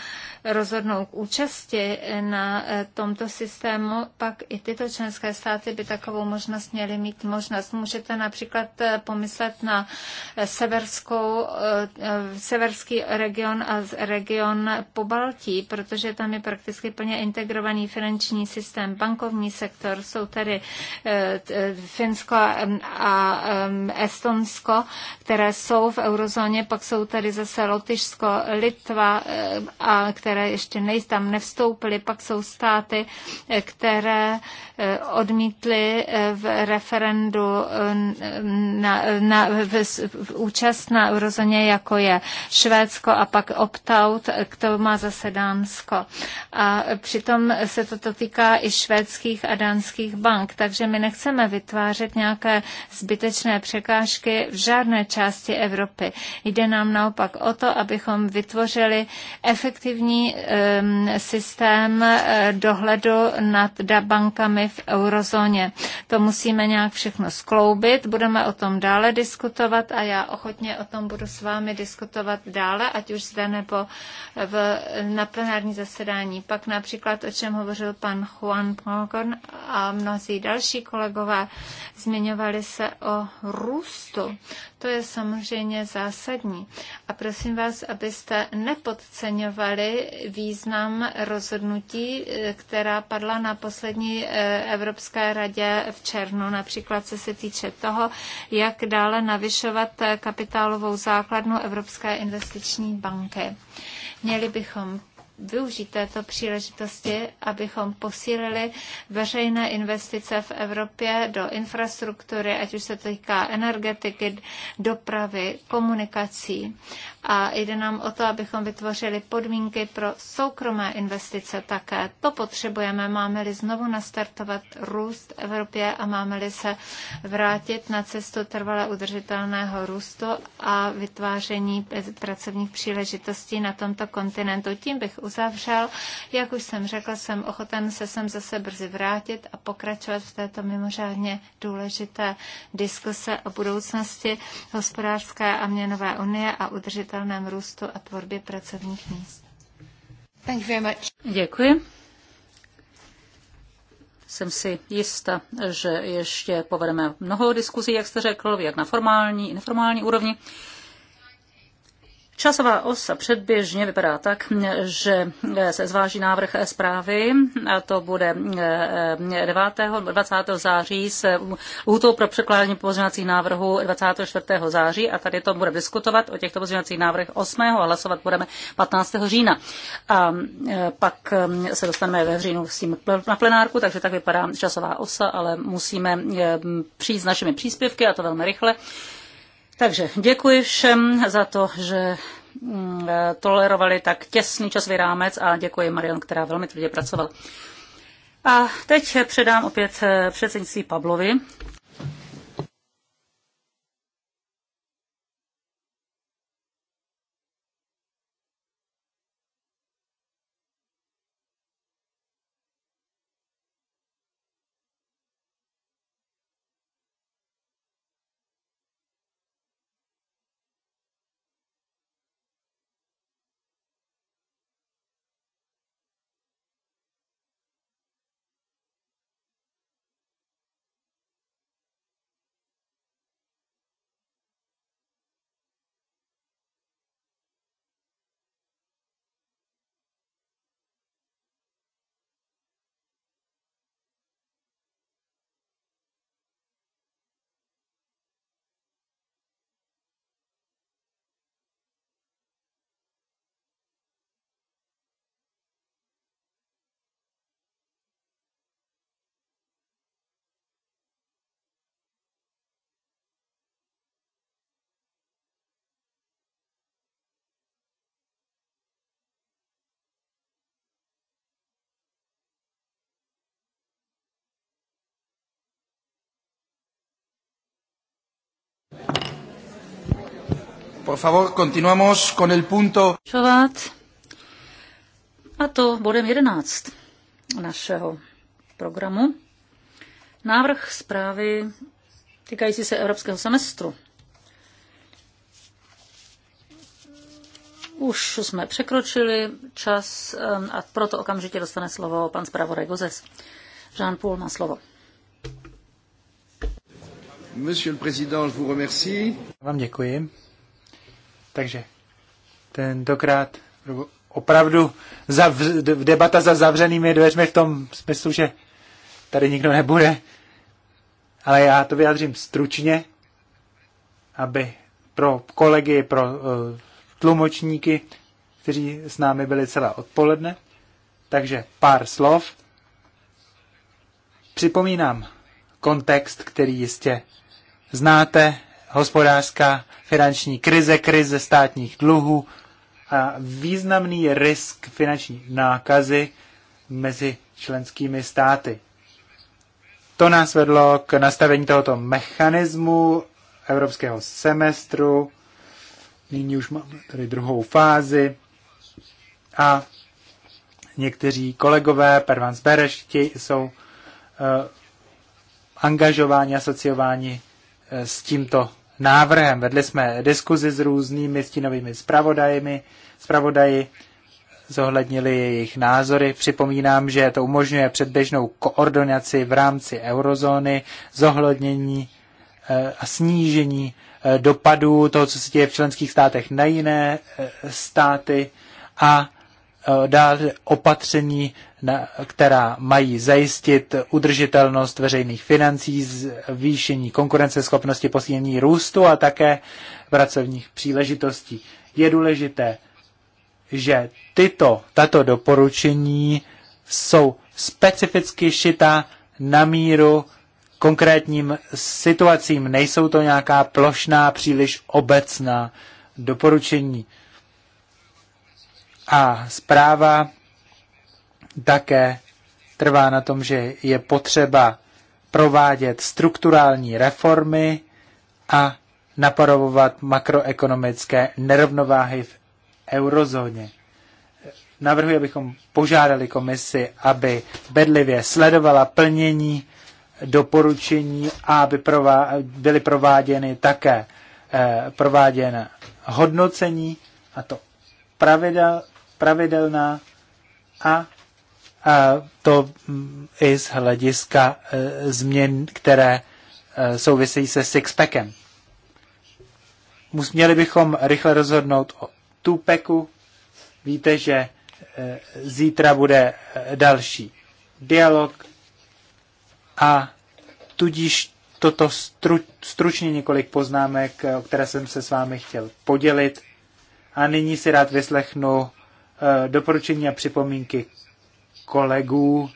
rozhodnou k účasti na eh, tomto systému, pak i tyto členské státy by takovou možnost měly mít možnost. Můžete například pomyslet na severskou, severský region a region po Baltí, protože tam je prakticky plně integrovaný finanční systém, bankovní sektor, jsou tady Finsko a Estonsko, které jsou v eurozóně, pak jsou tady zase Lotyšsko, Litva, eh, a které ještě tam nevstoupily, pak jsou státy, eh, které eh, odmítly v referendu na, na, v, v účast na eurozóně, jako je Švédsko a pak opt-out, tomu má zase Dánsko. A přitom se toto týká i švédských a dánských bank, takže my nechceme vytvářet nějaké nějaké zbytečné překážky v žádné části Evropy. Jde nám naopak o to, abychom vytvořili efektivní um, systém eh, dohledu nad bankami v eurozóně. To musíme nějak všechno skloubit, budeme o tom dále diskutovat a já ochotně o tom budu s vámi diskutovat dále, ať už zde nebo v, na plenární zasedání. Pak například, o čem hovořil pan Juan Pongon a mnozí další kolegové, změn zmiňovali se o růstu. To je samozřejmě zásadní. A prosím vás, abyste nepodceňovali význam rozhodnutí, eh, která padla na poslední eh, Evropské radě v červnu, například co se týče toho, jak dále navyšovat eh, kapitálovou základnu Evropské investiční banky. Měli bychom využít této příležitosti, abychom posílili veřejné investice v Evropě do infrastruktury, ať už se to týká energetiky, dopravy, komunikací a jde nám o to, abychom vytvořili podmínky pro soukromé investice také. To potřebujeme, máme-li znovu nastartovat růst Evropě a máme-li se vrátit na cestu trvale udržitelného růstu a vytváření pracovních příležitostí na tomto kontinentu. Tím bych uzavřel. Jak už jsem řekla, jsem ochoten se sem zase brzy vrátit a pokračovat v této mimořádně důležité diskuse o budoucnosti hospodářské a měnové unie a udržitelné udržitelném růstu a tvorbě pracovních míst. Thank you very much. Děkuji. Jsem si jista, že ještě povedeme mnoho diskuzí, jak jste řekl, jak na formální i neformální úrovni. Časová osa předběžně vypadá tak, že se zváží návrh zprávy, a to bude 9. Eh, 20. září s útou pro překládání pozměňovacích návrhů 24. září a tady to bude diskutovat o těchto pozměňovacích návrhech 8. a hlasovat budeme 15. října. A eh, pak eh, se dostaneme ve říjnu s tím na plenárku, takže tak vypadá časová osa, ale musíme přijít s našimi příspěvky a to velmi rychle takže děkuji všem za to, že mm, eh, tolerovali tak těsný časový rámec a děkuji Marion, která velmi tvrdě pracovala. A teď předám opět eh, předsednictví Pavlovi. Por favor, continuamos con el punto... A to bodem 11 našeho programu. Návrh zprávy týkající se evropského semestru. Už jsme překročili čas a proto okamžitě dostane slovo pan zpravodaj Gozes. Jean-Paul má slovo. Monsieur le Président, je vous remercie. Vám děkuji. Takže tentokrát opravdu zav, debata za zavřenými dveřmi v tom smyslu, že tady nikdo nebude. Ale já to vyjádřím stručně, aby pro kolegy, pro uh, tlumočníky, kteří s námi byli celé odpoledne. Takže pár slov. Připomínám kontext, který jistě znáte, hospodářská finanční krize, krize státních dluhů a významný risk finanční nákazy mezi členskými státy. To nás vedlo k nastavení tohoto mechanismu evropského semestru. Nyní už máme tady druhou fázi. A někteří kolegové, Pervans Berešti, jsou uh, angažováni, asociováni uh, s tímto návrhem. Vedli jsme diskuzi s různými stínovými zpravodajmi, zpravodaji, zohlednili jejich názory. Připomínám, že to umožňuje předběžnou koordinaci v rámci eurozóny, zohlednění eh, a snížení eh, dopadů toho, co se děje v členských státech na jiné eh, státy a dále opatření na, která mají zajistit udržitelnost veřejných financí, zvýšení konkurenceschopnosti, posílení růstu a také pracovních příležitostí. Je důležité, že tyto, tato doporučení jsou specificky šita na míru konkrétním situacím. Nejsou to nějaká plošná, příliš obecná doporučení. A zpráva také trvá na tom, že je potřeba provádět strukturální reformy a napravovat makroekonomické nerovnováhy v eurozóně. Navrhuji, abychom požádali komisi, aby bedlivě sledovala plnění doporučení a aby prová, byly prováděny také eh, prováděna hodnocení, a to pravidel, pravidelná a a to mm, i z hlediska e, změn, které e, souvisejí se sixpackem. Měli bychom rychle rozhodnout o tupeku. Víte, že e, zítra bude další dialog a tudíž toto stru, stručně několik poznámek, o které jsem se s vámi chtěl podělit. A nyní si rád vyslechnu doporučení a připomínky kolegů,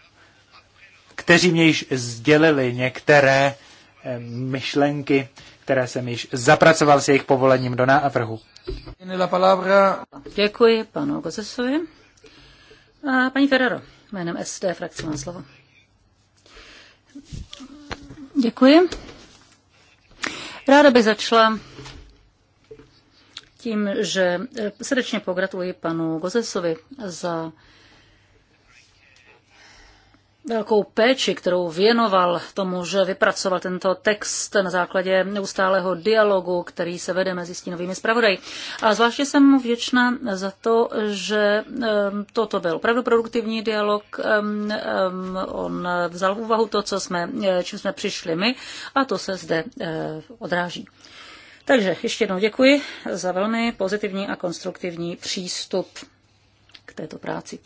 kteří mě již sdělili některé eh, myšlenky, které jsem již zapracoval s jejich povolením do návrhu. Děkuji panu Gozesovi. A paní Ferrero, jménem SD frakce má slovo. Děkuji. Ráda bych začala tím, že srdečně pogratuluji panu Gozesovi za velkou péči, kterou věnoval tomu, že vypracoval tento text na základě neustálého dialogu, který se vede mezi stínovými zpravodaji. A zvláště jsem mu věčná za to, že ehm, toto byl opravdu produktivní dialog. Ehm, ehm, on vzal v úvahu to, co jsme, eh, čím jsme přišli my a to se zde eh, odráží. Takže ještě jednou děkuji za velmi pozitivní a konstruktivní přístup k této práci.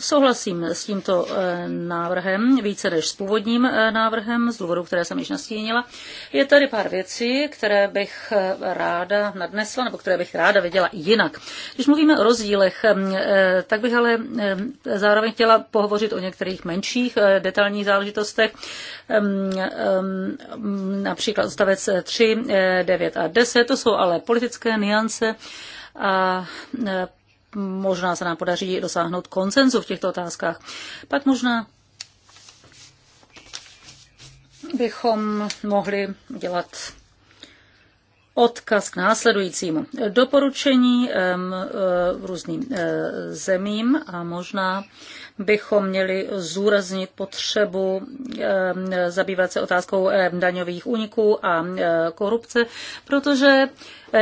Souhlasím s tímto eh, návrhem více než s původním eh, návrhem, z důvodu, které jsem již nastínila. Je tady pár věcí, které bych eh, ráda nadnesla, nebo které bych ráda viděla jinak. Když mluvíme o rozdílech, tak bych ale zároveň chtěla pohovořit o některých menších detailních záležitostech, ehm, ehm, například stavec 3, 9 a 10, to jsou ale politické niance a možná se nám podaří dosáhnout konsenzu v těchto otázkách. Pak možná bychom mohli dělat odkaz k následujícímu. Doporučení e, různým e, zemím a možná bychom měli zúraznit potřebu eh, zabývat se otázkou eh, daňových úniků a eh, korupce, protože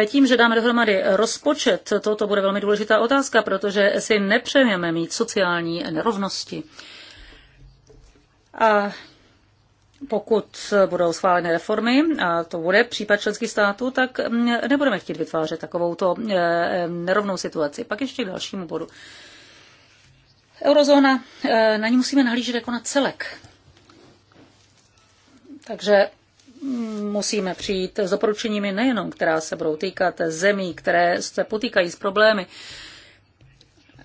tím, že dáme dohromady rozpočet, toto bude velmi důležitá otázka, protože si nepřejeme mít sociální nerovnosti. A pokud budou schváleny reformy, a to bude případ členských států, tak mm, nebudeme chtít vytvářet takovouto nerovnou situaci. Pak ještě k dalšímu bodu. Eurozóna, eh, na ní musíme nahlížet jako na celek. Takže mm, musíme přijít s doporučeními nejenom, která se budou týkat zemí, které se potýkají s problémy,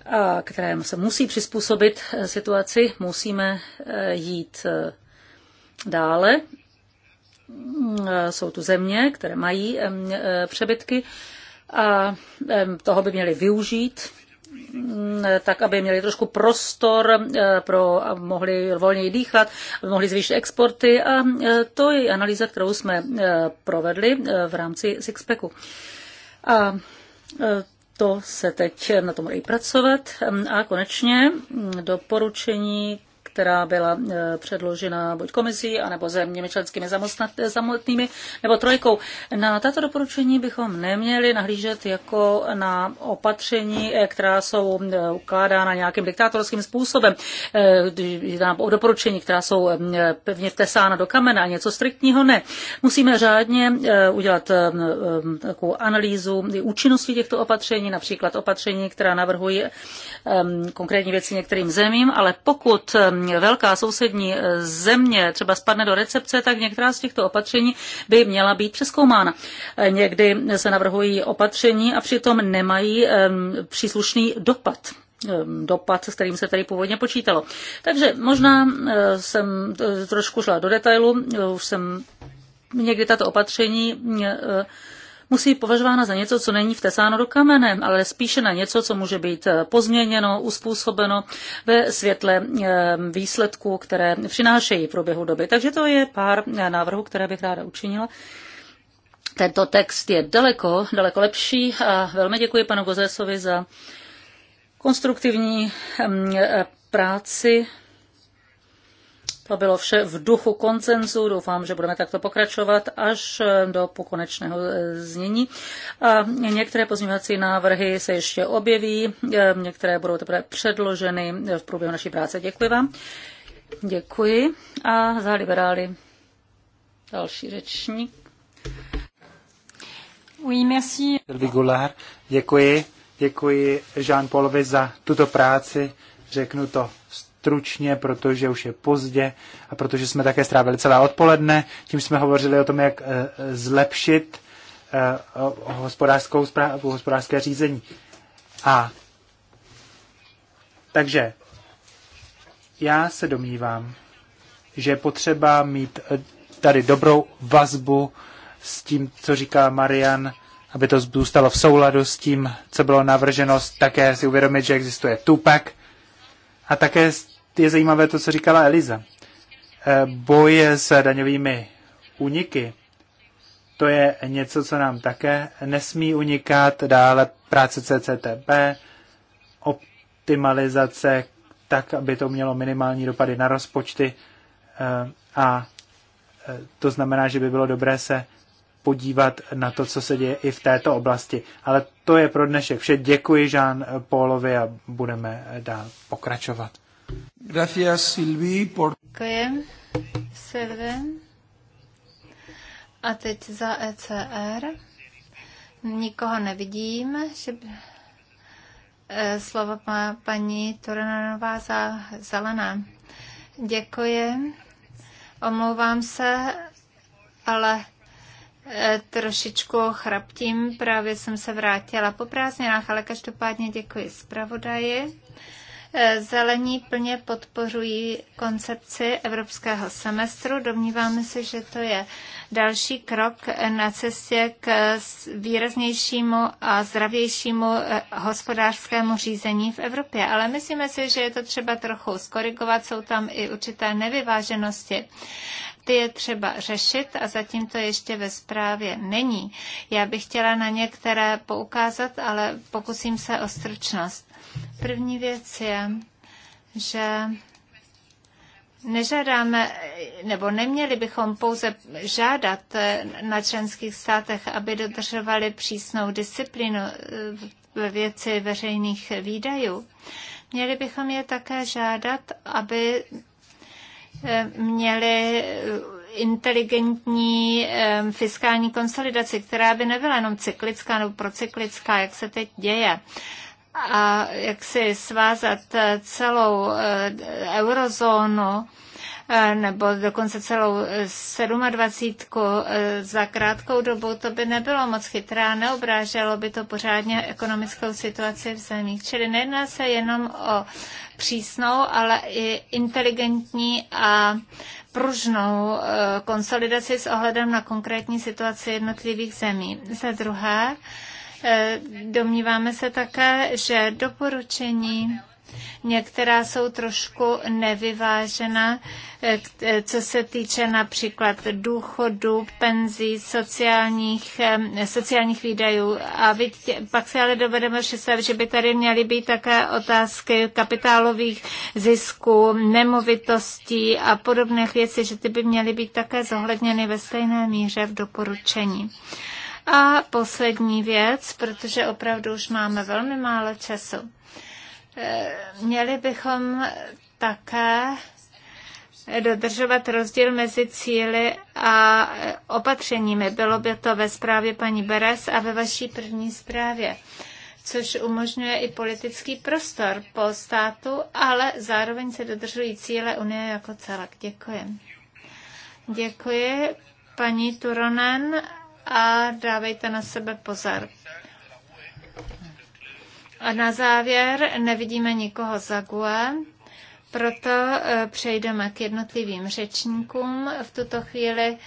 a které se musí přizpůsobit eh, situaci, musíme eh, jít dále. Mm, jsou tu země, které mají přebytky a toho by měly využít Mm, tak aby měli trošku prostor, eh, pro, aby mohli volněji dýchat, aby mohli zvýšit exporty a eh, to je analýza, kterou jsme eh, provedli v rámci Sixpacku. A to se teď na tom bude i pracovat. A konečně mm, doporučení která byla e, předložena buď komisí, anebo zeměmi členskými e, samotnými, nebo trojkou. Na tato doporučení bychom neměli nahlížet jako na opatření, e, která jsou ukládána nějakým diktátorským způsobem, na doporučení, která jsou pevně tesána do kamene něco striktního ne. Musíme řádně udělat takovou analýzu účinnosti těchto opatření, například opatření, která navrhují konkrétní věci některým zemím, ale pokud velká sousední eh, země třeba spadne do recepce, tak některá z těchto opatření by měla být přeskoumána. Eh, někdy se navrhují opatření a přitom nemají příslušný dopad dopad, s kterým se tady původně počítalo. Takže možná eh, jsem trošku šla do detailu, už jsem někdy tato opatření musí být považována za něco, co není vtesáno do kamene, ale spíše na něco, co může být eh, pozměněno, uspůsobeno ve světle eh, výsledků, které přinášejí v průběhu doby. Takže to je pár eh, návrhů, které bych ráda učinila. Tento text je daleko, daleko lepší a velmi děkuji panu Gozesovi za konstruktivní mm, práci to bylo vše v duchu koncenzu. Doufám, že budeme takto pokračovat až eh, do pokonečného eh, znění. A některé pozměňovací návrhy se ještě objeví, eh, některé budou teprve předloženy v průběhu naší práce. Děkuji vám. Děkuji. A za liberály další řečník. Oui, merci. Děkuji. Děkuji Jean-Paulovi za tuto práci. Řeknu to stručně, protože už je pozdě a protože jsme také strávili celé odpoledne. Tím jsme hovořili o tom, jak eh, zlepšit eh, hospodářskou zprávu, hospodářské řízení. A takže já se domnívám, že je potřeba mít eh, tady dobrou vazbu s tím, co říká Marian, aby to zůstalo v souladu s tím, co bylo navrženo, také si uvědomit, že existuje Tupac a také je zajímavé to, co říkala Eliza. Eh, boje s daňovými úniky, to je něco, co nám také nesmí unikat. Dále práce CCTP, optimalizace, tak, aby to mělo minimální dopady na rozpočty eh, a eh, to znamená, že by bylo dobré se podívat na to, co se děje i v této oblasti. Ale to je pro dnešek vše. Děkuji Žán Pólovi a budeme dál pokračovat. Gracias, Silvi, por... Děkuji, Silvi. A teď za ECR. Nikoho nevidím, že by... Eh, slovo má paní Turanová za zelená. Děkuji. Omlouvám se, ale eh, trošičku chraptím, právě jsem se vrátila po prázdninách, ale každopádně děkuji zpravodaji Eh, zelení plně podporují koncepci evropského semestru. Domníváme se, že to je další krok na cestě k eh, výraznějšímu a zdravějšímu eh, hospodářskému řízení v Evropě. Ale myslíme si, že je to třeba trochu skorigovat, jsou tam i určité nevyváženosti ty je třeba řešit a zatím to ještě ve zprávě není. Já bych chtěla na některé poukázat, ale pokusím se o stručnost. První věc je, že nežádáme, nebo neměli bychom pouze žádat na členských státech, aby dodržovali přísnou disciplínu ve věci veřejných výdajů. Měli bychom je také žádat, aby měli inteligentní eh, fiskální konsolidaci, která by nebyla jenom cyklická nebo procyklická, jak se teď děje a jak si svázat eh, celou eh, eurozónu eh, nebo dokonce celou 27 za krátkou dobu, to by nebylo moc chytrá, neobráželo by to pořádně ekonomickou situaci v zemích. Čili nejedná se jenom o přísnou, ale i inteligentní a pružnou konsolidaci s ohledem na konkrétní situaci jednotlivých zemí. Za druhé, E, domníváme se také, že doporučení Některá jsou trošku nevyvážena, e, e, co se týče například důchodu, penzí, sociálních, sociálních výdajů. A vidě, pak si ale dovedeme představit, že by tady měly být také otázky kapitálových zisků, nemovitostí a podobných věcí, že ty by měly být také zohledněny ve stejné míře v doporučení. A poslední věc, protože opravdu už máme velmi málo času. Eh, měli bychom také dodržovat rozdíl mezi cíly a opatřeními. Bylo by to ve zprávě paní Beres a ve vaší první zprávě což umožňuje i politický prostor po státu, ale zároveň se dodržují cíle Unie jako celek. Děkuji. Děkuji paní Turonen a dávejte na sebe pozor. A na závěr nevidíme nikoho za GUE, proto eh, přejdeme k jednotlivým řečníkům. V tuto chvíli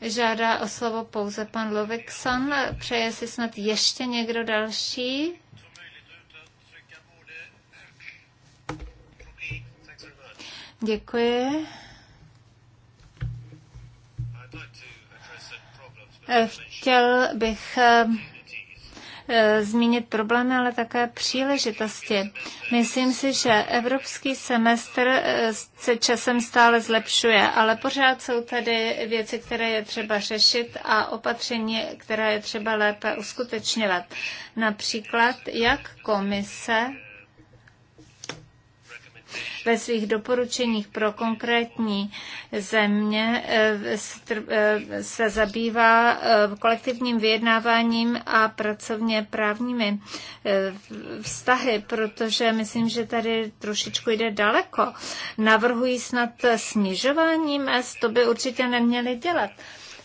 žádá o slovo pouze pan Lovikson. Přeje si snad ještě někdo další? Děkuji. Chtěl bych eh, eh, zmínit problémy, ale také příležitosti. Myslím si, že evropský semestr eh, se časem stále zlepšuje, ale pořád jsou tady věci, které je třeba řešit a opatření, které je třeba lépe uskutečňovat. Například, jak komise ve svých doporučeních pro konkrétní země eh, eh, se zabývá eh, kolektivním vyjednáváním a pracovně právními vztahy, protože myslím, že tady trošičku jde daleko. Navrhují snad snižování mest, to by určitě neměli dělat.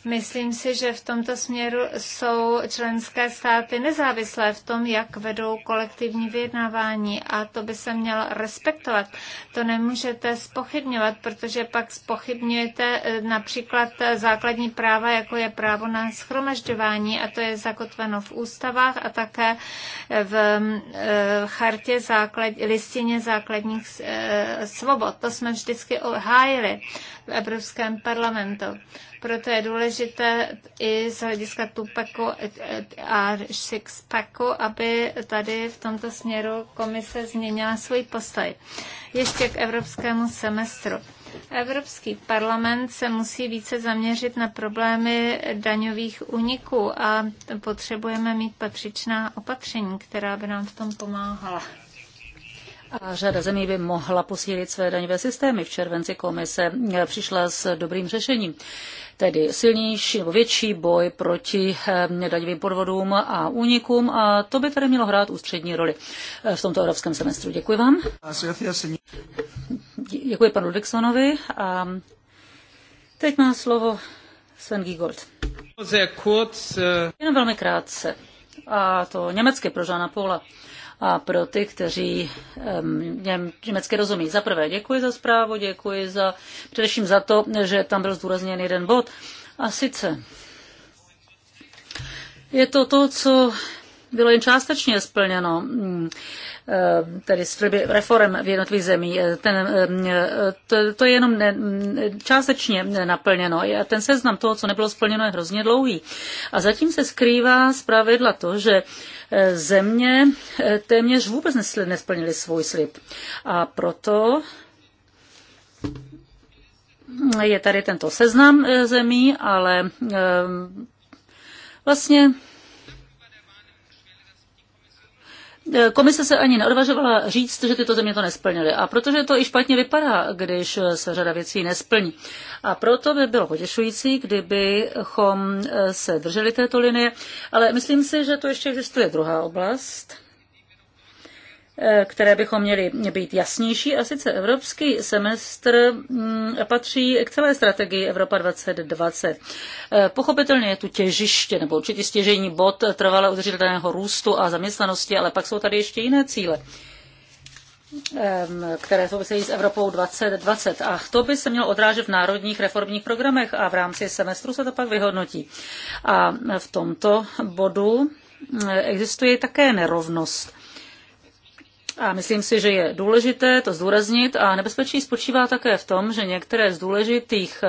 Myslím si, že v tomto směru jsou členské státy nezávislé v tom, jak vedou kolektivní vyjednávání a to by se mělo respektovat. To nemůžete spochybňovat, protože pak spochybňujete eh, například eh, základní práva, jako je právo na schromažďování a to je zakotveno v ústavách a také eh, v mm, chartě základ, listině základních svobod. To jsme vždycky hájili v Evropském parlamentu. Proto je důležité i z hlediska Tupaku a Sixpacku, aby tady v tomto směru komise změnila svůj postoj. Ještě k evropskému semestru. Evropský parlament se musí více zaměřit na problémy daňových úniků a potřebujeme mít patřičná opatření, která by nám v tom pomáhala. A řada zemí by mohla posílit své daňové systémy. V červenci komise přišla s dobrým řešením tedy silnější nebo větší boj proti eh, daňovým podvodům a únikům a to by tady mělo hrát ústřední roli eh, v tomto evropském semestru. Děkuji vám. Děkuji panu Dixonovi a teď má slovo Sven Giegold. Eh. Jenom velmi krátce a to německy pro Žána Paula a pro ty, kteří um, německy rozumí. Za prvé děkuji za zprávu, děkuji za, především za to, že tam byl zdůrazněn jeden bod. A sice je to to, co bylo jen částečně splněno, mm, tedy s reform v jednotlivých zemí. E, ten, e, to, to je jenom ne, částečně naplněno. A ten seznam toho, co nebylo splněno, je hrozně dlouhý. A zatím se skrývá zpravidla to, že Eh, země eh, téměř vůbec nesplnili svůj slib. A proto je tady tento seznam eh, zemí, ale vlastně Komise se ani neodvažovala říct, že tyto země to nesplnily. A protože to i špatně vypadá, když se řada věcí nesplní. A proto by bylo potěšující, kdybychom se drželi této linie. Ale myslím si, že to ještě existuje druhá oblast – Eh, které bychom měli být jasnější. A sice evropský semestr mm, patří k celé strategii Evropa 2020. Eh, pochopitelně je tu těžiště nebo určitě stěžení bod trvale udržitelného růstu a zaměstnanosti, ale pak jsou tady ještě jiné cíle které souvisejí s Evropou 2020. A to by se mělo odrážet v národních reformních programech a v rámci semestru se to pak vyhodnotí. A v tomto bodu mm, existuje také nerovnost a myslím si, že je důležité to zdůraznit a nebezpečí spočívá také v tom, že některé z důležitých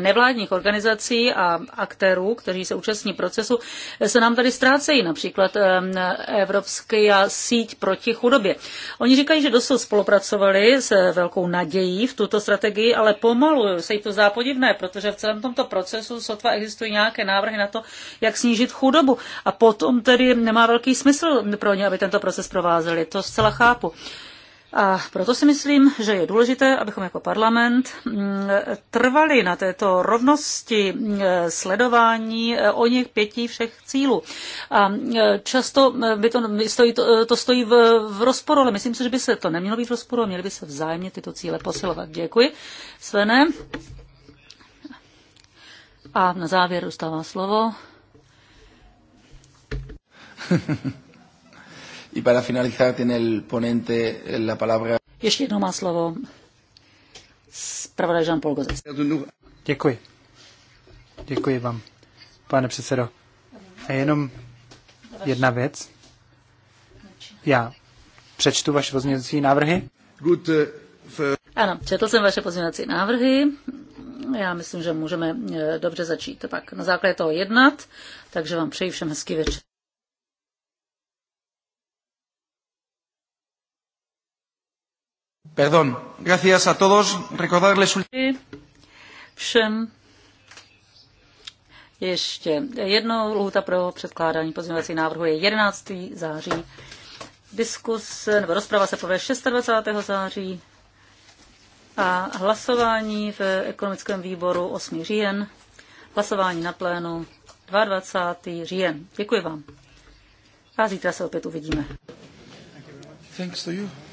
nevládních organizací a aktérů, kteří se účastní procesu, se nám tady ztrácejí například Evropská síť proti chudobě. Oni říkají, že dosud spolupracovali s velkou nadějí v tuto strategii, ale pomalu se jí to zdá podivné, protože v celém tomto procesu sotva existují nějaké návrhy na to, jak snížit chudobu. A potom tedy nemá velký smysl pro ně, aby tento proces provázeli. To zcela chápu. A proto si myslím, že je důležité, abychom jako parlament mm, trvali na této rovnosti mm, sledování eh, o něch pěti všech cílů. A mm, často by to stojí, eh, to, stojí v, v rozporu, ale myslím si, že by se to nemělo být v rozporu a měly by se vzájemně tyto cíle posilovat. Děkuji. Svené. A na závěr dostává slovo. Y para finalizar tiene el ponente eh, la palabra. Ještě jednou má slovo zpravodaj Jean-Paul Gozes. Děkuji. Děkuji vám, pane předsedo. A jenom jedna věc. Já přečtu vaše pozměňovací návrhy. Eh, ano, četl jsem vaše pozměňovací návrhy. Já myslím, že můžeme eh, dobře začít pak na základě toho jednat, takže vám přeji všem hezký večer. Perdón. Gracias a todos. Recordarles... Všem ještě jednou lhůta pro předkládání pozměňovací návrhu je 11. září. Diskus nebo rozprava se povede 26. září a hlasování v ekonomickém výboru 8. říjen, hlasování na plénu 22. říjen. Děkuji vám. A zítra se opět uvidíme. Thanks to you.